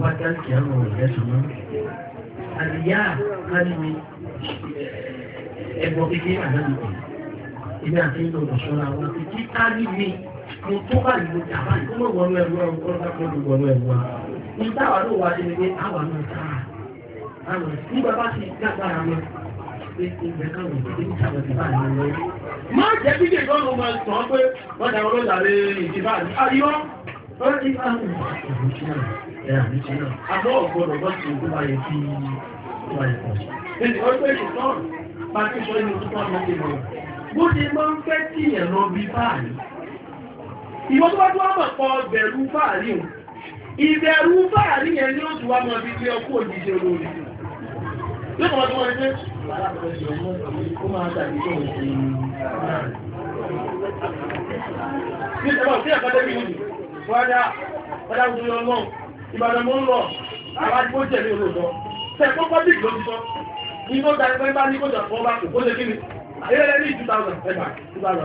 wá dáàkì àwọn ọ̀rẹ́ sọmọ́ àríyá kárími ẹgbọ́ kékeré àdáni kan èmi àti ìlú ọ̀ṣọ́ra wọn ti kí kárími mo tó bá ìlú jàpá ìkúmọ̀ wọnú ẹ̀rọ ọ̀rọ̀ kọ́ńtà kọ́ńtà wọnú ẹ̀rọ wa ní táwa ló wà ní pé àwa náà sáà àwọn tí bàbá ti dágbára lọ pé ìgbẹ́ káwọn ìdílé ń sábà ti bá ní ọ̀rọ̀ yìí. má jẹ́ bí kìí lọ́nà máa sọ pé wọ́n dà wọ́n lọ́jà lé ìdíbà àríyọ́ wọ́n ti bá àwọn ìdílé Àbọ̀ ọ̀gbọ̀dọ̀ bọ́ sí ìlú ayé tí wà ẹ̀kọ́. Èdè ọjọ́ ìṣọ́rọ̀, Pàtíṣọ́ inú tó pàmọ́ sí lọ. Bó ti máa ń fẹ́ kí ẹ̀ lọ bí fáàrí. Ìwọ́n tó bá tó wá mọ̀ pọ̀ bẹ̀rù fáàrí o. Ìbẹ̀rù fáàrí yẹn ni ó tún wá mọ̀ bí pé ọkọ̀ òjijì olórí. Yóò mọ̀ tó wọ́n ṣe. Ó máa tàbí tó ń ṣe. Ní ìṣẹ̀lẹ̀ ọ̀sẹ̀ ẹ̀kọ́ ìbàdàn mọ́ ń lọ àwọn àdìgbò jẹ̀mí olóòtọ́ tẹ̀ tó public ló ti ní tó darí pé bá ní kó jọ̀pọ̀ kí ni ayẹyẹ ní two ẹgbà two thousand ó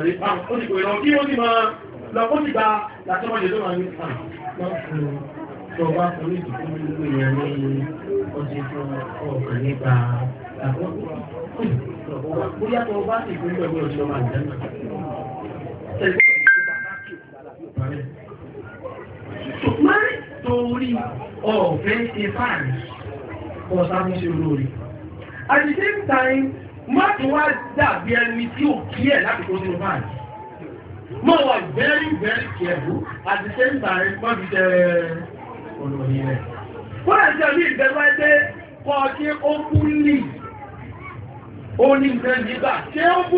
ti kò lọ kí ó sì máa lọ kó sì gba làtọ́mọdé tó máa ní pound torí ọ̀fẹ́ ìfààní ọ̀sáfún ṣe olórí. at the same time máàkì wá dàbí ẹni tí ò kí ẹ̀ láti kó sínú fààní mo wà very very careful at the same time wọ́n fi tẹ ọ̀nà yẹn. wọ́n àti ọ̀bí ìgbẹ́wọ́ ẹgbẹ́ kọ́ kí ó kú lì ó ní nǹkan nígbà ṣé ó kú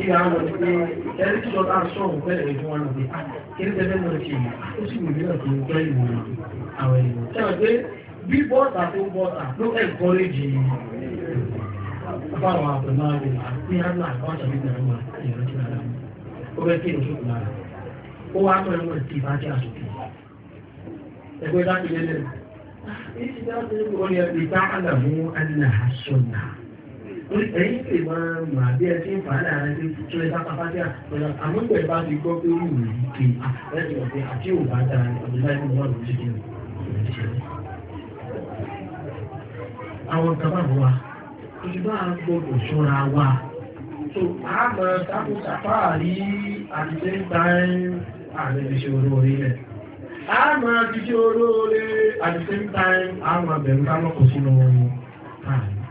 ilé àwọn ọ̀dọ́ pé ẹni tí lọ́ta sọ̀rọ̀ bẹ́ẹ̀ ẹ̀dùn wọn lọ́dẹ kéré tẹ́lẹ̀ mọ́ ti ó sì wù mí náà tó ń gbọ́ ìwò àwọn ènìyàn. sẹ́wọ̀n pé bí bọ́ọ̀tà tó bọ́ọ̀tà ló ẹ̀kọ́rẹ́jì báwọn àpẹ̀mọ́ àgbẹ̀ àti àgbà àwọn àṣàbí ìgbà wọn ìrántí lára ó bẹ́ kí oṣù kùnà rẹ̀ ó wá pẹ̀lú wọn ti bá jẹ́ ẹgbẹ́ dákìlélẹ̀ ẹ̀yìn lè máa mà bí ẹ ti ń fà á láàrin tí tó ẹ sápá fájà ọ̀nà àmọ́ ìgbà ìbá ti gbọ́ pé wù ú kì í ẹ ti ọ̀pẹ àti dáa àbúlá ìlú wà lóṣù kí ni. àwọn wa a sàfáàrí àtijọ́ ìgbà a olóore àtijọ́ ìgbà ká lọ́kọ̀ sínú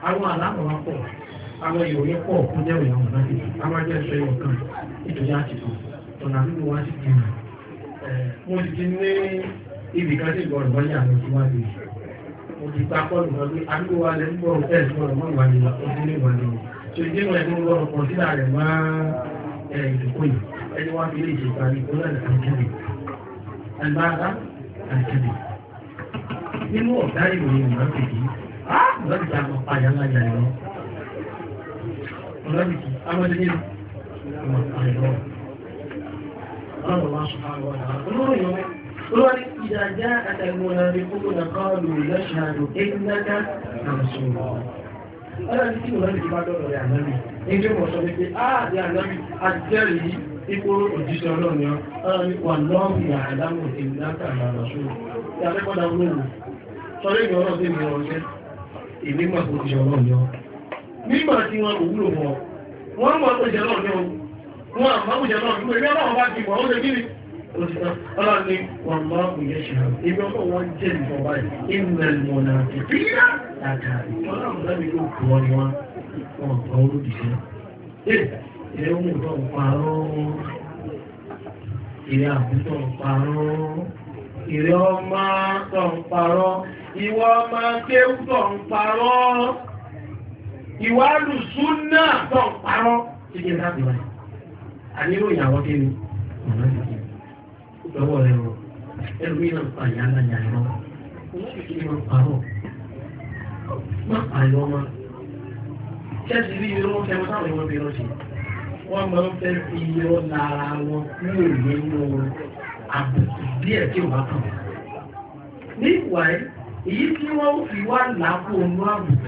àwọn àwọn ìròyìn pọ̀ fún jẹ́ ìyàwó náà a máa jẹ́ ṣe ọ̀kan nítorí àtìkù ọ̀nà nínú wá sí ti rìn mo sì ti ní ibì kan sí ìgbọ̀rọ̀ wọ́n yà lọ́sí wá lè mo ti gba kọ́ọ̀lù kan pé àdúgbò wa lè ń gbọ́ ẹ̀ gbọ́rọ̀ mọ́ ìwà ni ojú ní ìwà ni so ìdí ìwà ẹ̀kọ́ gbọ́rọ̀ pọ̀ sí ààrẹ máa ìdókò yìí ẹni wá fi lè ṣe ìparí ó lẹ́nu àìkẹ́lẹ̀ ẹ̀lbára àìkẹ́lẹ̀ nínú ọ̀dá ìròyìn ìrọ̀lẹ́ munafiki amadu ne Olúwárí ìdájá àtàgbòrò àríkúrò kọlù lọ́ṣàdù ẹgbẹ́ta àmṣòrò. Ọlọ́rin tí wọ́n lè bá dọ́rọ̀ rẹ̀ ànábì, ní tí wọ́n sọ wípé, "Ah, rẹ̀ ànábì, àjẹ́rì yìí, ipò òjíṣẹ́ ọlọ́rin ọlọ́rin wà lọ́rùn àdámù ẹgbẹ́ta àmṣòrò." mímọ̀ tí wọn kò wúlò mọ́ wọ́n mọ̀ tó jẹ́ náà ní ọdún wọn àmọ́ kò jẹ́ náà ní ẹgbẹ́ náà bá ti mọ̀ ó lè kíni ọlọ́run ni wọ́n mọ́ kò yẹ ṣe hàn ibi ọkọ̀ wọn jẹ́ ìjọba ìmọ̀ ìmọ̀ náà ti fi yá àtàrí ọlọ́run lábí ló kù wọn ni wọn wọn gbọ́ olódìṣẹ́ ìyẹn ń mú parọ́ ìyẹn àbútọ̀ parọ́ ìrẹ́ ọmọ tó ń parọ́ ìwọ ọmọ kéwù tó ń parọ́ ìwálù súnà tó ń parọ́ ti kí n dábì wáyé àníwò ìyàwó kí ni ọ̀nà ti kí lọ́wọ́ rẹ̀ o ẹrù mi náà pa ìyá ńlá ìyá ẹ̀rọ ọ̀nà ti kí ni wọ́n parọ́ má pààyọ́ ọmọ ṣẹ́ẹ̀sì rí irú wọn fẹ́ ìwọ́n bí wọ́n wọ́n máa ń fẹ́ fi irọ́ lára wọn kúrò nínú àbùkù díẹ̀ tí ò bá kàn wọ́n. níwáyé èyí tí wọ́n fi wá làákò nú àbùkù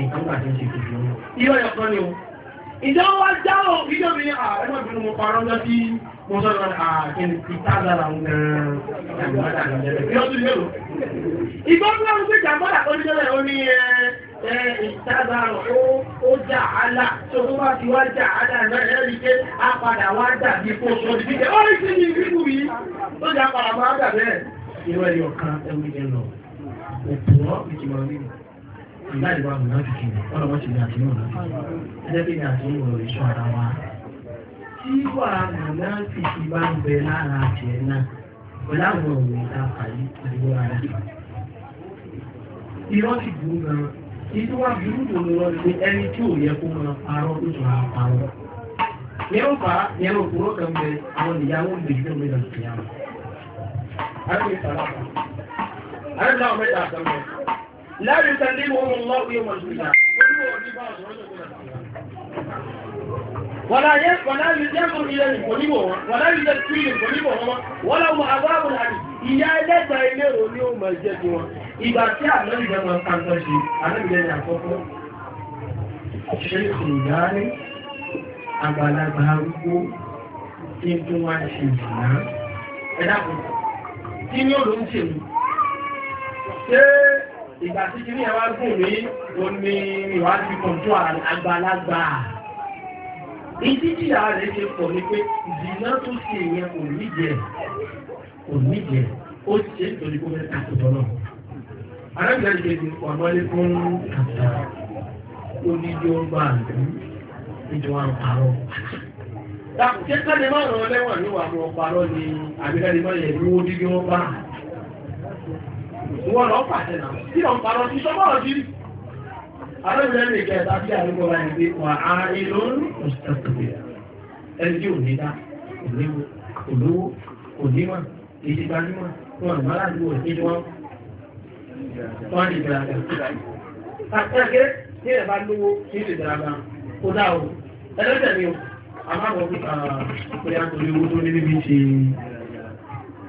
nǹkan pàtó ṣe kìí ní. Irọ́ ẹ̀kan ni o. Ìjọ wa já o, ìjọ mi ní àwọn ìbínú mo parọ́ lọ sí mo sọ̀rọ̀ àkíní ìtajà làwọn gan-an ìjàmbá Ìgbọ́n tó ń pè jàmbá àkọsílẹ̀ ó ní ìtajà ó jà àlà tó tó bá ti wá jà àlà náà ẹ̀rí pé a padà wá jà bí kò sọ ní bíjẹ́. Ó rí sí ní ìrìkú yìí tó jà padà máa dà bẹ́ẹ̀. Irọ́ ẹ̀yọ̀ kan ẹ̀wù ìjẹun lọ. Òpùrọ̀ ìjìmọ̀ nínú. ìyá ìwà mùnáfìkì ọlọ́wọ́ ti ní àtìmọ̀ náà ẹjẹ́ pé ní àtìmọ̀ rẹ̀ sọ ara wa tí wà mùnáfìkì bá ń bẹ lára tiẹ̀ náà pẹ̀lú àwọn òwe ìta pàdé ara rẹ̀ irọ́ gan burú tó lọ sí ẹni tí ò yẹ kó tó yẹ́rù fà yẹ́rù kan bẹ àwọn ìyàwó tó mẹ́ta لا يكلمهم الله ya القيامة ولا ولا ينظر إليهم ونبوهم ولا يزكيهم ونبوهم ولهم عذاب ya ìyá ẹlẹ́gbà ilé ò ní òmò ẹ̀jẹ̀ bí wọn ìgbà tí àmọ́lìjẹ́ wọn ìgbà tí kìíní ẹwà gùn ní omi ìwádìí kọjú àgbàlagbà ìdíjìyà rẹ̀ ṣe pọ̀ ní pé ìdìnnà tó ṣe ìyẹn kò níjẹ kò níjẹ ó ti ṣe nítorí kó fẹ́ kàtòtò náà arábìnrin ṣe ti pọ̀ mọ́lé fún kàtà oníjó ń bá àlú ìjọ àpàrọ̀ dákùnkẹ́kẹ́ ni máa rán lẹ́wọ̀n ní wàmú ọparọ́ ni àbíkẹ́ ni máa yẹ̀ ní ó dídí wọ́n bá àlú wọ́n lọ pàtẹ́ náà tí wọ́n parọ́ sí sọ́mọ́rọ̀ sí rí arẹ́bìnrin lè kẹta sí àdúgbò láì pé wà á ìlú òṣìṣẹ́ ẹjí ònídá olówó onímọ̀ èyí gbajúmọ̀ wọn àmọ́ aládùúgbò èyí wọn wọn lè gbàgbà àtẹ́kẹ́ tí ẹ̀ bá lówó tí lè gbàgbà ó dá o ẹlẹ́sẹ̀ mi o àmọ́ àwọn òpin àpẹẹrẹ àtòlé owó tó ní níbi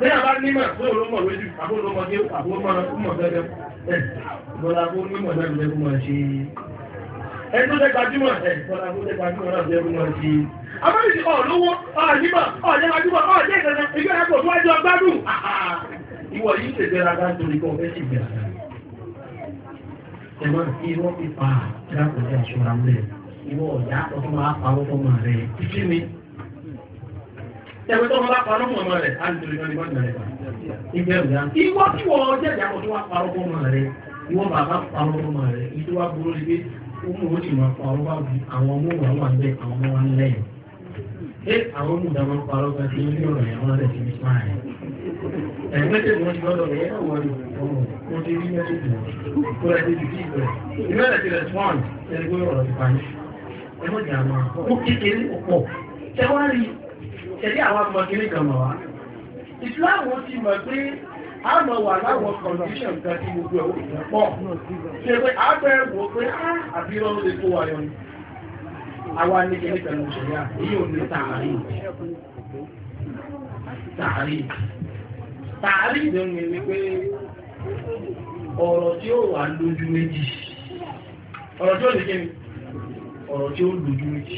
bí a bá nímọ̀ fún olómọ̀ lójú àbólómọdé àbólómọ̀ gẹ́gẹ́ ẹ̀ bọ́lá fún onímọ̀ náà lẹ́gbẹ́ mọ̀ ṣe ẹni tó dẹ́gbà jímọ̀ ẹ̀ bọ́lá Ẹgbẹ́ tó bá parọ́ mọ́ ọmọ rẹ̀, á ń tẹ̀lé ní ọjọ́ rẹ̀. Ìgbẹ́rùn-ún yá. Ìwọ́ kí wọ́n jẹ́ ìyàwó tó wá parọ́ mọ́ ọmọ rẹ̀, ìwọ́n bàbá parọ́ mọ́ ọmọ rẹ̀, ìtọ́wá burú ní pé ó mú ó sì máa parọ́ bá bí àwọn ọmọ wà wà ń bẹ àwọn ọmọ wa ń lẹ́yìn. Ṣé àwọn ọmọ ìdámọ́ parọ́ bá ti ní ọ̀rọ̀ yẹn wọ́n rẹ̀ ti fi máa rẹ̀? Ẹgbẹ́ tẹ̀ wọ́n ti lọ́dọ̀ rẹ̀ yẹ́n wọ́n mo ti rí mẹ́sìkì wọn, kó rẹ̀ ti fi kí ìgbẹ́. Ìmẹ́rẹ̀ ti respond, ẹni pé ọ̀rọ̀ ti pa ní. Ẹ tẹ̀lé àwọn ọmọkiri kan mọ̀ wá Islam ti mọ̀ pé a mọ̀ wà láwọn condition kan tí gbogbo ẹ̀wọ̀ ìjọpọ̀ ṣe pé a bẹ̀ wò pé ah, àbí wọn lè kó wa yọ ni àwa ní kí ní pẹ̀lú ìṣẹ̀lẹ̀ èyí ò ní tààrí tààrí tààrí ìdánwò ni pé ọ̀rọ̀ tí ó wà lójú méjì ọ̀rọ̀ ọ̀rọ̀ tí ó lójú méjì.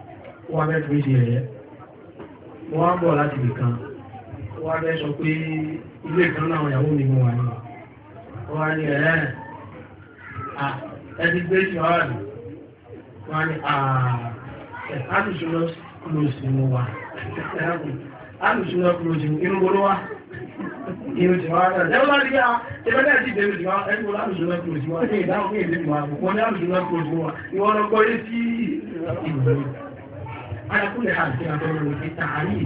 wọ́n fẹ́ fi ṣe ẹ̀yẹ́ wọ́n á bọ̀ láti nìkan wọ́n á fẹ́ sọ pé ilé kan náà ìyàwó mi mú wa ní wọ́n á ní ẹ̀ẹ́ ẹni gbé sí ọ̀rọ̀ rẹ̀ wọ́n á ní àlùsùnà kúlòsì mú wa àlùsùnà kúlòsì mú inú gbọ́dọ̀ wa inú ti wá rẹ̀ lẹ́wọ́n láti yá ẹgbẹ́ náà sì bẹ̀rẹ̀ sí wa ẹni wọ́n àlùsùnà kúlòsì wa ní ìdáhùn ní ìdí wa wọ́n ní àlùsùnà kúlòsì wa ìwọ́n lọ gbọ́ alákùnrin àti tí a fẹ́ lórí ti tààrí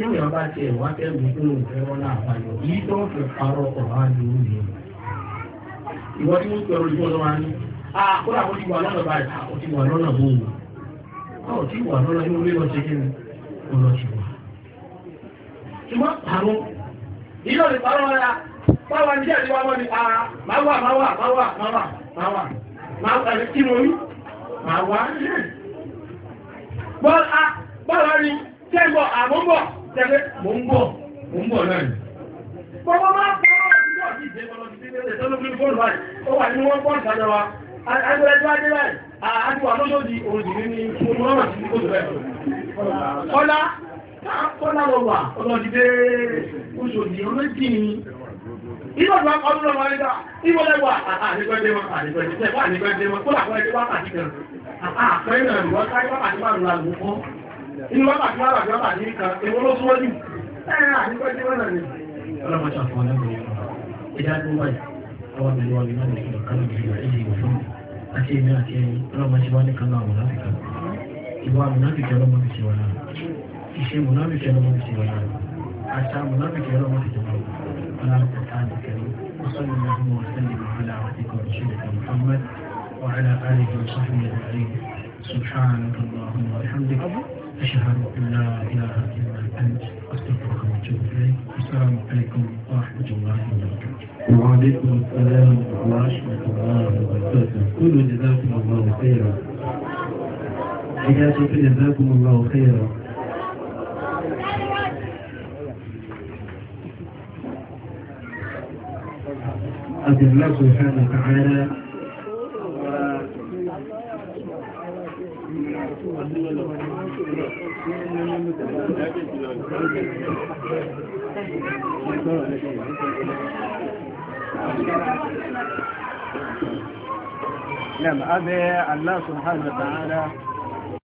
ènìyàn bá tiẹ̀ wá kẹ́rù nínú ìfẹ́ wọn náà àbáyọ yìí tó ń fi parọ́ ọ̀rọ̀ àjò òní ìwọ tí wọ́n pẹ̀lú ìfọ́ lọ́wọ́ ní àkúrà ah, ti wà báyìí ti wà ti wà inú kí ni lọ ṣùgbọ́n báwa ah, ní bọ́lá rí tẹ́gbọ̀ àmúbọ̀ tẹ́gbẹ́ mò ń bọ̀ mò ń bọ̀ náà ni. bọ́bọ́ máa ń bọ́ ọ́ ti jẹ́ bọ́lá ti ṣe tẹ́lẹ̀ tó ló fi bọ́ọ̀lù báyìí ó wà ní wọ́n bọ́ọ̀lù sáyẹ wa agbẹ́rẹ́ tó adé báyìí àdúrà lọ́sọ̀dì òjì ní ọmọ sí kó tó bẹ̀rẹ̀. kọ́lá kọ́lá lọ wà ọlọ́dìdé oṣòdì ọlọ́dì ni ìgbàgbà ọdún lọ́wọ́ àríkà ìwọlẹ́wà àrígbẹ́dẹ́mọ́ àrígbẹ́dẹ́mọ́ kó làkọ́ ẹgbẹ́ wákàtí kan àpẹẹrẹ náà ìwọ́n sáré bàbá ní márùn-ún àgbò fún inú bàbá tí wọ́n bàbá bàbá ní kan èwo ló súnmọ́ jù ẹ̀rẹ́ àdúgbò tí wọ́n nà ní. ọlọ́mọ ṣàfihàn lẹ́gbẹ̀ẹ́ yẹn ìdá tó wáyé àwọn ìlú wa nínú ìlú kan ní ìlú èyí ìwọ̀ fún àti èmi àti ẹni ọlọ́mọ ṣe wá ní kan náà wọ̀n láfíkà ìwà mùnáfíkì ọlọ́mọ fi ṣe wà náà ìṣe mùnáfíkì ọlọ́mọ fi ṣe wà náà àṣà mùnáfíkì ọlọ́mọ fi ṣe wà náà ọlọ́mọ kọ̀ọ̀kan nìkan وصلى الله وسلم على عبدك ورسولك محمد وعلى آله وصحبه أجمعين سبحانك اللهم وبحمدك أشهد أن لا إله إلا أنت أستغفرك وأتوب إليك السلام عليكم ورحمة الله وبركاته وعليكم السلام ورحمة الله وبركاته كل جزاكم الله خيرا حياتي جزاكم الله خيرا أدلكم سبحانه وتعالى نعم أبي الله سبحانه وتعالى